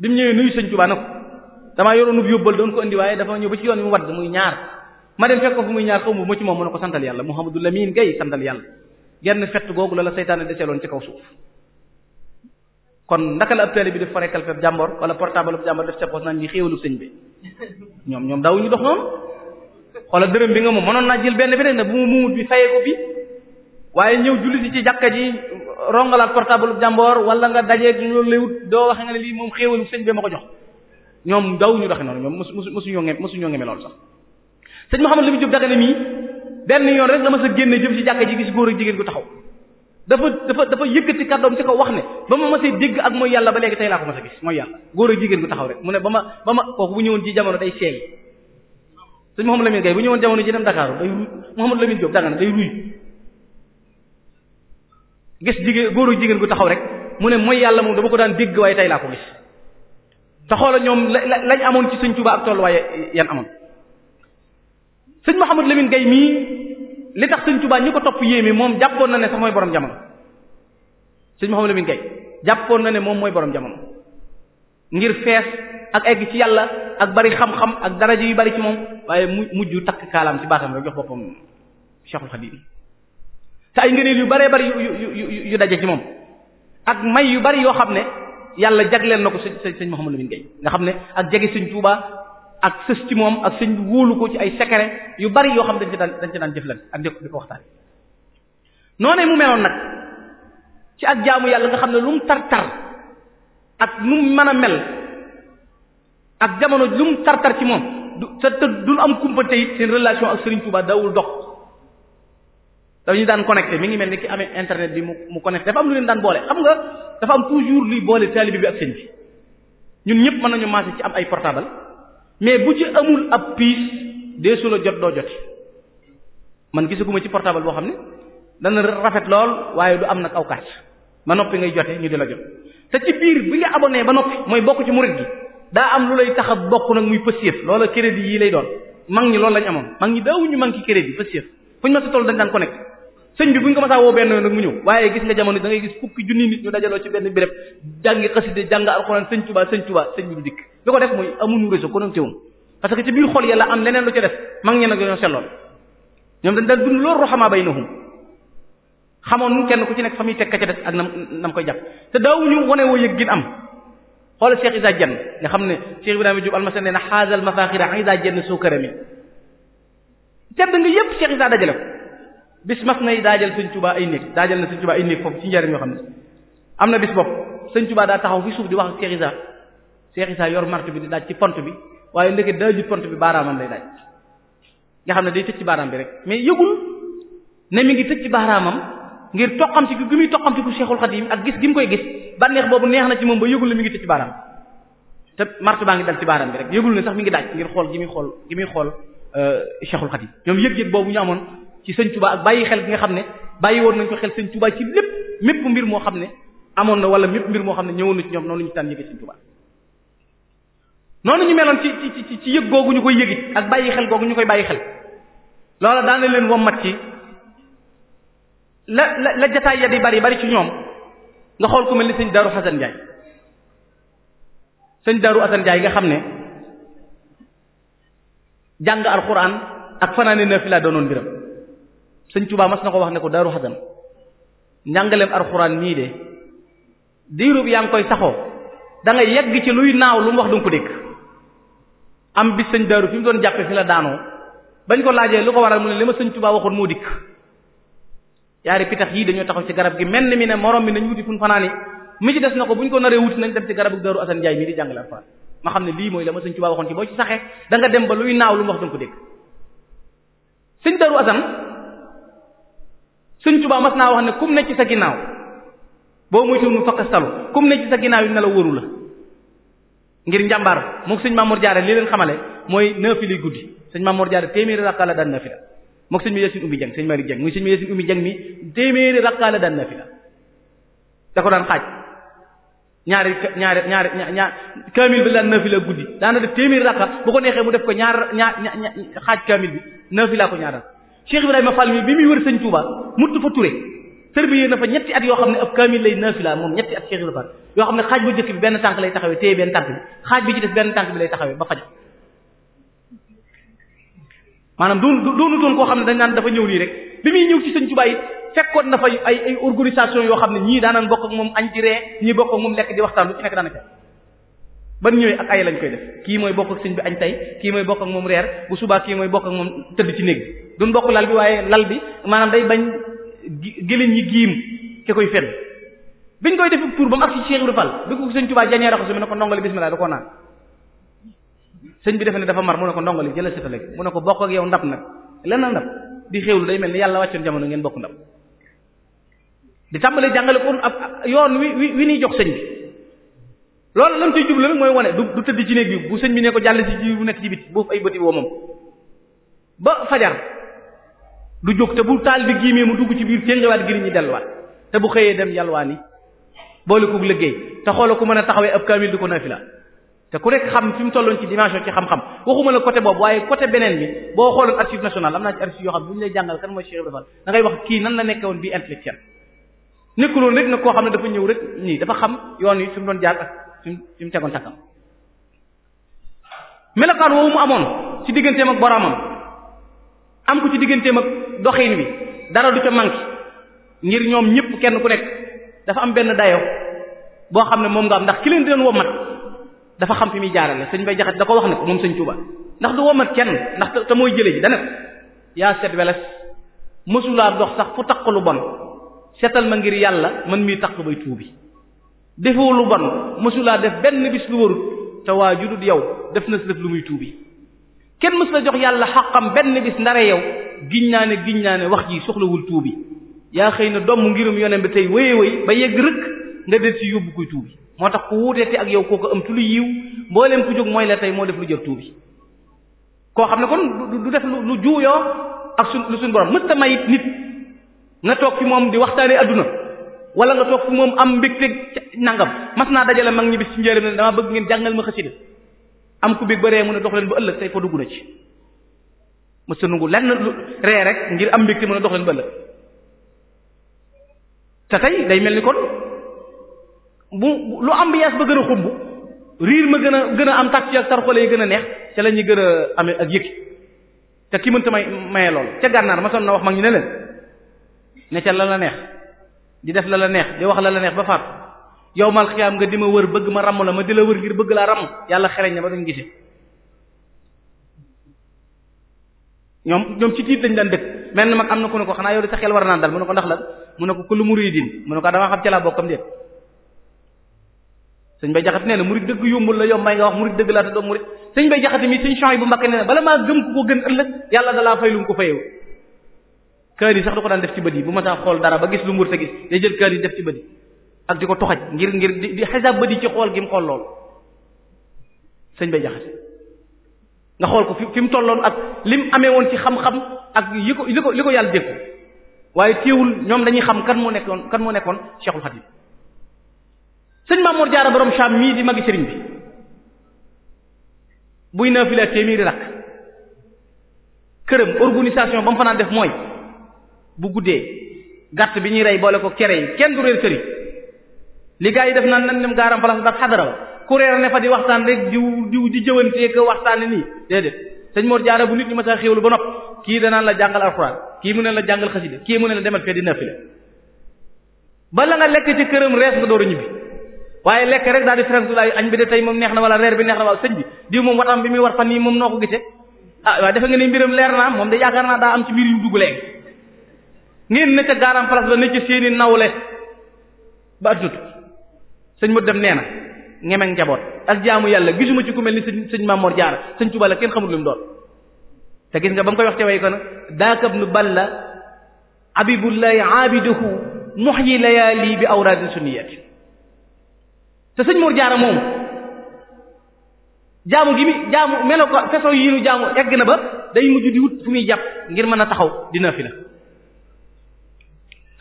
S2: bi mu ñëwee nuyu sëñ Tuubaa ko damaa yoroonub yóbbal doon ko indi waaye dafa ñëw ba ci yoon bi mu wadd muy ñaar ma dem fekk ko fu muy ñaar xaw ma ma ci moom mu ne ko la la seytaane deseeloon kon ndaka la bi def farekal feb jàmbor wala portable ab jàmbor def ca poos naan bi ñoom ñoom daawuñu dox noonu xoolal dërëm bi nga moom mënoon naa jël benn bi rek ne bu mu muut bi fayee ko bi waaye ñëw julli si ci jàkka ji rongalaat portable ab jàmbor wala nga dajeeg loolu lay doo wax nga ne lii moom xéewalu sëñ bi ma ko jox ñoom daw ñu doxe noonu ñoom mosu mosu mosu ñoo ngem mosu ñoo ngeme loolu sax sëñ Mouhamadou Dagana mii benn yoon rek la ma sa génne jëm ci jàkka ji gis góor ak jigéen gu taxaw dafa dafa dafa yëkkati kàddoom ci kaw wax ne ba ma dégg ak yàlla ba léegi tey laa a gis mooy yàlla góor ak jigéen gu taxaw rek mu ne ba ma ba ma kooku bu ñëwoon ci jamono day seey sëñ Mouhamadou Lamine bu ñëwoon jamono ji dem Dakar day Mouhamadou Lamine Diop Dagana day ruy gis jigéen góor ak jigéen gu taxaw rek mu ne mooy yàlla moom dama ko daan dégg waaye tey laa ko gis te xoola ñoom lañ amoon ci sëñ Tuubaa ak waaye yan amoon sëñ Mouhamadou Lamine Gueye mii li tax sëñ Tuubaa ñi ko topp yéeme moom jàppoon na ne sax mooy borom jamono sëñ Mouhamadou Lamine Gueye jàppoon na ne moom mooy borom jamono ngir fees ak egg ci yàlla ak bari xam-xam ak daraja yu bari ci moom waaye mu mujj takk kaalaam ci baatam rek jox boppam Cheikhul Khadim te ay ngëneel yu baree bari yu yu yu daje ci moom ak may yu bari yoo xam ne yàlla jagleel na ko sëñ sëñ Mouhamadou Lamine Gueye nga xam ne ak jege sëñ Touba ak sës ci moom ak sëñ wóolu ko ci ay secret yu bari yoo xam dañ ci daan dañ ci daan jëflante ak di ko waxtaan noonee mu meloon nag ci ak jaamu yàlla nga xam ne lu mu tar tar ak mu mën a mel ak jamono lu mu tar tar ci moom du te du am kumpante it seen relation ak Serigne Touba dawul dox dañu daan connecté mi ngi mel ni ki amee internet bi mu mu connecté dafa am lu leen daan boole xam nga dafa am toujours luy boole taalibe bi ak sëñ bi ñun ñëpp mën nañu maase ci am ay portable mais bu ci amul ab piis dee su la jot doo joti man gisaguma ci portable boo xam ne dana rafet lool waaye du am nag aw ba ma noppi ngay jote ñu di la jot te ci biir bi nga abonné ba noppi mooy bokk ci murid gi daa am lu lay tax bokk nag muy pësief loola crédit yi lay doon mag ñi loolu lañ amoon mag ñi ñu mag ci crédit pësief fu ñu ma sa toll dañ daan connecté sëñ bi bu ñu ko masaa woo benn yoon nag mu waaye gis nga jamono da ngay gis fukki junni nit ñu dajaloo ci benn béréb jàngi xaside jàng alxuraan sëñ Tuubaa sëñ Tuubaa sëñ bi du dikk ko def mooy amuñu réseau connecté wuñ parce que ci biir def mag ñe nag dañoo selloon ñoom dañ daan dund loolu roxamaa baynahum kenn ku ci nekk fa muy teg ka ak nam nam koy jàpp te daawuñu wane woo yëg am xoolal Cheikh Isa Dieng nga xam ne Cheikh Ibrahima Diop almasen nee na xaasal mafaxira Isa Dieng soo kërami tedd nga yépp Cheikh Isa dajale ko bis mas nay daajal sëñ Tuubaa ay néeg daajal na sëñ Tuubaa ay néeg foofu ci njariñ yoo xam ne am na bis bopp sëñ Tuubaa daa taxaw fi suuf di wax ak Cheikh Issa Cheikh yor marte bi di daaj ci pont bi waaye ndeke daa jut pont bi baaraamam lay daaj nga xam ne day ci baaraam bi rek mais yëgul ne mi ngi tëj ci baaraamam ngir toqamti gu muy toqamti gu Cheikhul Khadim ak gis gi mu koy gis bànneex boobu neex na ci moom ba yëgul ne mi ngi tëj ci baaraam te marte baa ngi dal ci baaraam bi rek yëgul ne sax mi ngi daaj ngir xool gi muy xool gi muy xool euh, Cheikhul Khadim ñoom yëg-yëg boobu ñu amoon ci sëñ Tuba ak bàyyi xel bi nga xam ne bàyyi woon nañ ko xel sëñ Tuba ci lépp mépp mbir moo xam ne amoon na wala mépp mbir moo xam ne ñëwoon na ci ñoom noonu ñu tànn yëge sëñ Tuba noonu ñu meloon ci ci ci yëg googu ñu koy yëgit ak bàyyi xel googu ñu koy bàyyi xel loola daana leen wommat ci la la jataay ya di bari bari ci ñoom nga xool ko mel ni sëñ Darou Assane Ndiaye sëñ Darou Assane Ndiaye nga xam ne jàng alxuraan ak fanaane nafila doonoon mbiram sëñ Tuubaa mas na ko wax ne ko daaru xasan njàngaleem alxuraan nii de diirub yaa ngi koy saxoo da nga yegg ci luy naaw lu mu wax du nga ko dégg am bis sëñ daaru fi mu doon jàppe fi la daanoo bañ ko laajee lu ko waral mu ne li ma sëñ Tuubaa waxoon moo dikk yaari pitax yii dañoo taxaw ci garab gi mel ni mi ne morom mi nañ wuti fu mu fanaani mi ci des na ko ko naree wuti nañ dem ci garabu Daaru Asan Njaay mii di jàngale alxuraan ma xam ne lii mooy la ma sëñ Tuubaa waxoon ci boo ci saxee da ba luy naaw lu wax du ko dégg sëñ Daaru suñ Tuubaa mas naa wax ne kum ne ci sa ginnaaw boo muytuwul mu fakk salu kum ne ci sa ginnaaw yi ne la wóoru la ngir njàmbaar mook sëñ Mamour Diarra li leen xamale mooy naafili guddi sëñ Mamour Diarra téeméeri rakkaa la daan naafila mook sëñ bi Yaasin Umbi Jeng sëñ Malick Jeng muy sëñ bi Yaasin Umbi Jeng mi téeméeri rakkaa la daan naafila da ko daan xaaj ñaari ñaari ñaari ñaar kaamil bi daan naafila guddi daana def téeméeri rakka bu ko neexee mu def ko ñaar ñaar xaaj kaamil bi naafila ko ñaar Cheikh Ibrahima Fall mi bi muy wër sëñ Touba muttu fa Touré tërbiyee na fa ñetti at yoo xam ne ab kaamil lay naafila moom ñetti at Cheikh Ibrahima Fall yoo xam ne xaaj bu jëkk bi benn tànk lay taxawee téye benn tànk bi xaaj bi ci def benn tànk bi lay taxawee ba faj maanaam doon doonu koo xam ne dañ naan dafa ñëw lii rek bi muy ñëw ci sëñ Touba yi fekkoon na fa ay ay organisation yoo xam ne ñii daanaan bokk ak moom añ di ree ñii bokk ak moom lekk di waxtaan lu ci nekk ban ñëwee ak ay lañ koy kii mooy bokk ak sëñ bi tey kii mooy bokk moom reer bu subaa kii mooy bokk moom tëdd ci néeg duñ bokk lal bi waaye lal bi maanaam day bañ gëlin ñi giim ki koy fen biñ koy def pour ba mu ak ci Cheikh Ibra Fall bi ko sëñ Tuubaa jañee raxasu mu ne ko ndongali bismillah da koo naan sëñ bi defe ne dafa mar mu ne ko ndongali jëlal si léegi mu ne ko bokk ak yow ndab nag lenn ndab di xéwlu day mel ni yàlla wàccoon jamono ngeen bokk ndab di tàmbalee jàngale ko ab yoon wi wi wi ñuy jox sëñ bi loolu lan ciy jublu mooy wane du du bi bu sëñ bi ne ko jàll ci bu nekk ci bit boobu ay bëti woo moom ba fajar du jóg te bu taal bi giimee mu dugg ci biir cëngawaat ngir ñu delluwaat te bu xëyee dem yalwaani boole koog liggéey te xoola ku mën a taxawee ab kaamil di ko la te ku rek xam fi mu tolloon ci dimension ci xam-xam waxuma la côté boobu waaye côté beneen bi boo xooloon archive nationale am naa ci archive yoo xam bu ñu lay jàngal kan mooy Cheikh Ibrahima da ngay wax kii nan la nekkee woon bii intellectuel koo xam ne dafa ñëw rek nii dafa xam yoon yi fi mu doon jaar ak fi mu mu tegoon takkam melokaan woowu mu amoon ci digganteem ak boromam am ko ci digganteem ak doxin wi dara du ca manqué ngir ñoom ñëpp kenn ku nekk dafa am benn dayoo boo xam ne moom nga am ndax ki leen di leen womat dafa xam fi muy jaarale sëñ bay jaxat da ko wax ne ko moom sëñ Tuuba ndax du womat kenn ndax te mooy jële ji dana yaa set weles mësula dox sax fu taq lu bon setal ma ngir yàlla man mii taq bay tuubi defoo lu bon mësulaa def benn bis lu warut te waa judut yow def na si def lu muy tuubi kenn mës jox yàlla xaqam benn bis ndare yow giñ naa ne giñ naa ne wax ji soxlawul tuubi yaa xëy na doom ngirum yonen bi tey wéye wéy ba yegg rëkk nga del ci yóbbu kuy tuubi moo tax ku wuuteete ak yow kooku am tu lu yiw mbooleem ku jóg mooy la tey moo def lu jël tuubi koo xam ne kon du def lu juuyoo ak su lu suñu borom mësta mayit nit nga toog fi moom di waxtaanee adduna wala nga toog fi moom am mbégte nangam mas naa dajale mag ñi bis ci njëriñ ne damaa bëgg ngeen jàngal ma xasida am ku bég ba mu ne dox leen bu ëllëg tey fa dugg na ci mësta nungu lenn lu ree rek ngir am mbégte mën a dox leen bëllëg te tey day mel ni kon bu lu ambiance ba gën a xumb riir ma gën a gën a am tàcc ak tarxole yi gën a neex ca la ñuy gën a amee ak yëkki te kii mënta may maye lool ca gànnaar ma son na wax mag ñu ne leen ne ca la la neex di def la la neex di wax la la neex ba faat yow mal xiyaam nga di ma wër bëgg ma ramm la ma di la wër ngir bëgg laa ramm yàlla xereñ na ba duñ gisee ñoom ñoom ci tiit lañ daan dëkk mel na mag am na ku ne ko xanaa yow di sa xel war a naan dal mu ne ko ndax la mu ne ko kullu muridin mu ne ko ah, dama xam ci laa bokkam déet sëñ bay jaxati nee na murid dëgg yombul la yombay nga wax murid dëgg laa te doo murid sëñ bay jaxati mi sëñ champs na bala maa gëm dalaa fay lu ko fayewu kër yi sax du ko daan def ci bët yi bu ma saa xool dara ba gis lu mur te gis day jël kër yi def ci bët yi ak di ko toxaj ngir ngir di di xisaab bët yi ci xool gi mu xool loolu sëñ bay jaxati nga xool ko fi fi mu tolloon ak lim amee woon ci xam-xam ak yi ko li ko li ko yàlla dégg waaye téewul ñoom dañuy xam kan moo nekkoon kan moo nekkoon Cheikhul Khadim sëñ Mamour Jaara boroom Cham mii di magi sëriñ bi buy naafila téeméeri rakk këram organisation ba mu fa naan def mooy bu guddee gàtt bi ñuy rey boole ko kere yi kenn du réer sëriñ li gaa yi def naan nan dem gaaram place daal xadara ku reer ne fa di waxtaan rek diw diw di jëwantee ko waxtaane nii déedéet sëñ Mor Jaara bu nit ñi ma saa xéwlu ba nopp kii danaan la jàngal alxuraan kii mu ne la jàngal xasida kii mu ne la demal fee di ba la nga lekk ci këram rees nga door a ñibbi waaye lekk rek daal di franklaayu añ bi de tey moom neex na wala reer bi neex na wala sëñ bi diw moom watam bi muy war fan nii moom noo ko gisee ah waaye defe nga ne mbiram leer naa moom de yaakaar naa daa am ci mbir yu dugg léegi ngeen ne ca garam place dem nee na ñemeeg njaboot ak jaamu yàlla gisuma ci ku mel ni sëñ sëñ Mamor Jaara sëñ Tuubaa la kenn xamul lu mu doon te gis nga ba mu wax ca way ko nag daakab nu balla abibullahi aabiduhu muhyi bi awraadin sunniyati te sëñ Mor Jaara moomu jaamu gi mi jaamu melo ko façon yi nu jaamu egg na ba day mujj di wut fu muy jàpp ngir mën a taxaw dina fi la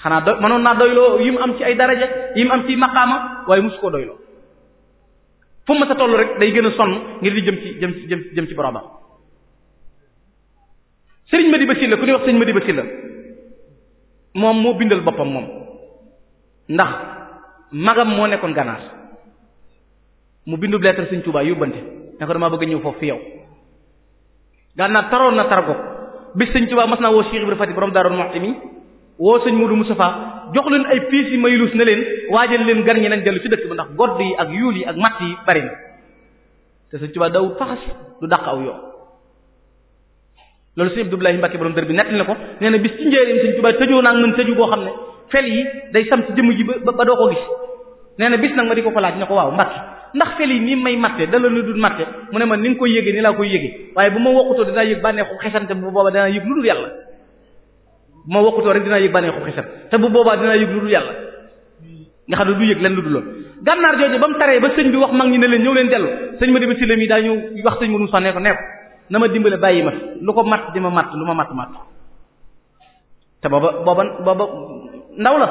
S2: xanaa do mënoon naa doyloo yi mu am ci ay daraja yi mu am ci maqaama waaye musu doyloo fu mu sa toll rek day gën a sonn ngir di jëm ci jëm ci jëm jëm ci boroomam sëriñ Madiba Sylla ku ñuy wax sëriñ Madiba Sylla moom moo bindal boppam moom ndax magam moo nekkoon ganaar mu bindu lettre sëriñ Tuubaa yóbbante ne ko damaa bëgg ñëw foofu fi yow gànnaar taroon na targoog bis sëriñ Tuubaa mas naa woo Cheikh Ibrahima Fati borom Daaru Muxti mi woo sëriñ Mudu Mustafaa jox leen ay piis yi maylus na leen waajal leen gar ñi nañ dellu ci dëkk ba ndax godd yi ak yuul yi ak matt yi bari na te Sëriñ Tuubaa daw faxas du dàq aw yoon loolu Sëriñ Abdoulaye Mbacke borom dër bi nettali na ko nee na bis ci naa mën tëju boo xam ne fel yi day sam jëmm ji ba ba doo ko gis nee na bis nag ma di ko ko laaj ne ko waaw Mbacke ndax fel yi nii may matte dala lu dul matte mu ne ma ni nga koy yëgee ni laa ko yëgee waaye bu ma wokkutoo dinaa yëg bànneexu xesante bu booba dinaa yëg lu dul yàlla bu ma wokkutoo rek dinaa yëg bànneexu xisam te bu boobaa dinaa yëg lu dul yàlla nga xam ne du yëg lu dul lool gànnaar jooju ba mu taree ba sëñ bi wax mag ñi ne leen ñëw leen dellu sëñ ma dema silam yi daa ñëw wax sëñ Muhammadu Mustafaa ne ko ne ko dimbale bàyyi ma lu ko matt di ma matt lu ma matt matt te booba booba booba ndaw la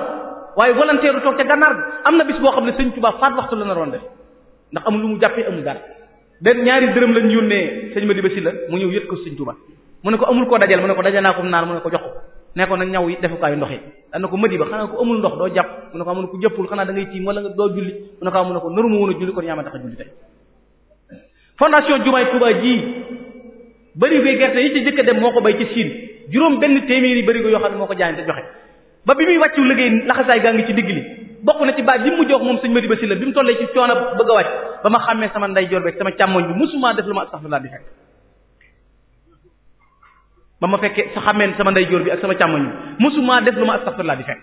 S2: waaye volontaire du toog ca gànnaar am na bis boo xam ne sëñ Tuubaa faat waxtu la naroon def ndax amul lu mu jàppee amul dara den ñaari dërëm lañ yónnee sëñ ma diba si la mu ñëw yët ko sëñ Tuubaa mu ne ko amul koo dajal mu ne ko dajal naa ko naan mu ne ko jox ko nekkoon na ñaw yi defukaayu ndox yi dana ko mëdi ba xanaa ko amul ndox doo jàpp mu ne ko amul ku xanaa da ngay tiim wala nga doo julli mu ne ko amul ne ko woon a julli kon yaa ma tax a julli tey
S4: fondation jumaay Touba ji
S2: bëri bi gerte yi ci jëkk dem moo ko bay ci Siin benn téeméeri bëri yoo xam ne moo ko jaayante joxe ba bi muy wàccu liggéey laxasaay gaa ngi ci digg li bokk na ci baat bi mu jox moom sëñ Madiba Sylla bi mu tollee ci coono bëgg a wàcc ba ma xàmmee sama ndeyjoor beeg sama càmmoñ bi musuma def lu ma astaghfirullah bi fekk ba ma fekkee sa xameen sama ndeyjoor bi ak sama càmmoñ bi mosuma def lu ma astaghfirullah di fekk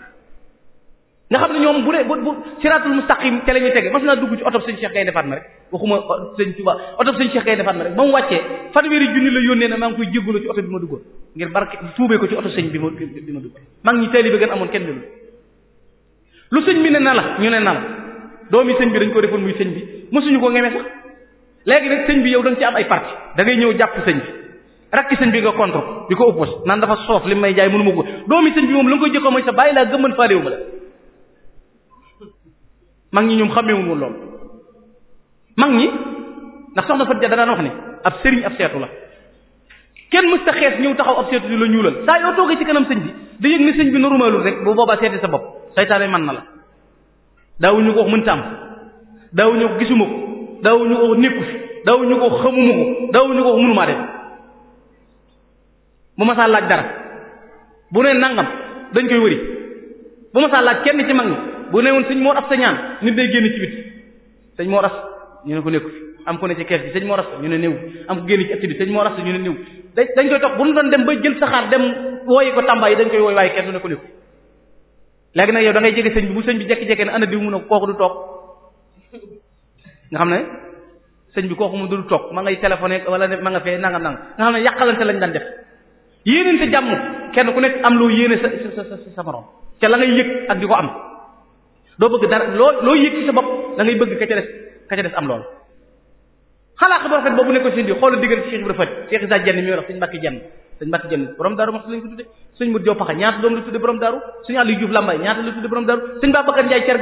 S2: nga xam ne ñoom bu dee bu bu siratul mustaqim te la ñuy tege mas dugg ci oto sëñ Cheikh Gaynde Fatma rek waxuma sëñ Tuba oto sëñ Cheikh Gaynde Fatma rek ba wàccee fanweeri la yónnee na maa ngi koy jéggalu ci oto bi ma duggoon ngir barke tuubee ko ci oto bi ma bi ma duggoon maa ngi ñi gën amoon kenn lu sëñ bi ne na la ñu ne na la doomi sëñ bi dañ ko defoon muy sëñ bi mosuñu ko ngemee sax léegi nag sëñ bi yow da ci am ay parti dangay ñëw jàpp sëñ bi rakki sëñ bi nga contre di ko oppose naan dafa soof li may jaay mënu ma ko doomi sëñ bi moom la nga koy jëkkoo mooy sa bàyyi laa gëmman faalewu ma la mag ñi ñoom xamewuñu woon loolu mag ñi ndax soxna Fatou Dia danaan wax ne ab sëriñ ab seetu la kenn mës xees ñëw taxaw ab seetu la ñuulal saa yoo toogee ci kanam sëñ bi da yëg ne sëñ bi normalul rek bu boobaa seeti sa bopp saytaane mën na la daawuñu ko wax mënta am daawuñu ko gisuma ko daawuñu ko wax nekku fi ko xamuma ko bu ma saa laaj dara bu ne nangam dañ koy wëri bu ma saa laaj kenn ci mag ñi bu ne woon sëñ Mor Asta ñaan nit day génn ci biti sëñ Mor Asta ñu ne ko nekku am ko ne ci kees bi sëñ Mor Asta ñu ne néew am ko génn ci ëtt bi ñu ne néew dañ dañ koy toog bu ñu doon dem ba jël saxaar dem wooyi ko Tamba yi dañ koy wooy waaye kenn du ne ko nekku léegi nag yow da ngay jege sëñ bi bu sëñ bi jekki-jekkee ne ana diw mu ne kooku du toog nga xam ne sëñ bi kooku mu du toog ma ngay téléphoné wala ma nga fee nangam nangam nga xam ne yàqalante lañ daan def yéenente jàmm kenn ku nekk am loo yéene sa sa sa sa morom ca la ngay yëg ak di ko am doo bëgg dara loo loo yëg ci sa bopp da ngay bëgg ka ca des ka ca des am lool. xalaat bu rafet boobu nekkoon si indi ko tudde sëñ Mut Jow Paxa ñaata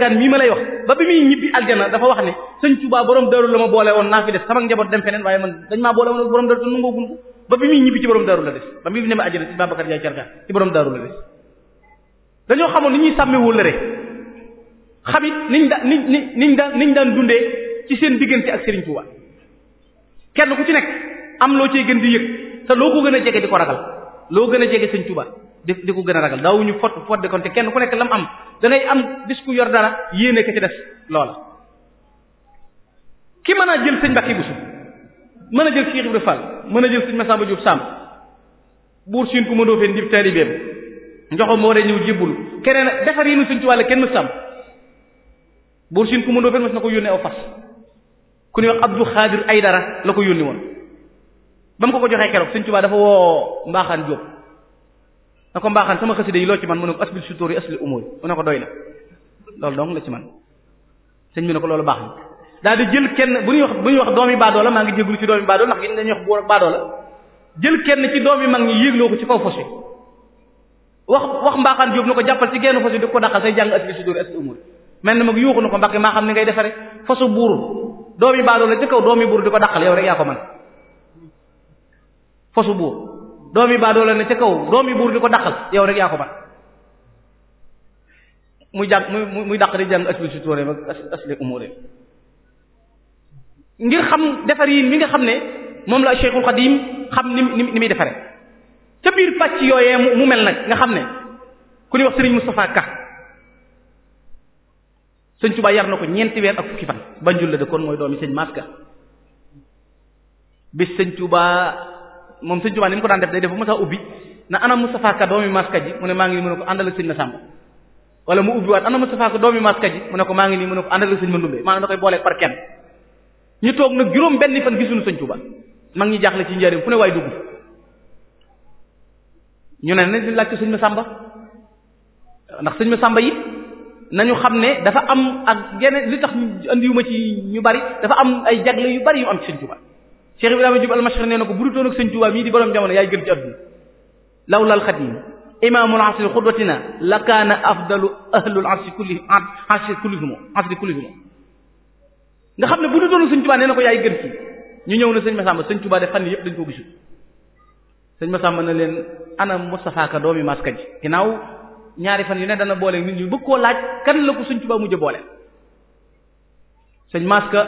S2: mii ma lay wax ba bi muy ñibbi aljana dafa wax ne sëñ Tuubaa borom daaru la ma boole woon naa fi def sama njaboot dem feneen waaye man dañ maa boole woon borom daaru te nungoo gun ko ba bi muy ñibbi ci borom daaru la des ba bi mu demee àjjana ci Babacar Ndiaye Carga ci borom daaru la des dañoo xamoon ni ñuy sàmmee wóllëre xam it niñ daan niñ niñ daan niñ daan dundee ci seen diggante ak Serigne Touba kenn ku ci nekk am loo cee gën di yëg te loo ko gën a jege di ko ragal loo gën a jege Serigne Touba di di ko gën a ragal daawuñu fot fot de kon te kenn ku nekk lam am dangay am dis ku yor dara yéene ka ci des loola. ki mën a jël sëñ Mbacke Bousso mën a jël Cheikh Ibrahima Fall mën a jël Sëriñ Massamba Diouf Samb buur siin ku mëndoo feen dib taalibeem njoxo moo de ñëw jébbulu keneen defar yi nu suñ ci wàll kenn mës am buur siin ku mëndoo feen mas na ko yónnee aw fas ku ñuy wax Abdou ay dara la ko yónni woon ba mu ko ko joxee keroog Sëriñ Tuubaa dafa woo Mbaaxaan Jóob na ko Mbaaxaan sama xasida yi loo ci man mu ne ko asbil sutóor yi asbil umóor mu ne ko doy na loolu dong la ci man sëñ bi ne ko loolu baax na daal di jël kenn bu ñuy wax bu ñuy wax doomi baadoola maa ngi jéglu ci doomi baadoola ndax gi dañuy wax bu baadoola jël kenn ci yi mag ñi yéegloo ko ci kaw fosé wax wax mbaaxaan jóob na ko jàppal ci genn fosé di ko daqal say jàng asli sudur asli umur mel na mag yuuxu na ko mbaqe maa xam ni ngay defare fasu buur doomi ci kaw doomi buur di ko daqal yow rek yaa ko man fasu buur doomi baadoola ne ci kaw doomi buur di ko daqal yow rek yaa ko man muy jàng muy muy daq di jàng ngir xam defar yi mi nga xam ne moom la Cheikhul Xadim xam ni ni ni muy defare ca biir pàcc yooyee mu mel nag nga xam ne ku ñuy wax Serigne Moustapha Ka sëñ Tuubaa yar na ko ñeenti weer ak fukki fan Banjul la dëkkoon mooy doomi sëñ Maska bis sëñ Tuubaa moom sëñ Tuubaa ni mu ko daan def day def ba mu sax ubbi na ana Moustapha doomi Maska ji mu ne maa ngi nii mu ne ko àndal ak sëñ Massamba wala mu ubbi waat ana Moustapha doomi Maska ji mu ne ko maa ngi nii mu ñu toog nag juróom benn fan gisuñu sëñ Tuuba mag ñi jaaxle ci njaareem fu ne waay dugg ñu ne nañ laaj ko ma sàmba ndax sëñ ma sàmba yi nañu xam ne dafa am ak yeneen li tax andiwuma ci ñu bari dafa am ay jagle yu bari yu am ci sëñ Tuuba Cheikh Ibrahima Diop al-Mashri nee na ko bu dutoon ak sëñ Tuuba mii di borom jamono yaay gën ci àdduna lawlal xadim imaamul asri xudwatina la kaana afdalu ahlul asri kulli asri kullihum asri kullihum nga xam ne bu ñu doon sëñ Tuubaa nee na ko yaay gën ci ñu ñëw na sëñ Masamba sëñ Tuubaa de fan yëpp dañ ko gisul sëñ Masamba na leen ana Moustapha Ka doomi maska ji ginnaaw ñaari fan yu ne dana boole nit ñu bëgg koo laaj kan la ko sëñ Tuubaa mujj boole sëñ maska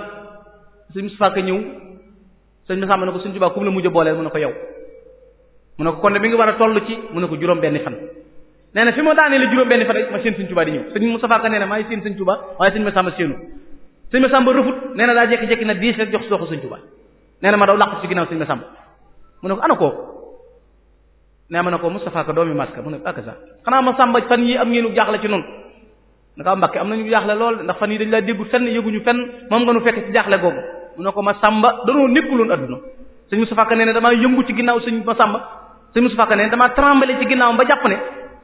S2: sëñ Moustapha Ka ñëw sëñ Masamba na ko sëñ Tuubaa kum la mujj boole mu ne ko yow mu ne ko kon de ngi war a toll ci mu ne ko juróom benni fan nee na fi ma daanee la juróom benn fan ma seen sëñ Tuubaa di sëñ ma sàmba rëfut nee daa jekki-jekki na diis rek jox sooxu sëñ Tuubaa nee na ma daw làqu ci ginnaaw sëñ ma sàmba mu ko ma ne ko Moustapha ka doomi mu ne ko akasa xanaa ma sàmba fan yi am ngeenu jaaxle ci noonu na ko ah, Mbàkke am nañu jaaxle lool ndax fan yi dañu laa déggu fenn yëguñu fenn moom nga nu fekk ci jaaxle googu mu ne ko ma sàmba danoo nekkuloon adduna sëñ Moustapha ka nee na damaa yëngu ci ginnaaw ma sàmba sëñ Moustapha ka nee na damaa trembler ci ginnaaw ba jàpp ne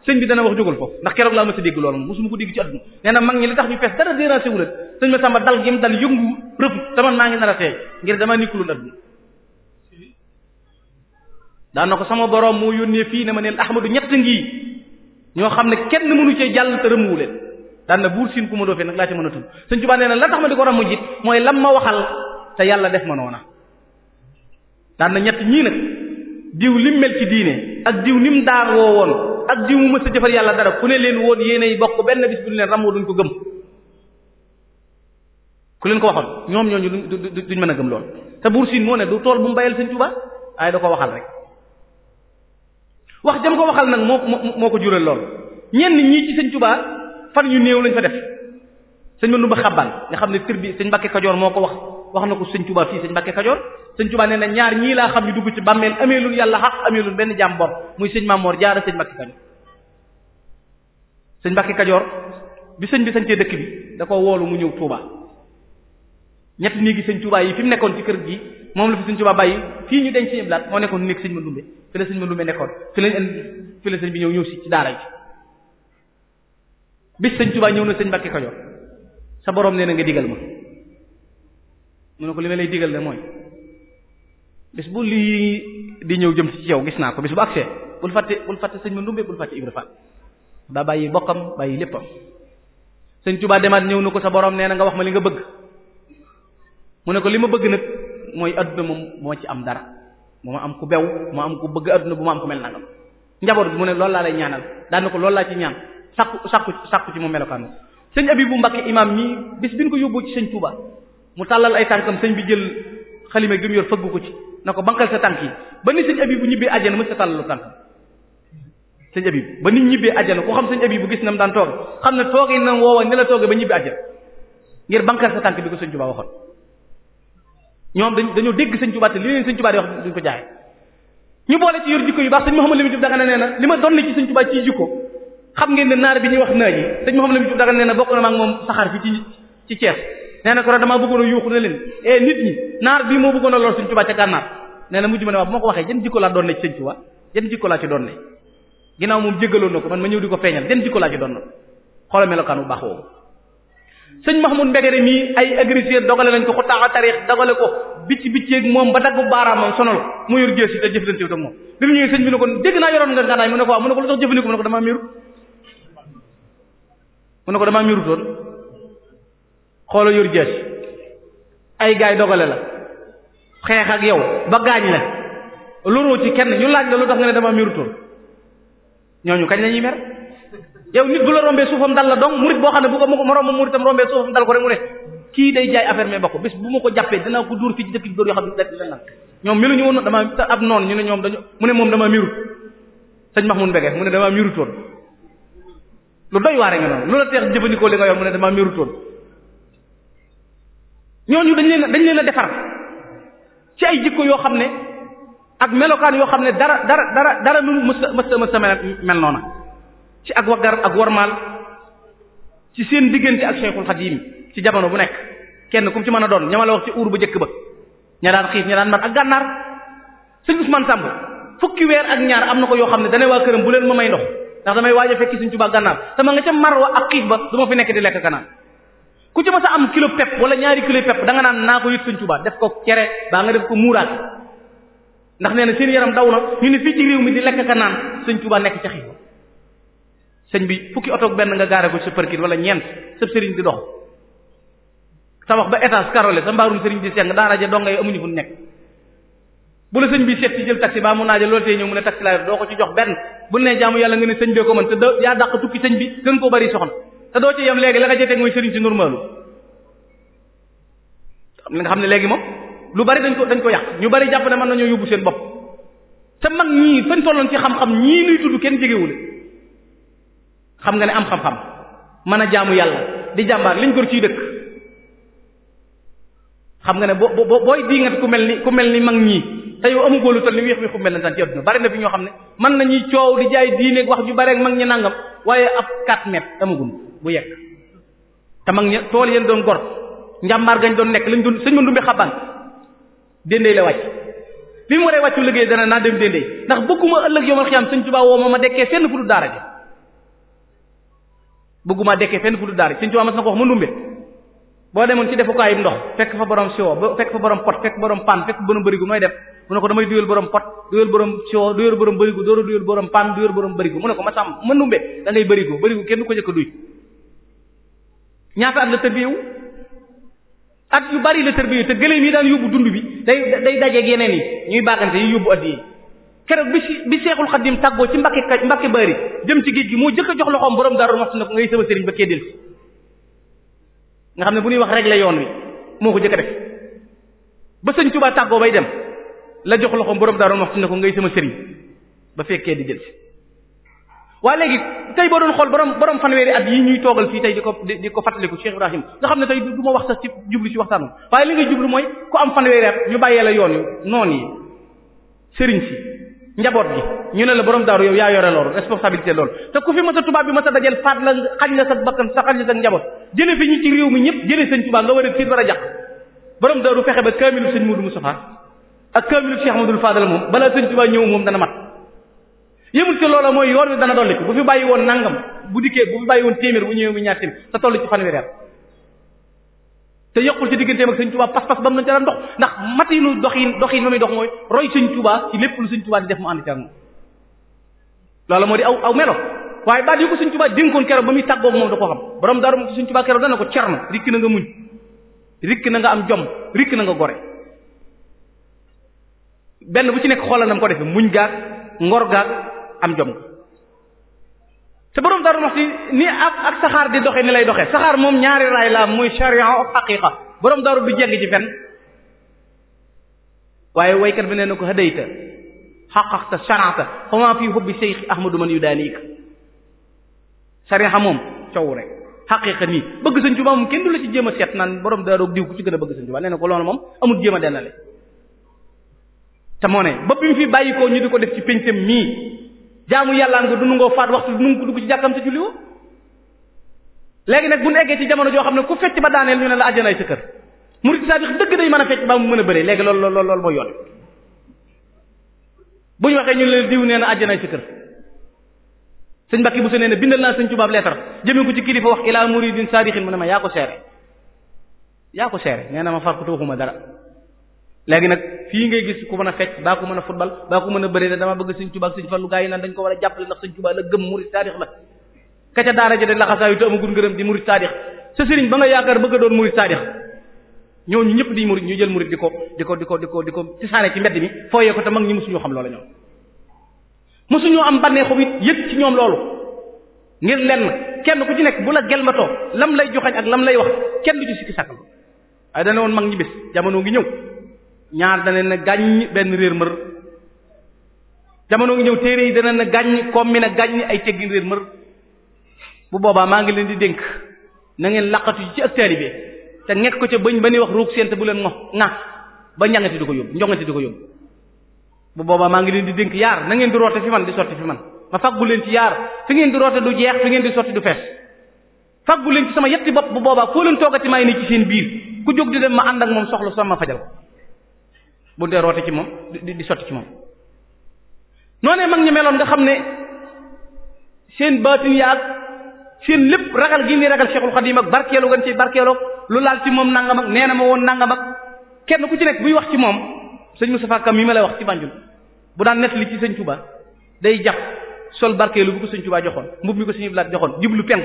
S2: sëñ bi dana wax jógal foofu ndax keroog laa ma sa dégg loolu mosuma ko dégg ci adduna nee na mag ñi li tax ñu fees dara dérangé wulat sëñ ma sàmba dal gi mu dal yëngu rëbb taman maa ngi nar a teey ngir dama nikkulu nag bi daan ko sama borom moo yónnee fii ne ma neen ahmadu ñett ngi ñoo xam ne kenn mënu cee jàll te rëmuwu leen daan buur siin ku ma doo fee nag laa ci mën a tudd sëñ Tuubaa nee na la tax ma di ko ramu jit mooy lam ma waxal te yàlla def ma noona daan na ñett ñii nag diw li mu mel ci diine ak diw mu daar woo woon ak diw mu mës a jëfal yàlla dara ku ne leen woon yéenay bokk benn bis ko gëm ku leen ko waxoon ñoom ñooñu duñ duñ mën a gëm lool te buur siin moo ne du tool bu mu bayal sëñ Tuubaa waaye da ko waxal rek wax jam ko waxal nag moo moo ko jural lool ñenn ñii ci sëñ Tuubaa fan yu néew lañ fa def sëñ Manoumbe ba xabbaan nga xam ne kër bi sëñ Mbàkke Kajoor moo ko wax wax na ko sëñ Tuubaa fii sëñ Mbàkke Kajoor sëñ Tuubaa nee na laa xam ñu dugg ci bàmmeel ameelul yàlla xaq ameelul benn jaam bor muy sëñ Maamoor Jaara sëñ Mbàkke Kajoor sëñ Mbàkke Kajoor bi sëñ bi dëkk bi da ko woolu mu ñëw Tuubaa ñetti néegi sëñ Tuubaa yi fi mu nekkoon ci kër gi moom la fi sëñ Tuubaa bàyyi fii ñu denc sëñ blaat moo nekkoon néeg sëñ ma lumbe fi la sëñ ma lumbe nekkoon fi lañ indi bi ñëw ñëw si ci daara ji bis sëñ Tuubaa ñëw na sëñ Mbàkke Kajoor sa borom nee na nga digal ma mu ne ko li ma lay digal la mooy bis bu lii di ñëw jëm ci yow gis naa ko bis bu agsee bul fàtte bul fàtte sëñ ma lumbe bul fàtte Ibra Faal daa bàyyi bokkam bàyyi léppam sëñ Tuubaa demaat ñëw na ko sa borom nee na nga wax ma li nga bëgg mu ne ko li ma bëgg nag mooy adduna moom moo ci am dara moo ma am ku bew moo am ku bëgg adduna bu ma am ku mel nangam njaboot bi mu ne lool laa lay ñaanal daan ko lool laa ci ñaan sàkku sàkku sàkku ci mu melokaan sëñ Abibu Mbàkke imaam mii bis bi ñu ko yóbbu ci sëñ Touba mu tàllal ay tànkam sëñ bi jël xalima gi mu yor fëggu ko ci na ko bankal sa tànk yi ba ni sëñ Abibu ñibbee àjjana mës sa tàllalu tànkam sëñ Abibu ba ni ñibbee àjjana ku xam sëñ Abibu gis na mu daan tooge xam ne tooge na woowa ni la tooge ba ñibbee àjjana ngir bankal sa tànk bi ko sëñ Touba waxoon ñoom dañ dañoo dégg sëñ Tuubaa te li leen sëñ Tuubaa di wax duñ ko jaay ñu boole ci yor jikko yu baax sëñ Mouhamadou ma doon ci sëñ Tuubaa ci ne naar bi ñuy wax naaj yi sëñ Mouhamadou Lamine Diouf bokk na maag moom saxaar fi ci ci Cees ko damaa bëggoon a yuuxu ne leen eh nit ñi naar bi moo bëggoon a lor sëñ Tuubaa ca gànnaar nee na mujj ma ne waa bu ma ko waxee jën jikko laa doon ci sëñ Tuubaa jën jikko laa ci doon ne ginnaaw moom jéggaloon ko man ma ñëw di ko feeñal jën jikko laa ci doon na xoolal melokaan bu baax woowu sëñ Mahmoud Mbegere mii ay agresseur dogale nañ ko ko taxa tarix dogale ko bicc bicceeg moom ba daggu baaraamam sonal mu yor gées yi te jëfandikoo ak moom li mu ñëwee sëñ bi ne ko dégg naa yoroon nga ne ko waaw mu ne ko lu tax jëfandikoo mu ne ko damaa miiru mu ne ko damaa xoolal yor gées ay gaay dogale la xeex ak yow ba gaañ la loroo ci kenn ñu laaj la lu tax nga ne damaa miiru ñooñu kañ la mer. yow nit bu la rombee suufam dal la donc murit boo xam ne bu ko ma romb muritam rombee suufam dal ko rek mu ne kii day jaay affaire mais ba ko bés bu ma ko jàppee dinaa ko dóor fii ci dëkk bi dóor yoo xam ne dina nag ñoom meluñu woon dama ab noonu ñu ne mu ne moom dama mirut sëñ Mahmoud Mbege mu ne jëfandikoo li nga yor mu ne dama mirutoon ñooñu dañ leen dañ leen a defar ci ay jikko yoo xam ne ak melokaan yoo xam ne dara dara dara dara mu mës a mës a mel noona ci ak waggar ak wormaal ci seen diggante ak Cheikhul Xadim ci jamono bu nekk kenn kum ci mën a doon ñama la wax ci uur ba njëkk ba ña daan xiif ña daan mar ak gànnaar sëñ Ousmane Samb fukki weer ak ñaar am na ko yoo xam ne danay waa këram bu leen ma may ndox ndax damay waaj a fekki suñ Tuubaa gànnaar sama nga ca mar wa ak xiif ba du fi nekk di lekk kanaan ku ci ma sa am kilo pepp wala ñaari kilo pepp danga naan naa ko yit suñ Tuubaa def ko cere baa nga def ko muuraat ndax nee na seen yaram daw na ñu ne fii réew mi di lekk kanaan suñ Tuubaa nekk ca xiif sëñ bi fukki oto benn nga gaare ko sa parking wala ñeent sëb sëriñ di dox tabax ba étage carrelé sa mbaarum sëriñ di seng daara ja dongay amuñu fu nekk bu la sëñ bi seet ci jël taxi baa mu naa naaje loolu tey ñëw mu ne taxi laa doo ko ci jox benn bu ne jaamu yàlla nga ne sëñ bee ko mën te da yaa dàq tukki sëñ bi gën koo bari soxna te doo ci yem léegi la nga jotee mooy sëriñ si normalu nga xam ne léegi moom lu bari dañ ko dañ ko yàq ñu bari jàpp ne mën nañoo yóbbu seen bopp te mag ñii fañ tolloon ci xam-xam ñii nuy tudd kenn jegewul xam nga ne am xam-xam mën a jaamu yàlla di jàmbaar liñ gor ciy dëkk xam nga ne boo boo booy di nga ku mel ni ku mel ni mag ñii te yow amu góolu tal ni wéex wéexu mel na tan ci adduna bari na fi ñoo xam ne mën nañuy coow lijaay jaay diineeg wax ju bare mag ñi nangam waaye ab 4 mètres amagum bu yegg te mag ña tool yéen doon gor njàmbaar gañ doon nekk lañ doon sëñ ma ndumbi xaban déndey la wàcc bi mu waree wàccu liggéey dana naa dem déndey ndax bëgguma ëllëg yomal xiyam sëñ Tuubaa woo ma ma dekkee fenn daara bëgguma dekkee fenn fu du daara suñ tubaab mas na ko wax mu ndumbe boo demoon ci defukaayub ndox fekk fa borom siwo ba fekk fa borom pot fekk borom pan fekk borom bërigu nooy def mu ne ko damay duyal borom pot duyal borom siwo duyal borom bërigu dóora duyal borom pan duyal borom bërigu mu ma sàmm ma ndumbe da ngay bërigu kenn du ko jëkk duy ñaata am la tërbiyewu at yu bari la tërbiyewu te gëléem yi daan yóbbu dund bi day da dajeeg yeneen yi ñuy bàggante yi yóbbu at yi keroog bi si bi seexul xadim tàggoo ci mbakki ka mbakki bari jëm ci géej gi moo jëkk a jox loxoom borom daaru wax na ko ngay sama sëriñ ba kéddil nga xam ne bu ñuy wax régler yoon moo ko jëkk a def ba sëñ Tuubaa bay dem la jox loxoom borom daaru wax na ko ngay sama sëriñ ba fekkee di jël si waa léegi tey boo doon xool borom borom fanweeri at yi ñuy toogal fii tey di ko di ko fàttaliku Cheikh Ibrahim nga xam ne tey du ma wax sax ci jublu ci waxtaan waaye li ngay jublu mooy ku am fanweeri at ñu bàyyee la yoon yu noon yi sëriñ si njaboot gi ñu ne la borom daaru yow yaa yore loolu responsabilité loolu te ku fi mas a tubaab bi mas a dajal faat la xañ la sa bakkan sa xañ sa njaboot jële fi ñu ci réew mi ñëpp jële sëñ tubaab a tiit war a jàq ak kaamilu Cheikh Amadou Fadal moom balaa sëñ tubaab ñëw moom dana mat yëmul ci loola mooy yoon wi dana dolli ko bu fi bàyyi woon nangam bu dikkee bu fi bàyyi woon téeméer bu ñëwee mu ñaar téeméer te ci fanweer te yokkul ci digganteem ak sëñ Tuubaa pas-pas bam nañ ca daan dox ndax matinu doxin doxin ma muy dox mooy roy sëñ Tuubaa ci lépp lu sëñ Tuubaa di def mu ànd ca moom loolu moo di aw aw melo waaye baat yu ko sëñ Tuubaa dénkoon keroog ba muy tàggoog moom da ko xam borom dara sëñ Tuubaa keroog dana ko cerno rikk na nga muñ rikk na nga am jom rikk na nga gore benn bu ci nekk xoolal na mu ko defee muñ gaag ngor gaag am jom te borom Darou Moukhty ni ak ak saxaar di doxe ni lay doxe saxaar moom ñaari raay la muy sharia ak xaqiqa borom Darou du jégg ci fen waaye waykat bi nee na ko hadayta xaqaqta sharaata xama fii hubbi Cheikh Ahmadou man yu daaniik sharia moom coow rek xaqiqa nii bëgg Sëriñ Tuubaa moom kenn du la ci jéem a seet naan borom Darou diw ku ci gën a bëgg Sëriñ Tuubaa nee na ko loolu moom amul jéem a dellale te moo ne ba bi fi bàyyi ko ñu di ko def ci pencam mii jaamu yàllaan nga du ngoo faat waxtu dunu ko dugg ci jàkkam te julli léegi nag bu nu eggee ci jamono joo xam ne ku fecc ba daaneel ñu ne la àjjanaay sa kër murid saadix dëgg day mën a fecc ba mu mën a bëre léegi loolu loolu loolu mooy yoon bu ñu waxee ñu leen diw nee na àjjanaay sa kër sëñ Mbàkke bu sa nee na bindal naa sëñ tubaab leetar jëmee ko ci kilifa wax ilaa muridin saadixin mu ne ma yaa ko seere yaa ko seere nee na ma far ko waxuma dara léegi nag fii ngay gis ku mën a fecc baa ko mën a football baa ko mën a bëri de dama bëgg Sëriñ Tuubaa ak Sëriñ Fallu gaa yi naan dañ ko war a jàppale ndax Sëriñ Tuubaa la gëm murid saadix la ka ca daara ja de laxasaayu te amagul ngërëm di murid saadix sa sëriñ ba nga yaakaar bëgg a doon murid saadix ñooñu ñëpp di murid ñu jël murid di ko di ko di ko di ko di ko ci saane ci mbedd mi fooyee ko te mag ñi mosuñoo xam loola ñoom mosuñoo am bannee xob it yëg ci ñoom loolu ngir lenn kenn ku ci nekk bu la gelmatoo lam lay joxañ ak lam lay wax kenn du ci sikki sàkkal waaye dana woon mag ñi bés jamono ngi ñëw ñaar dana na gàññ benn réer mër jamono ngi ñëw téere yi dana na gàññ comme mi na gàññ ay teggin réer mër bu boobaa maa ngi leen di dénk na ngeen laqatu ci ak taalibe te nekk ko ca bëñ ba ni wax ruug séente bu leen ngo ŋa ba njàngati du ko yóbbu njongante du ko yóbbu bu boobaa maa ngi leen di dénk yaar na ngeen di roote fi man di sotti fi man ma fàggu leen ci yaar fi ngeen di roote du jeex fi ngeen di sotti du fees fàggu leen ci sama yetti bopp bu boobaa foo leen toogati may ne ci seen biir ku jóg di dem ma ànd ak moom soxla sama fajal bu dee roote ci moom di di sotti ci moom noonee mag ñi meloon nga xam ne seen baatin yaag seen lépp ragal gi ni ragal Cheikhul yi mag barkeelu gën ci barkeeloo lu laal ci moom nangam ak nee na ma woon nanga ak kenn ku ci nekk buy wax ci moom sëñ Moustapha Kam mi ma lay wax ci Banjul bu daan nett li ci sëñ Touba day jàpp sol barkeelu bu ko sëñ Touba joxoon mbub mi ko sëñ Blaat joxoon jublu penk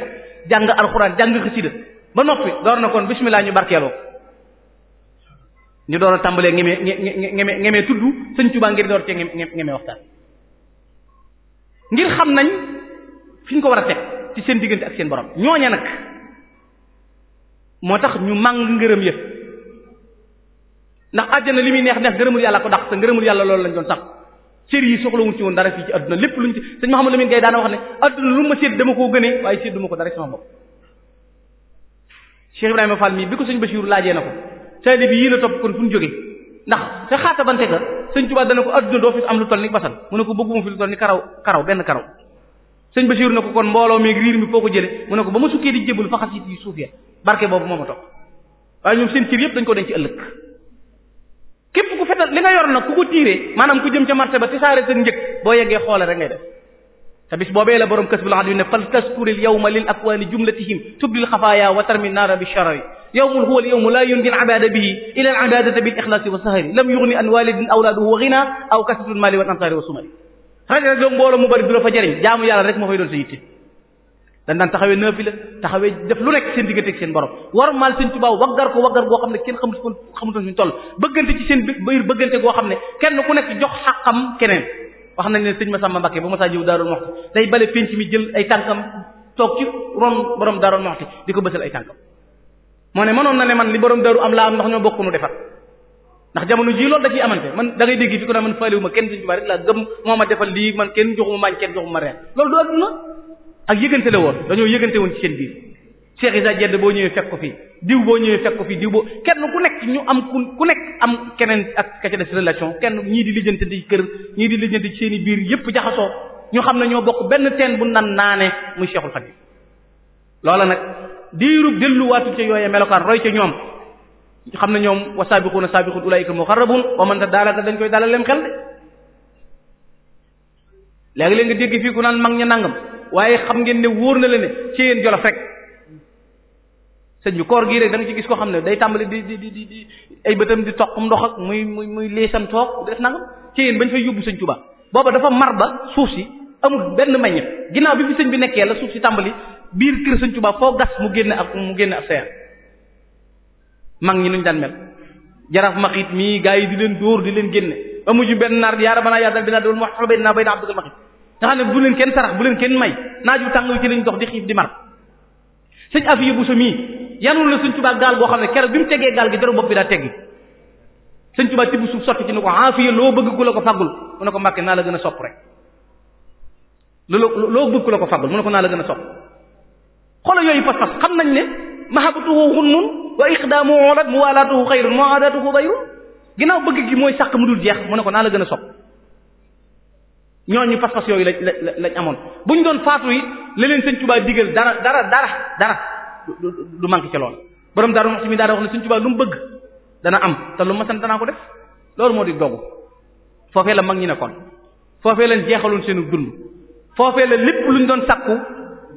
S2: jàng alxuraan jàng xasida ba noppi door na kon bismillah ñu barkeeloo ñu doon a tàmbalee ñemee ñemee ñemee tudd sëñ Tuubaa ngir door cee ñemee waxtaan ngir xam nañ fi ñu ko war a teg ci seen diggante ak seen borom ñooña nag moo tax ñu màng ngërëm yëpp ndax àjjana li muy neex neex ngërëmul yàlla ko dàq te ngërëmul yàlla loolu lañ doon sax cër yi soxlawuñ ci woon dara fii ci adduna lépp luñ ci sëñ Mouhamadou Lamine Gaye daana wax ne adduna lu ma sédd dama koo gënee waaye sédduma ko dara sama bopp Cheikh Ibrahima Fall mii bi ko sëñ Bachir laajee na ko taalibe yi la topp kon fu ñu jógee ndax sa xaatabante ga sëñ Tuubaa dana ko adduna doo fi am lu toll ni basal mu ne ko bëgguma fi lu toll ni karaw karaw benn karaw sëñ Basiiru na ko kon mbooloo mi riir mi foo ko jële mu ne ko ba ma sukkee di jébbalu fa xasit yi suuf ya barke boobu moo ma topp waaye ñoom seen cër yëpp dañ ko denc ci ëllëg képp ku fetal li nga yor na ku ko tiiree maanaam ku jëm ca marte ba te saare sa njëg boo yeggee xoole rek te bis boobee la borom kasbul adwi ne fal taskuril yawma lil akwaani jumlatihim tubdil xafaaya wa tarmi naara bi sharawi yawmun huwa al yawmu laa yumkin abada bihi ila al abadata bil ixlaasi wa sahari lam yugni an walidin awlaaduhu wa ghina aw kasratul maali wal ansaari wa sumari raj rek doog mbooloo mu bari du la fa jariñ jaamu yàlla rek moo fay doon sa yitte dañ daan taxawee nafila taxawee def lu nekk seen diggante ak seen borom war maal seen Tuubaa waggar ko waggar goo xam ne kenn xamut ko xamutoon suñu toll bëggante ci seen biir bëggante goo xam ne kenn ku nekk jox xaqam keneen wax nañ ne sëñ Masamba Mbakke bu masaa jiw Daarul Muxti day bale penc mi jël ay tànkam toog ci ron borom Daarul Muxti di ko bësal ay tànkam moo ne mënoon na ne man li borom Daaru am laa am ndax ñoo bokk nu defar ndax jamono jii lool da ciy amante man da ngay dégg fi ko ne man faaliwu kenn Sëñ Tuubaa rek laa gëm moo a defal lii man kenn joxuma maañ kenn joxuma reen loolu du adduna ak yëgante la woon dañoo yëgante woon ci seen b Cheikh Issa Dieng boo ñëwee fekk ko fi diw boo ñëwee fekk ko fi diw boo kenn ku nekk ñu am ku nekk am keneen ak ka ca kenn ñii di lijjanti di kër ñii di lijjanti ci seen i biir yëpp jaxasoo ñu xam ne ñoo bokk benn teen bu nan naane muy Cheikhul Khadim loola nag diirub delluwaatu ca melokaan roy ca ñoom ñu xam ne ñoom wa sabiquna sabiqun ulaika muqarrabun wa man tadalaka dañ koy dalal leen xel de léegi-léeg nga dégg fii ku naan mag ña nangam waaye xam ngeen ne wóor na leen ci yéen jolof rek sëñ bi koor gii rek da ci gis ko xam ne day tàmbali di di di di ay bëtam di toq ndox ak muy muy muy liisan toog def nangam bañ fay yóbbu sëñ Tuubaa booba dafa mar ba suuf si amul benn meññet ginnaaw bi fi bi nekkee la suuf si tàmbali biir kër sëñ Tuubaa foo mu génne ak mu génne ak seer mag ñi nuñ daan mel jaraaf mii gaa yi di leen dóor di leen génne amuñu benn naar yaa rabbana yaa rabbina doon wax xobay naa bay naa abdul bu leen bu leen kenn may naaju tàng ci lañ dox di di mar sëñ afiya sa mii yanul na sëñ Tuubaa gaal boo xam ne keroo bi mu tegee gaal gi deru bopp bi daa teggi sëñ Tuubaa tibb suuf sotti ci ne ko aafiya ah, loo bëgg ku la ko faggul mu ne ko Mbàkke naa la gën a sopp rek loo loo bëgg ku ko faggul mu ne ko naa la gën a sopp xolo yooyu pas-pas xam nañ ne mahabbatuhu xunnun wa iqdaamuhu ulat muwalaatuhu xayrun muaadatuhu bayrun ginnaaw bëgg gi mooy sàq mu dul jeex mu ne ko naa la gën a sopp ñooñu pas-pas yooyu lañ lañ amoon bu ñu doon faatu yi la leen sëñ Tuubaa digal dara dara dara dara du du ci lool borom Darou Moukhty mi daa wax ne Sëriñ Tuubaa lu mu bëgg dana am te lu ma sant danaa ko def loolu moo di dogu foofee la mag ñi nekkoon foofee la jeexaloon seenu dund foofee la lépp luñ doon sakku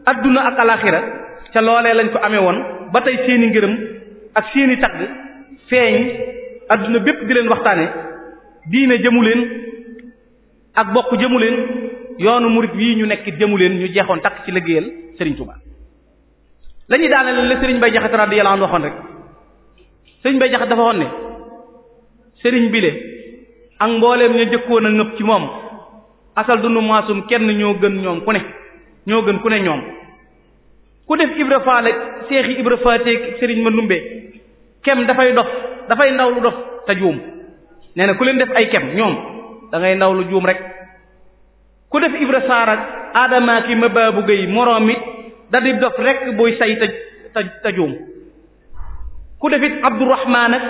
S2: àdduna ak alaxira ca loolee lañ ko amee woon ba tey seeni ngërëm ak seeni tagg feeñ àdduna bépp di leen waxtaane diine jëmu leen ak bokk jëmu leen yoonu murid yii ñu nekk jëmu leen ñu jeexoon takk ci liggéeyal Sëriñ Tuubaa lañuy daal daaneel la Serigne Baye Jaxate radiyallahu anhu waxoon rek Serigne Baye Jaxate dafa waxoon ne Serigne bile ak mbooleem ñu jëkkoon a ñëpp ci moom asal dunu maasum kenn ñoo gën ñoom ku ne ñoo gën ku ne ñoom ku def Ibra Faal ak Seexi Ibra Faal teeg Serigne Mandoumbe kem dafay dof dafay ndaw lu dof te juum nee na ku leen def ay kem ñoom da ngay ndaw lu juum rek ku def Ibra Saar ak Adama ki Mabaabu Gay moroom da di dof rek buy say te te te ku defit Abdourahman ak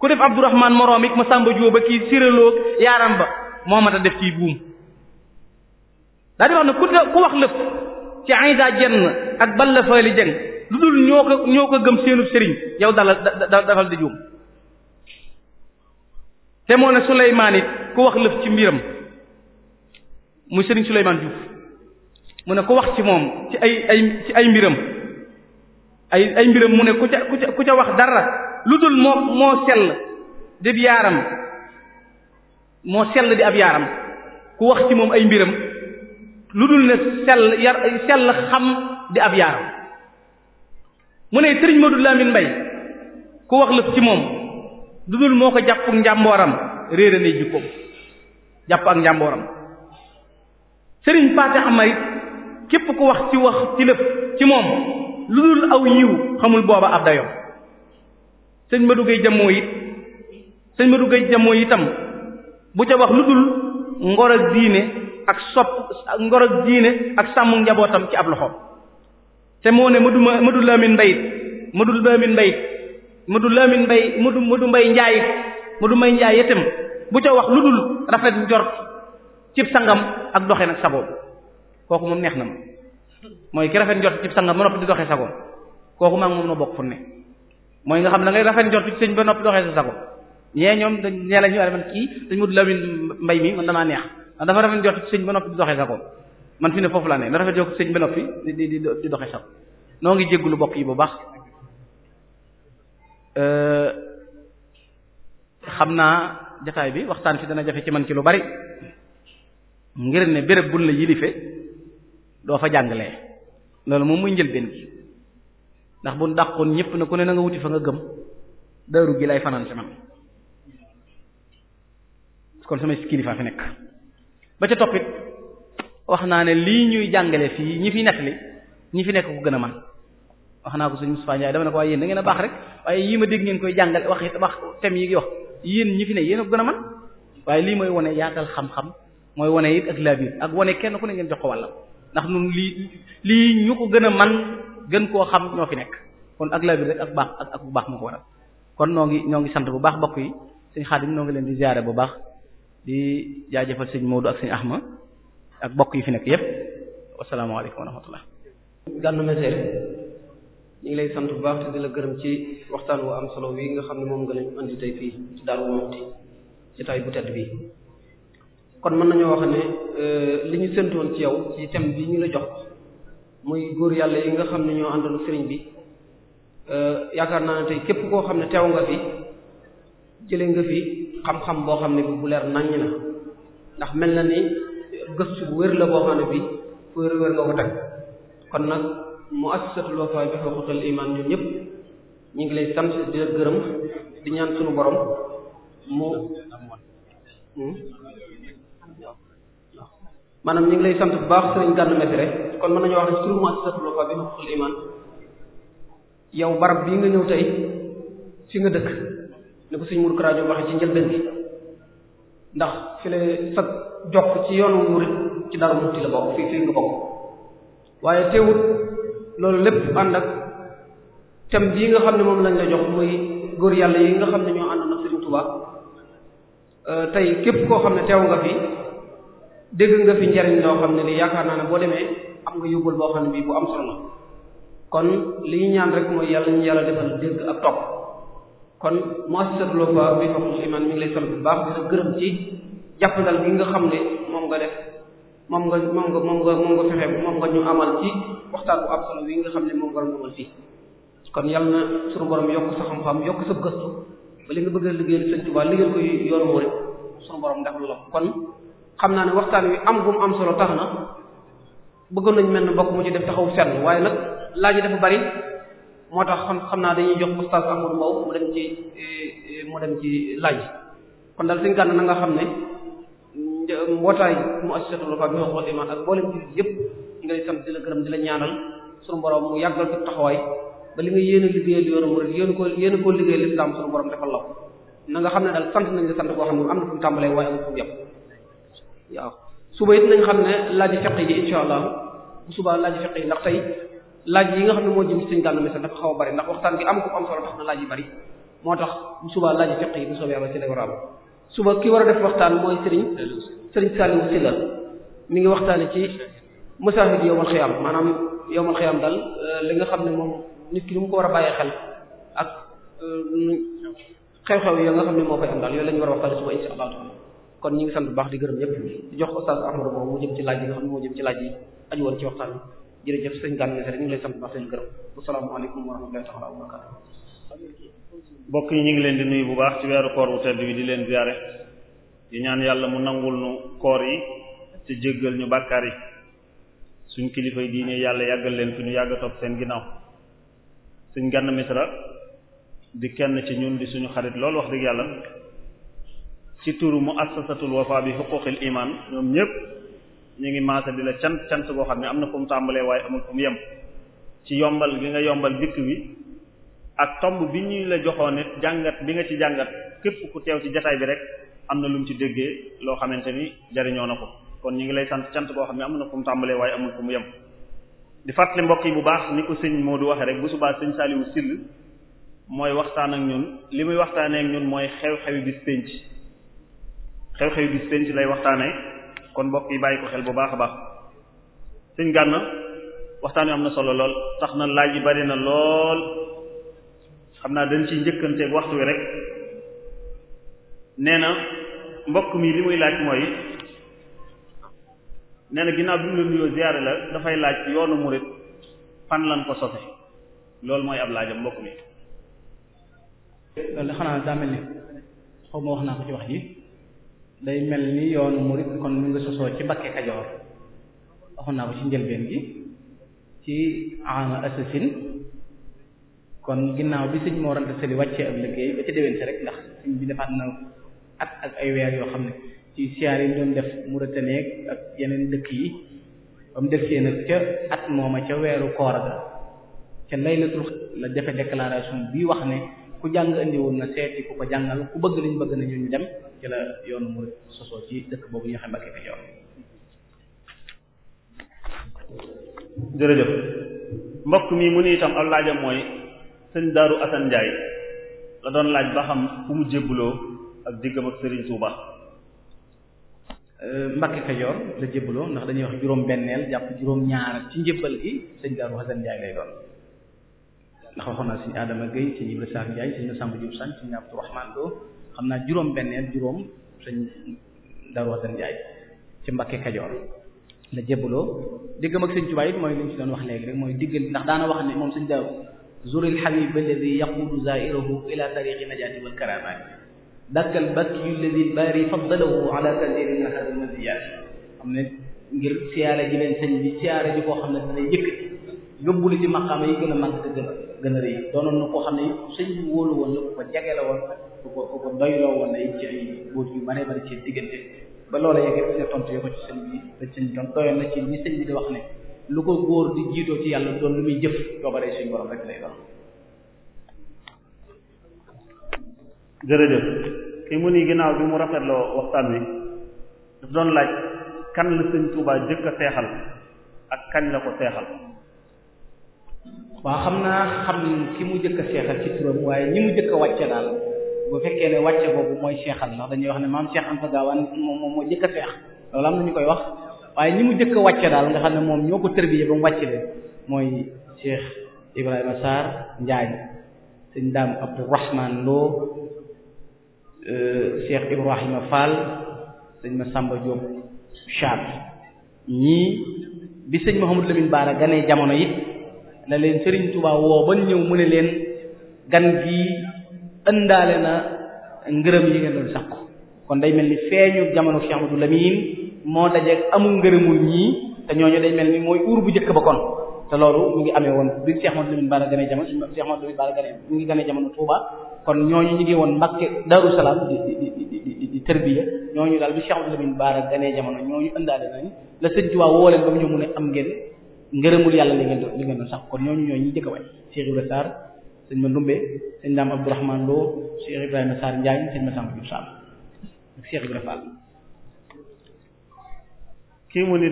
S2: ku def Abdourahman moroom it ma sàmba jóoba kii siraloog yaaram ba moo ma ta def ciy buum daa di wax ne ku ku wax lëf ci Aïda Dieng ak Balla Fally lu dul ñoo ko gëm seenub sëriñ yow dalal dafal di juum te moo ne Souleymane it ku wax lëf ci mbiram muy sëriñ Souleymane Diouf mu ne ku wax ci moom ci ay ay mbiram ay mbiram mu ne ku ca ku ca wax dara lu dul moo moo sell di ab yaaram moo sell di ab yaaram ku wax ci moom ay mbiram lu dul ne sell yar sell xam di ab yaaram mu ne sëriñ Modou Lamine mbay ku wax lëf ci moom lu dul moo ko jàpp njàmbooram réere nay jikkoom jàpp ak njàmbooram sëriñ Faati Amar képp ko wax ci wax ci lëf ci moom lu dul aw yiw xamul booba ab dayo sëñ Madou Gueye jamoo it sëñ Madou Gueye jamoo yitam bu ca wax lu dul ngor ak diine ak sopp ngor ak diine ak sàmm njabootam ci ab loxo te moo ne Madou Madou Lamine Mbaye Madou Lamine Mbaye Madou Lamine Mbaye Madou mbay Mbaye Ndiaye Madou Mbaye Ndiaye itam bu ca wax lu dul rafet jor cib sangam ak doxe nag saboobu kooku moom neex na ma mooy ki rafet njort ci sangam ba noppi di doxee sagoom kooku maa ngi moom na bokk fu ne mooy nga xam da ngay rafet njort ci sëñ ba noppi doxee sa sago ñoom ñee la ñu war man kii dañ mud mbay mi man damaa neex dafa rafet njort ci ba noppi di doxee sagoom man fi ne foofu laa ne na rafet njort noppi di di di di doxee ngi jéggulu bokk yi bu baax xam naa jataay bi waxtaan fi dana jafe ci man ci lu bari ngir ne béréb buñ la yilife doo fa jàngalee loolu moom muy njëlbeen gi ndax bu dàqoon ñëpp na ku ne na nga wuti fa nga gëm daaru gi lay fanaan ci man kon samay kilifa fi nekk ba ca toppit wax naa ne lii ñuy jàngale fii ñi fi nettali ñi fi nekk ko gën a man wax naa ko suñu Moustapha Ndiaye dama ne ko waaye yéen da ngeen a baax rek waaye yii ma dégg ngeen koy jàngale wax wax thème yi wax yéen ñi fi ne yéen ko gën a man waaye lii mooy wone yaatal xam-xam mooy wone it ak laabiir ak wane kenn ku ne ngeen jox ko wàllam ndax nun lii lii ñu ko gën a man gën koo xam ñoo fi nekk kon ak laa bi ak baax ak bu baax moo ko waral kon noo ngi ñoo ngi sant bu baax bokk yi sëñ Xaadim noo ngi leen di jaare bu baax di jaajëfal sëñ Modou ak sëñ ma ak bokk yi fi nekk yépp wasalaamaaleykum wa rahmatullah gànn meseel ñu ngi sant bu baax te la gërëm ci waxtaan wu am solo wi nga xam ne moom nga lañu indi tey fii ci Darou Moukhty ci tay bu tedd bi
S3: kon mën nañoo wax ne
S2: euh, li ñu séntoon ci yow ci thème bi ñu la jox muy góor yàlla yi nga xam ne ñoo àndoon sëriñ bi euh, yaakaar naa ne tey képp koo xam ne teew nga fi jële nga fi xam-xam boo xam ne bi bu leer naññ na ndax mel na ni
S5: gëstu bu wér la boo xam ne bi fu wér wér nga ko teg kon nag muassasatul wafa bi huquqil iman ñun ñëpp ñu ngi lay sant di la gërëm di ñaan sunu borom
S3: mu hmm? maanaam ñu ngi lay
S2: sant bu baax sëriñ gànn mesere kon mën ñu wax ne sunu
S5: muassasatul Wafa
S2: bi Nuqul ñëw tey fi nga dëkk ni ko suñ ndax fi la sa jokk ci yoonu murid ci dara muti la bokk nga xam ne moom lañ la jox muy góor yàlla yi nga xam ne ñoo àndoon ak Sëriñ Tuubaa euh, tey képp koo xam ne teew nga fi dégg nga fi njariñ loo xam ne li yaakaar naa ne boo demee am nga yóbbul boo xam ne bii bu am solo kon li ñu ñaan rek mooy yàlla ñu yàlla defal dégg ak topp kon muassisatu Wafa bi faqul iman mi ngi lay sant bu baax di la gërëm ci jàppandal gi nga xam ne moom nga def moom nga moom nga moom nga moom nga moom nga ñu amal ci waxtaan bu am solo xam ne moom nga amal ci kon yàlla na suñu borom yokk sa yokk sa gëstu ba li bëgg a liggéeyal Sëriñ Tuubaa liggéeyal ko yoonu la kon xam naa ne waxtaan wi am gum am solo tax na bëggoon nañ mel ne mbokk mu ci def taxaw seetlu waaye nag laaj yi dafa bari moo tax xam xam naa dañuy jox oustaz Amadou Mbow mu dem ci eh, mu dem ci laaj kon daal suñu gànn na nga xam ne mbootaay mu association lofa bi xoxool iman ak boolem yëpp nga lay sant di di la ñaanal sunu borom mu yàggal fi taxawaay ba li nga yéen a liggéeyal yoonu murid yéen ko yéen koo liggéeyal lislaam sunu borom defal la ko na nga xam ne daal sant nañ la sant boo xam ne am na fu mu tàmbalee waaye amul fu mu yaaw suba it nañ xam ne laaj feq yi insha allah bu subaa laaji feq yi ndax tey laaj yi nga xam ne moo jëm ci suñu gàllu message dafa xaw a bari ndax waxtaan bi am ko am solo tax na laaj yi bari moo tax bu subaa laaj feq yi bu soobee am suba ki war a def waxtaan mooy Serigne Serigne Saliou Sylla mi ngi waxtaane ci masaahid yowmal xiyaam maanaam yowmal xiyaam dal euh, li nga xam ne moom nit ki ni mu ko war a bàyyee xel ak euh, xew-xew yi nga xam ne moo fay am daal yooyu la war a waxtaane suba insha allah kon ñu ngi sant bu baax di gërëm ñëpp di jox oustaz Ahmadou boobu
S5: mu jëm ci laaj yi nga xam ne moo jëm ci laaj yi aju woon ci waxtaan bi jërëjëf sëñ Gane Mesere ñu ngi yi ñu ngi leen di nuyu bu baax ci weeru koor bu di leen ziare di ñaan yàlla mu nangul nu koor yi te ñu bàkkaar suñ kilifa yi diine yàlla yàggal leen ñu yàgg seen ginnaaw sëñ Gane Mesere di kenn ci ñun di suñu xarit loolu wax dëgg yàlla ci turu muassasatul wafa bi huquqil imaan ñoom ñëpp ñu ngi maase di la cant cant boo xam ne am na fu mu tàmbalee waaye amul fu mu yem ci yombal gi nga yombal dikk wi ak tomb bi ñu la joxoon it jàngat bi nga ci jàngat képp ku teew ci jataay bi rek am na lu mu ci déggee loo xamante ni jariñoo na ko kon ñu ngi lay sant cant boo xam ne am na fu mu tàmbalee waaye amul fu mu yem di fàttali mbokk yi bu baax ni ko sëñ moo du waxe rek bu subaa sëñ Saliou Sill mooy waxtaan ak ñun li muy waxtaanee ak ñun mooy xew-xewi sëñ pénc xew-xew bis penc lay waxtaanee kon mbokk yi bàyyi ko xel bu baax a baax sëñ gànna waxtaan wi am na solo lool tax na laaj yi bari na lool xam naa dañ ciy njëkkanteeg waxtu wi rek nee na mbokk mi li muy laaj mooy nee na ginnaaw bi mu la nuyoo ziyaare la dafay laaj yoonu murid fan lan ko sofe loolu mooy ab laajam mbokk mi
S2: loolu xanaa daa mel ni xaw ma wax naa ko ci wax ji day mel ni yoonu murid kon mu ngi sosoo ci Mbakke Kajoor waxoon naa ko ci njëlbeen gi ci ama assasin kon ginnaaw bi sëñ Mor Anta Sali wàccee ab liggéey ba ci déwén si rek ndax sëñ bi defaat na at ak ay weer yoo xam ne ci siyaar yi doon def Mauritanie ak yeneen dëkk yi ba mu def see nag ca at mooma ca weeru koor ga ca laylatul la defe déclaration bi wax ne ku jàng woon na seeti ku ko jàngal ku bëgg liñ bëgg na ñu dem ci la yoonu mu sosoo ci dëkk boobu ñu xam Mbàkke
S5: Kajoor jërëjëf mbokk mi mu ni mooy sëñ Daaru Asan Njaay laaj ba xam ku mu jébbuloo ak
S2: euh, Kajoor la jébbuloo ndax dañuy wax juróom benneel jàpp juróom ñaar
S5: ci njébbal gi sëñ Daaru Asan lay doon
S2: ndax waxoon naa suñu Adama Gueye suñu Ibrahima Sarr Ndiaye suñu Samba Diop Sane suñu xam naa juróom benneel juróom suñu Darou Assane Ndiaye ci Mbakke Kajoor la jébbaloo diggam ak sëñ Tuubaa mooy li doon wax léegi mooy diggal ndax daana wax ni moom sëñ Daaru zuril habib alladhi yaqudu zairahu ila tariqi najati wal karamat dakkal bakki alladhi bari faddalahu ala kathiri min xam ne ngir siyaare ji leen sëñ bi siyaare ji koo xam ne dana yëkkati yóbbu la ci maqaama a gën a rëy doonoon na koo xam ne it sëñ bi wóolu woon la ku ko jege la woon ku ko ku ko doyloo woon la it ci ay mbóot yu bare bare ci diggante ba loola yeggee fi nga tontu yoo ko ci sëñ bi ba sëñ bi doyoon na ci ni sëñ bi di wax ne lu ko góor di jiitoo ci yàlla doon lu muy jëf coobaree suñu
S3: borom rek lay doon.
S5: jërëjëf kii mu nii ginnaaw bi mu rafetloo waxtaan wi daf doon laaj kan la sëñ Touba jëkk a seexal ak kañ la ko seexal.
S3: waaw
S2: xam naa xam ki mu jëkk seexal ci turam waaye ñi mu jëkk wàcce daal bu fekkee ne wàcce boobu mooy seexal ndax dañuy wax ne maam Cheikh Anta Gaawaan moom moom moo jëkk a seex loolu am na ñu koy wax waaye ñi mu jëkk a wàcce daal nga xam ne moom ñoo ko tërbiyee ba mu wàcce leen mooy Cheikh Ibrahima Sarr Njaañ sëñ Daam Abdourahman Lo euh, Cheikh Ibrahima Fall sëñ Massamba Diop Chab ñii bi sëñ Mouhamadou Lamine Bara ganee jamono yi la leen Serigne Touba woo ba ñëw mu ne leen gan gi ëndaale na ngërëm yi ngeen doon sakku kon day mel ni feeñu jamono Cheikh la Lamine moo dajeeg amul ngërëmul ñii te ñu day mel ni mooy uur bu jëkk ba kon te loolu mu ngi amee woon bi Cheikh Amadou Lamine Bara gane jamono Cheikh Amadou Lamine mu ngi gane jamono Touba kon ñoo ñu ngi woon Mbakke Darou Salaam di di di di tërbiya ñooñu daal bi Cheikh Amadou Lamine Bara gane jamono ñooñu ëndaale nañ la Serigne Touba woo leen ba mu ñëw mu am ngeen ngërëmul yàlla li ngeen doon li ngeen doon sax kon ñooñu ñooy ñi jëkk a way Cheikh Ibrahima Sarr sëñ ma Ndumbé sëñ Dame Abdourahmane Lo Cheikh Ibrahima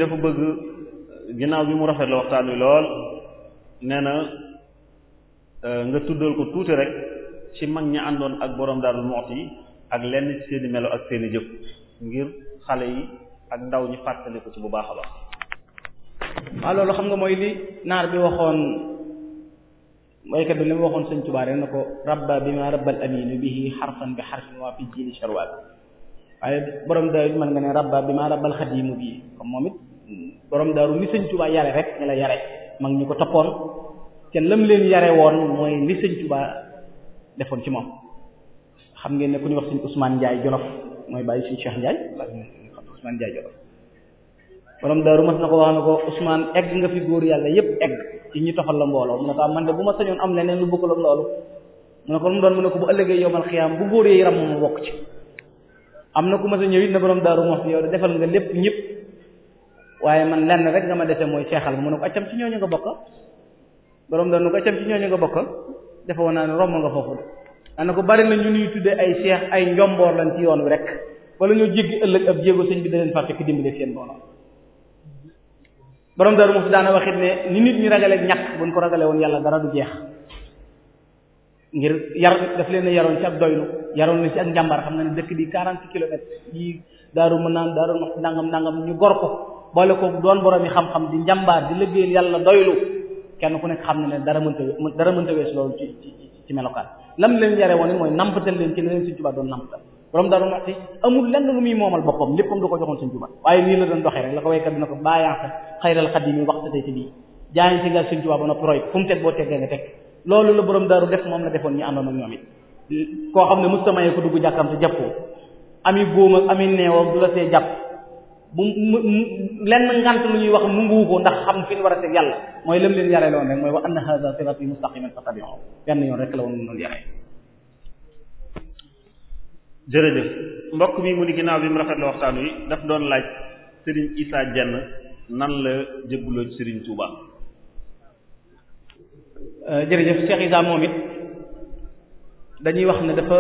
S5: dafa bëgg ginnaaw bi mu rafet la waxtaan wi lool nee na euh, nga tuddal ko tuuti rek ci mag ñi àndoon ak borom Darou Moukhty ak lenn seeni melo ak seeni jëf ngir xale yi ak ndaw ñi fàttali ko ci bu baax a
S2: waaw loolu xam nga mooy li naar bi waxoon baykat bi la mu waxoon sëñ Tuubaa rek na ko rabba bi ma rabbal aminu bihi xarfan bi xarfin waa fi jili sharwaat waaye bi mën nga ne rabba moom it borom daaru li sëñ Tuubaa yare rek ñu la yare mag ñi ko toppoon te lam leen yare woon mooy li sëñ Tuubaa defoon ci moom xam ngeen ne ku ñuy wax sëñ Ousmane Ndiaye Jolof mooy bàyyi sëñ Cheikh Ndiaye Ousmane Ndiaye Jolof borom daaru mas na ko wax na ko Ousmane egg nga fi góor yàlla yépp egg ci ñu toxal la mbooloo mu ne ko ah, man de bu ma sañoon am leneen lu bokkulam loolu mu ne ko lu mu doon mu ne ko bu ëllëgee yomal bu góor yi ram ma am na ku mas a ñëw it na borom daaru wax yow de defal nga lépp ñëpp waaye man lenn rek nga ma dese mooy seexal mu ne ko accam ci ñooñu nga bokk borom daaru ne ko accam ci ñooñu nga bokk dafa woon naa ne romb nga foofu de ko bari na ñu ñuy tuddee ay seex ay njomboor lañ ci yoon wi rek wala ñoo jéggi ëllëg ab jéego sëñ bi da leen fàtte ki dimbale seen mbooloo borom daru moom si daana waxit ne ni nit ñi ragale bu buñ ko ragale woon yàlla dara du jeex ngir yar daf leen yaroon ci ak doylu yaroon na ci ak njàmbar xam na ne dëkk di quarante kilomètres yi daaru mën naan daaru ma nangam nangam ñu gor ko boole ko doon borom yi xam-xam di njàmbaar di liggéeyal yàlla doylu kenn ku nekk xam na ne dara mënta dara mënta wees loolu ci ci ci melokaan lam leen yare woon mooy nampatal leen ci ne leen Sëriñ Tuubaa doon nampatal borom daaru ma amul lenn lu muy moomal boppam léppam du ko joxoon Sëriñ Tuubaa waaye nii la doon doxee rek la ko ko bàyyansa xayral xadim yi waxtu tey ci bii jaayante nga Sëriñ Tuubaa ba noppi roy fu mu teg boo teggee nga teg loolu la borom daaru def moom la defoon ñu àndoon ak ñoom it koo xam ne mu tamayee ko dugg jàkkam te jàppoo ami góom ak ami neewoo du la see jàpp bu lenn ngant lu ñuy wax nunguwu ko ndax xam fi ñu war a teg yàlla mooy lëm leen yare loon rek mooy wax anna hadha sirati mustaqiman fattabi'u benn yoon rek la woon noonu yare
S5: jërëjëf mbokk mi mu ni ginnaaw bi mu rafet la waxtaan wi daf doon laaj Serigne Issa Dieng nan la jëbbuloo Serigne Touba.
S2: Euh, jërëjëf Cheikh Isa moom it dañuy wax ne dafa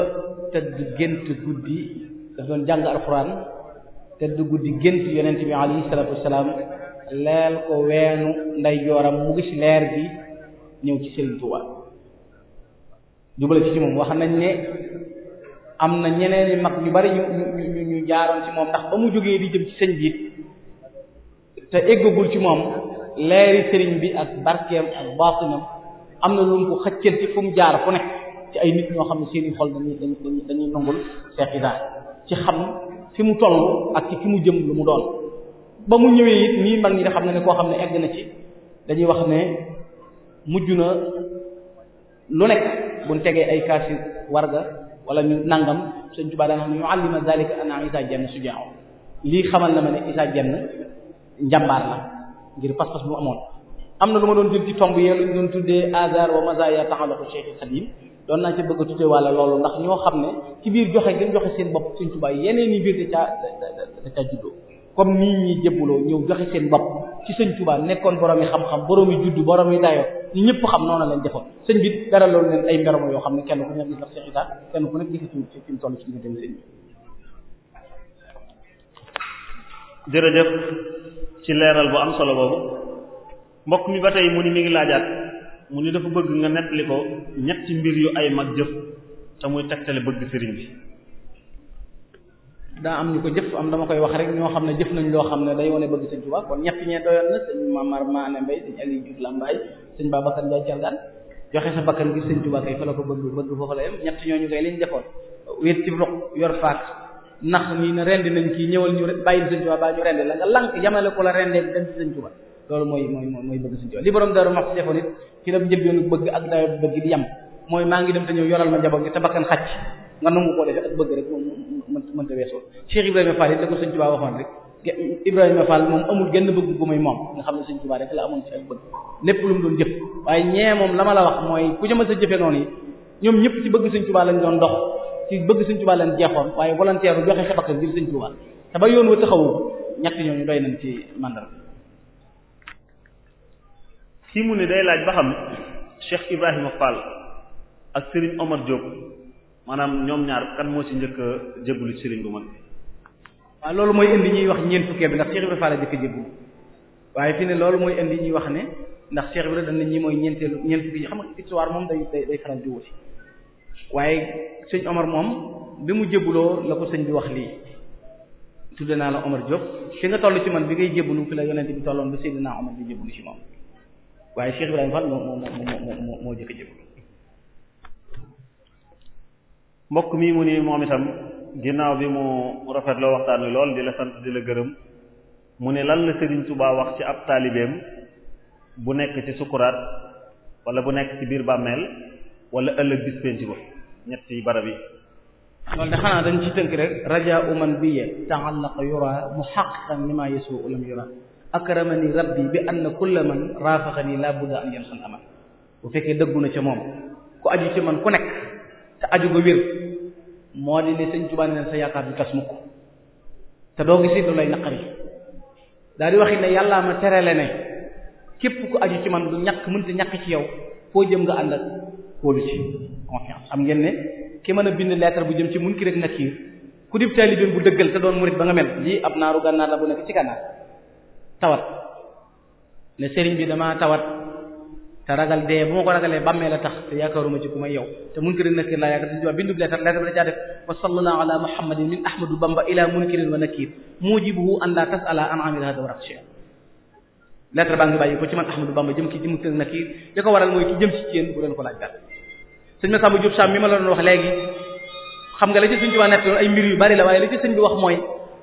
S2: tëdd gént guddi dafa doon jàng alxuraan tëdd guddi gént yonent bi alayhi salaatu wasalaam leel ko weenu nday jooram mu gis leer bi ñëw ci Serigne Touba jubale ci ci moom wax nañ ne am na ñeneen ñi mag ñu bari ñu ñu ñu jaaroon ci moom ndax ba mu jógee di jëm ci sëñ biit
S1: te eggagul ci moom leeri
S2: sëriñ bi ak barkeem ak baatinam am na lu mu ko xëccal ci fu mu jaar fu nekk ci ay nit ñoo xam ne seeni xol dañuy dañuy dañuy nangul ci xam mu toll ak mu jëm lu mu doon ba mu ñëwee it ñi xam ne ne koo xam ne egg na ci dañuy wax ne mujj na lu nekk buñ tegee ay kaasi warga wala ñu nangam Sëriñ Tuubaa daan xam ne ñu àllima zalika ana Issa Diène su jaaw lii xamal na ma ne Issa Diène njàmbaar la ngir pas-pas bu amoon am na lu ma doon jël ci tomb yee lu ñu doon tuddee azar wa mazaya ta'alluq Cheikh Khadim doon naa ci bëgg a tuddee walla loolu ndax ñoo xam ne ci biir joxe ngeen joxe seen bopp Sëriñ Tuubaa yeneen i biir da caa da caa juddoo
S5: comme nii ñi jébbaloo ñëw
S2: joxe seen bopp ci Sëriñ Tuubaa nekkoon borom yi xam-xam borom yi juddu borom yi dayoo ñu ñëpp xam noonu leen defoon sëñ bi dara loolu leen ay mberoma yoo xam ne kenn ku nekk gis ndax Cheikh Issa kenn ku nekk gis fi mu toll ci diggante
S5: sëñ jërëjëf ci leeral bu am solo boobu mbokk mi ba tey mu ni mi ngi laajaat mu ni dafa bëgg nga nettali ko ñetti mbir yu ay mag jëf te muy tegtale bëgg sëriñ bi daa am ñu ko jëf am dama koy wax rek ñoo xam ne jëf nañ loo xam ne day wane bëgg sëñ
S2: Tuubaa kon ñetti ñee doyoon na sëñ Mamar Maane Mbay sëñ Aliou Diouf Lambaay bakkan gi sëñ Tuubaa kay ko bëgg bëgg foofu la yem ñett ñooñu kay liñ defoon wéet ci roq yor faak nax nii na rendi nañ kii ñëwal ñu bàyyil sëñ Tuubaa ba ñu rendi la nga lank yamale ko la rendee bi dem ci sëñ loolu mooy mooy mooy li borom Daaru Muxti defoon it ci la bëgg ak dayo bëgg maa ngi dem te ñëw yoral ma njaboot gi te bakkan xacc nga nangu koo defe ak bëgg rek moom mënta weesoo Cheikh Ibrahima Fall it da ko sëñ Tuubaa waxoon rek Ibrahima Fall moom amul genn bëgg gu muy moom nga xam ne sëñ Tuubaa rek la amoon ci ak bëgg lépp lu mu doon jëf waaye ñee moom la ma la wax mooy ku jëma sa jëfe noonu yi ñoom ñëpp ci bëgg sëñ Tuubaa lañ doon dox ci bëgg Sëriñ Tuubaa leen jeexoon waaye volontaire bu joxe sa bakkan ngir Sëriñ Tuubaa te ba yoon wa taxawu ñett ñooñu doy nañ ci mandar
S5: kii mu ne day laaj ba xam Cheikh Ibrahima Fall ak Serigne Omar Diop maanaam ñoom ñaar kan moo ci njëkk a jébbalu Serigne bu mag
S2: waaw loolu mooy indi ñuy wax ñeent fukkee bi ndax Cheikh Ibrahima Fall a jëkk jébbalu waaye fii ne loolu mooy indi ñuy wax ne ndax Cheikh bi dañ ne ñi mooy ñeenteelu ñeent fukki xam nga moom day day day faral di waaye sëñ Omar moom bi mu jébuloo la ko sëñ bi wax lii tudd naa la Omar Diop fi nga toll ci man bi ngay jébulu fi la yonent bi tolloon ba Seydina Omar di jébulu ci moom waaye Cheikh Ibrahima Fall moo
S5: jëkk jébulu mbokk mi mu ni moom itam ginnaaw bi mu rafetloo waxtaan wi lool di la sant di la gërëm mu ne lan la sëriñ Touba wax ci ab taalibeem bu nekk ci sukuraat wala bu nekk ci biir bàmmeel wala ëllëg bis ñetti barab yi
S3: loolu de xanaa
S2: dañ ci tënk rek rajaa man bi ye ta'allaqa yura muhaqqiqan lima yasu'u lam yura akramani rabbi bi anna kulla man rafaxani la am an yarsul amal bu fekkee dëggu na ca moom ku aju ci man ku nekk te aju ba wér moo di ne sëñ Tuubaa ne sa yaakaar du tas mukk te doo gis lu lay naqari daal di waxit ne yàllaa ma terele ne képp ku aju ci man du ñàkk mënta ñàkk ci yow foo jëm nga ànd kóolu ci confiance xam ngeen ne ki mën a bind lettre bu jëm ci mun munkar ak nakiir ku dib taalibe bu dëggal te doon murid ba nga mel lii ab naaru gànnaar la bu nekk ci gànnaar tawat ne sëriñ bi damaa tawat te ragal dee bu ma ko ragalee bàmmee la tax te yaakaaruma ci ku may yow te munkar ak nakiir laa yaakaar te bindu lettre lettre bi la caa def wa sallallahu ala muhammadin min ahmadu bamba ila munkirin wa nakiir mujibuhu an la tasala an amil hada wa raksha lettre baa ngi bàyyi ko ci man Ahmadou Bamba jëm ki jëm ak nakiir li ko waral mooy ki jëm ci yéen bu leen ko laaj dara sëñ Massamba Diop Sam mi ma la doon wax léegi xam nga la bari la waaye bi wax mooy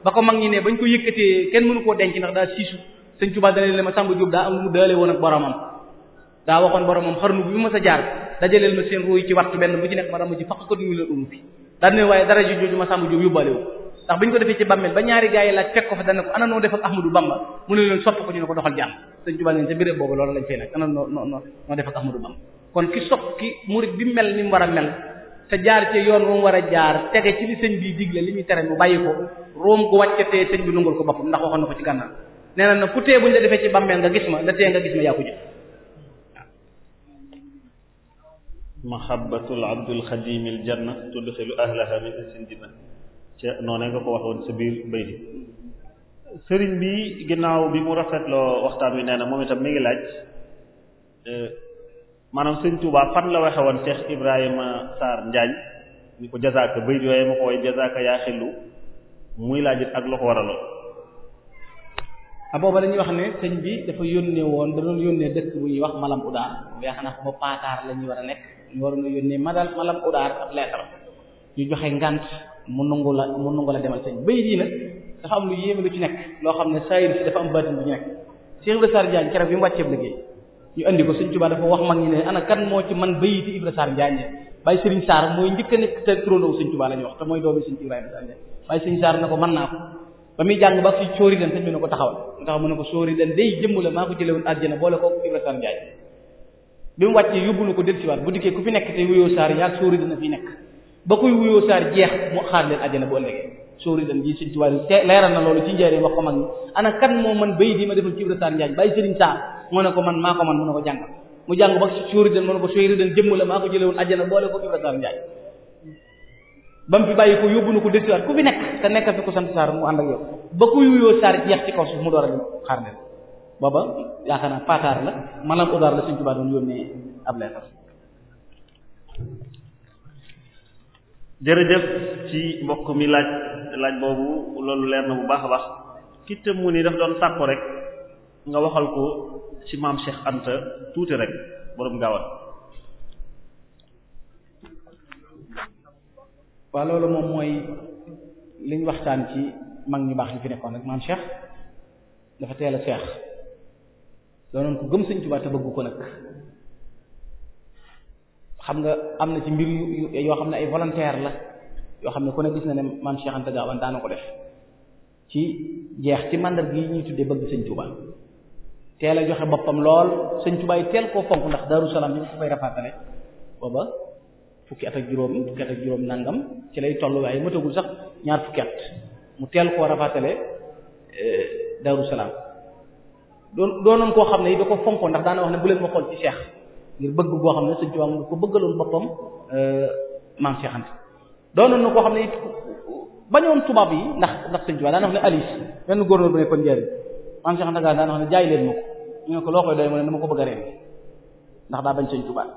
S2: ba ko mag ñi ne bañ ko yëkkatee kenn mënu koo denc ndax daa siisu sëñ Tuubaa dana leen Massamba Diop daa am ma sa jaar bu ci nekk ma dama ci faq ko yóbbaale woo ndax bi ñu ko defee ci bàmmeel ba ñaari gaa yi laaj fekk ko fa dana ko ana noo def ak Ahmadou Bamba mu ne leen sopp ko ñu ne ko doxal jàmm sëñ Tuubaa leen sa béréb boobu loolu lañ fay nag ana noo noo noo def ak Ahmadou Bamba kon ki sopp ki murid bi mel ni mu war a mel te jaar ci yoon wu war a jaar tege ci li sëñ bi digle li ñu tere mu bàyyi ko room gu te sëñ bi nungul ko boppam ndax waxoon na ko ci gànnaaw nee na ku tee bu ñu defee ci bàmmeel nga gis ma la tee nga gis ma yaa ko jëf
S5: mahabbatul abdul xadim al janna tudxilu ahlaha min asindina ca noonee nga ko waxoon sa biir bay di sëriñ bi ginnaaw bi mu rafet loo waxtaan wi nee na moom itam mi ngi laaj maanaam sëñ Touba fan la waxe woon Cheikh Ibrahima Sarr Njaañ ni ko jazaaka bayit yooyu ma ko woy jazaaka yaa xillu muy laajit ak loo ko waraloon a ah, booba
S2: dañuy wax ne sëñ bi dafa yónnee woon da yónnee dëkk bu ñuy wax malam udaar
S5: yaakaar ko ba
S2: war a nekk ñu waroon a yónnee madal malam udaar ab lettre ñu joxe ngànt mu nangu la mu nangu la demal sëñ bayit yi dafa am lu yéeme lu ci nekk loo xam ne saayir si dafa am baatin bu ci nekk Cheikh Ibrahima Sarr Njaañ keroog bi mu wàcceeb liggéey ñu andi ko Sëriñ Tuubaa dafa wax mag ñi ne ana kan moo ci man bayiti Ibra Sarr Njaañe bàyyi Sëriñ Sarr mooy njëkk a nekk te turandoo Sëriñ Tuubaa ñu wax te mooy doomi Sëriñ Ibrahima na ko mën naa ko ba muy ba fi sóori leen sëñ bi ko taxawal mu taxaw mu ko sóori leen day jëmm la maa ko jëlewoon àjjana boole ko Ibra Sarr Njaañe bi ko del siwaat bu dikkee ku fi nekk te wuyoo Sarr yaa sóori dana fi nekk ba kuy wuyoo Sarr jeex mu xaar leen àjjana boo ëllëgee sóori dan ji Sëriñ Tuubaa leeral na loolu ci njëriñ wax ko mag ñi kan moo man bay di ma defal ci Ibra Sarr Njaañ bàyyi Sëriñ Sarr mu ne ko man maa ko man mu ne ko jàngal mu jàng ba suuri den mu ne ko suuri den jëmm la maa ko jëlee woon àjjana boole ko Ibra Sarr Ndiaye ba mu fi bàyyi ko yóbbu na ko desiwaat ku fi nekk te nekkal fi ko sant Sarr mu ànd ak yow ba ku yuyoo Sarr jeex ci kaw door a xaar leen booba yaakaar naa la maanaam udaar doon yónnee ab leetar
S5: jërëjëf ci mbokk mi laaj laaj boobu loolu leer na bu baax baax ki tëmm ni daf doon sàkko rek nga waxal ko ci maam Cheikh Anta tuuti rek borom gaawal. waaw loolu moom mooy
S2: liñ waxtaan ci mag ñu baax li fi nekkoon rek maam Cheikh dafa teel a seex doonoon ko gëm Sëriñ Tuubaa te bëggu ko nag xam nga am na ci mbir yu yoo xam ne ay volontaire la yoo xam ne ku ne gis na ne maam Cheikh Anta Gaawaan daana ko def ci jeex ci màndar gi ñuy tuddee bëgg Sëriñ Tuubaa teel a joxe boppam lool sëñ tubaay teel koo fonk ndax Daaru Salaam bi ko fay rafaatale booba fukki at ak juróom fukki at ak juróom nangam ci lay toll waaye matagul sax ñaar fukki at mu teel koo rafaatale eh, Daaru Salaam doon doonoon koo xam ne yi da ko fonkoon ndax daana wax ne bu leen ma xool ci Cheikh ngir bëgg goo xam ne sëñ tubaay mu ko bëggaloon boppam eh, maam Cheikh Anta doonoon na koo xam ne it bañoon tubaab yi ndax ndax sëñ tubaay daana wax ne Alice maam Cheikh Anta Gaaye daana ne jaay leen ma ko ñu ne ko loo koy doy mu ne dama ko bëgg a reen ndax daa bañ sëñ Tuubaa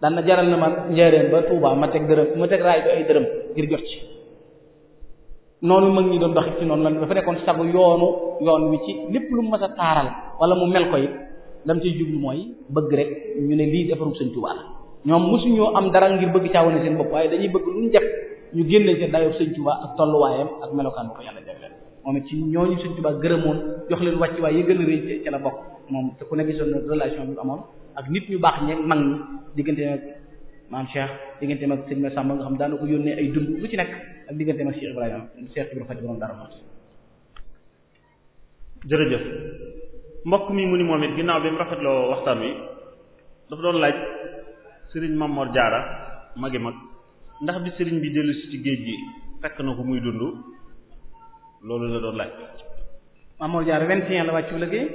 S2: daan jaral na ma njaareen ba Tuubaa ma teg dërëm ma teg ay dërëm ngir jot ci noonu mag ñi doon doxit ci noonu lan dafa nekkoon sagu yoonu yoon wi ci lépp lu ma mës taaral wala mu mel ko it lam ciy mooy bëgg rek ñu ne lii defaru sëñ Tuubaa la ñoom mosuñoo am dara ngir bëgg caawane seen bopp waaye dañuy bëgg lu ñu def ñu génne seen dayoo sëñ Tuubaa ak tolluwaayam ak moom it ci ñooñu Sëriñ Tuubaa gërëmoon jox leen wàccuwaay yi gën a rëy ca la bokk moom te ku ne gisoon na relation bi amoon ak nit ñu baax ñeeg mag ñi digganteem ak maam Cheikh digganteem ak Sëriñ Samba nga xam daana ko yónnee ay dund lu ci nekk ak digganteem ak
S5: Cheikh Ibrahima Cheikh Ibrahima Faty borom dara moom. jërëjëf mbokk mi mu ni moom ginnaaw rafetloo waxtaan wi dafa doon laaj Sëriñ Mamor Jaara magi mag ndax bi sëriñ bi dellusi ci géej gi fekk na ko muy dund. loolu la doon laaj.
S2: Mamour Diarra 21 la wàccu liggéey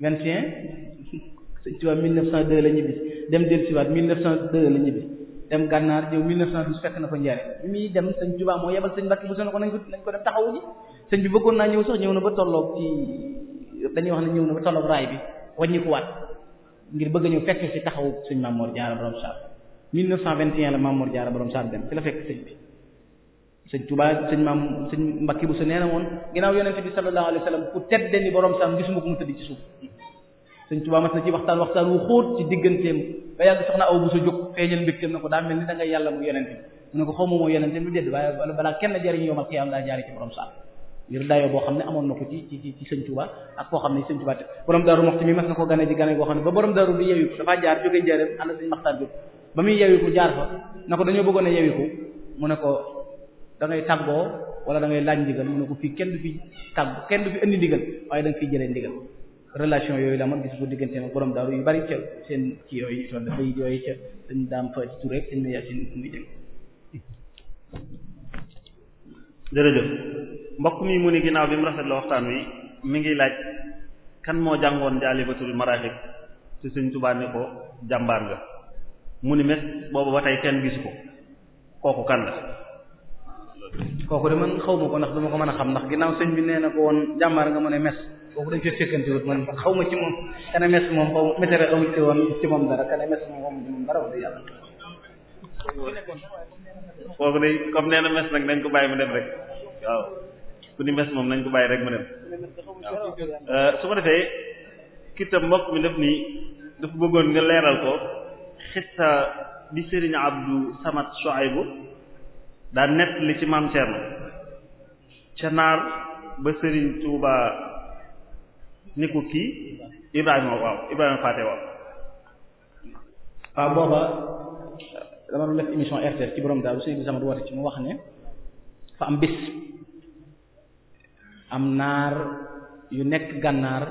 S2: 21 Sëriñ Tuubaa 1902 la ñibbi dem dellusiwaat 1902 la ñibbi dem gànnaar ñëw 1912 fekk na ko Ndiarène bi muy dem Sëriñ Tuubaa moo yebal Sëriñ Mbàkke bu seen ko nañ ko nañ ko dem taxawu ji bi bëggoon naa ñëw sax ñëw na ba tolloog ci dañuy wax ne ñëw na ba tolloog raay bi wàññikuwaat ngir bëgg a ñëw fekk ci taxawu Sëriñ Mamour Diarra borom Saar 1921 la Mamour Diarra borom Saar dem la fekk sëñ bi. sëñ Tuubaa sëñ maam bu sa nee na woon ginnaaw yonent bi sallallahu alayhi wasallam ku tedd ni borom sax gisuma ko mu tëdd ci suuf sëñ Tuubaa na ci waxtaan waxtaan wu xóot ci digganteem ba yàlla ko da ngay yàlla mu yonent bi mu ne ko xaw ma moo yonent bi dédd waaye balaa kenn jariñ yomal boo xam ne amoon na ko ci ci ci sëñ Tuubaa ak na ko ba borom daaru bi yewi ko jaar jóge njëreem ànd sëñ maxtaan jóg ba muy yewi jaar fa na ko dañoo bëggoon a mu ne ko da ngay tàggoo wala da ngay laaj ndigal mu ne ko fii kenn du fi tàgg kenn du fi indi ndigal waaye da nga fiy jëlee relation yooyu la man gis ko diggante ak borom daaru yu bari ca seen ci yooyu toll bay yooyu ca dañ daam fa ci rek dañ ne
S5: jërëjëf mbokk mi mu ni ginnaaw bi mu rafet la waxtaan wi mi ngi laaj kan moo jàngoon jaalibatul maraaxib ci Sëriñ Tuubaa ne ko jàmbaar nga mu ni mes boobu ba tey kenn gisu ko kooku kan la
S2: kooku de man xaw ko ndax dama ko mën a xam ndax ginnaaw sëñ bi nee na ko woon jàmbaar nga mën a mes kooku dañ fee fekkante wut man xaw ma ci moom kana mes moom xaw ma mesere xaw ma ci moom dara kana mes ma ci moom
S3: dara wax
S5: comme nee na mes nag dañ ko bàyyi mu dem rek waaw ku ni mes moom nañ ko bàyyi rek mu dem
S3: waaw
S5: su ko defee kitam mbokk mi def nii dafa bëggoon nga leeral ko xissa bi Serigne Abdou Samad Chouaïbou daa nett li ci maam Thierno ca naar ba Serigne Touba ni kii Ibrahima waaw Ibrahima Faté waaw. waaw ah, booba dama doon def émission RTS ci borom daal Seydou Samad woote ci mu wax ne
S2: fa am bis am naar yu nekk gànnaar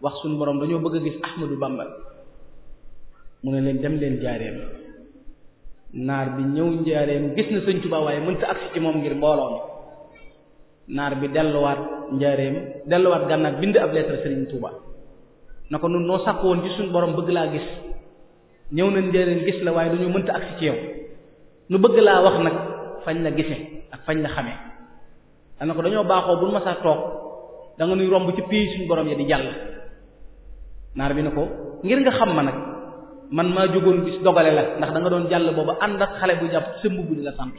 S2: wax suñu borom dañoo bëgg a gis Ahmadou Bamba mu ne leen dem leen jaareem. naar bi ñëw njaareem gis na sëñ Tuubaa waaye mënta agsi ci moom ngir mbooloo mi naar bi delluwaat njaareem delluwaat gànnaar bind ab lettre sëriñ Tuubaa na ko nun noo sàkk woon ci suñu boroom bëgg laa gis ñëw na njaareem gis la waaye dañoo mënta agsi ci yow nu bëgg laa wax nag fañ la gise ak fañ la xamee dana ko dañoo baaxoo bu masaa toog danga nga nuy romb ci pays suñu borom ya di jàll naar bi na ko ngir nga xam ma nag man maa jógoon bis dogale la ndax danga doon jàll booba ànd ak xale bu jàpp sëmb bu di la sant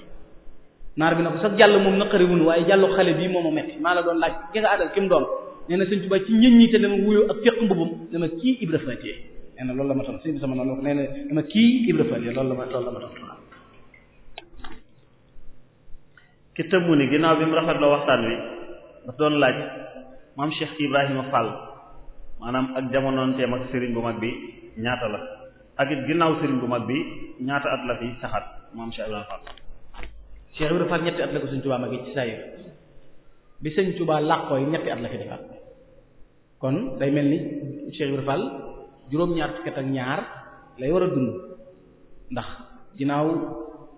S2: naar bi na ko sax jàll moom naqariwun waaye jàllu xale bii moom a metti maa la doon laaj ki nga àndal ki mu doon nee na sëñ Tuubaa ci ñit ñi te dama wuyoo ak kii Ibra Faati nee loolu la ma ton sëñ bi sama noonu nee na dama
S5: kii Ibra Faati loolu la ma la ma ton ginnaaw bi mu rafetloo waxtaan wi daf laaj maam Cheikh Ibrahima Fall maanaam ak jamonoonteem ak sëriñ bu mag bi ñaata la ak it ginnaaw sëriñ bu mag bi ñaata at la fi saxaat maam Cheikh Ibrahima Fall. Cheikh ñetti at la ko sëñ Tuubaa magi ci saa yu bi sëñ Tuubaa làqooy ñetti at la fi defaat
S2: kon day mel ni Cheikh Ibrahima Fall juróom-ñaar fukki at war a dund ndax ginnaaw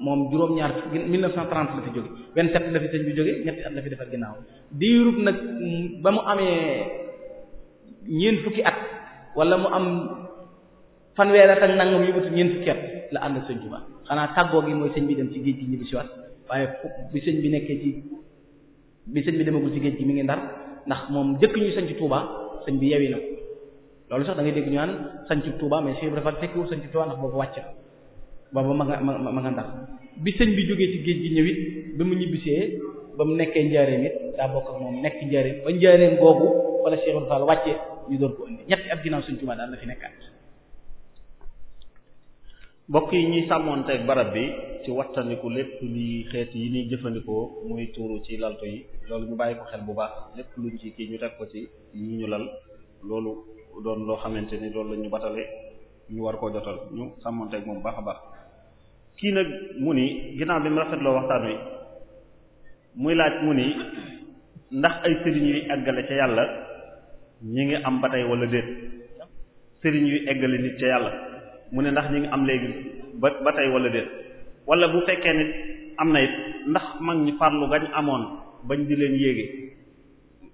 S2: moom juróom-ñaar 1930 la fi jóge 27 la fi sëñ bi jóge ñetti at la fi defaat ginnaaw diirub nag ba mu amee ñeent fukki at wala mu am. fanweer ak nangam yu matul ñeent fukki at la ànd ak sëñ Tuubaa xanaa tàggoo gi mooy sëñ bi dem ci géej gi ñibbi si waat waaye bi sëñ bi nekkee ci bi sëñ bi demagul ci géej mi ngi ndar ndax moom jëkk ñuy sañ ci Tuubaa sëñ bi yewi na ko loolu dégg ñu naan sañ ci Tuubaa mais Cheikh Ibra Fall fekkiwul sañ ci Tuubaa ndax boobu wàcc ma nga ma nga bi sëñ bi jógee ci géej gi ñëwit ba mu ñibbisee ba mu nekkee njaareem it daa bokk ak moom nekk njaareem ba njaareem googu wala Cheikh Ibra Fall
S5: wàcce ñu door ko indi ñetti at ginnaaw sëñ Tuubaa daal la fi nekkaat mbokk yi ñuy sàmmoonteeg barab bi ci wattandiku lépp luy xeet yi ñuy jëfandikoo muy tuuru ci laltu yi loolu mu bàyyi ko xel bu baax lépp lu ci kii ñu teg ko ci yi ñu lal loolu doon loo xamante ni loolu la ñu batale ñu war koo jotal ñu sàmmoonteeg moom baax a baax kii nag mu ni ginnaaw bi mu rafetloo waxtaan wi muy laaj mu ni ndax ay sëriñ yuy eggale ca yàlla ñi ngi am ba walla wala déet sëriñ yuy eggale nit ca yàlla mu ne ndax ñi ngi am léegi ba tey wala déet wala bu fekkee nit am na it ndax mag ñi farlu gañ amoon bañ di leen yéege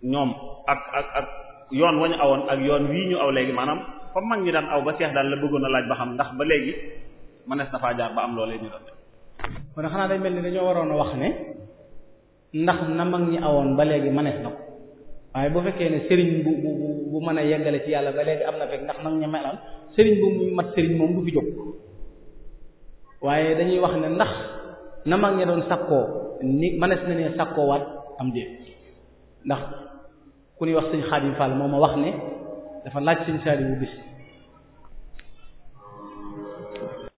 S5: ñoom ak ak ak yoon wañu awoon ak yoon wii ñu aw léegi maanaam fa mag ñi daan aw ba seex daal la bëggoon a laaj ba xam ndax ba léegi mënees na faa jaar ba am loolee ñu doon
S2: kon xanaa day mel ni dañoo waroon a wax ne ndax na mag ñi awoon ba léegi mënees na ko waaye bu fekkee ne sëriñ bu bu bu mën a yeggale ci yàlla ba léegi am na fekk ndax mag ñi meloon sëriñ bu muy mat sëriñ moom du fi jóg waaye dañuy wax ne ndax na mag ña doon sakkoo ni manes na ne sakkoo waat am déet ndax ku ñuy wax sëñ Xaadim Fall moo ma wax ne
S4: dafa laaj sëñ Saaliw bu bis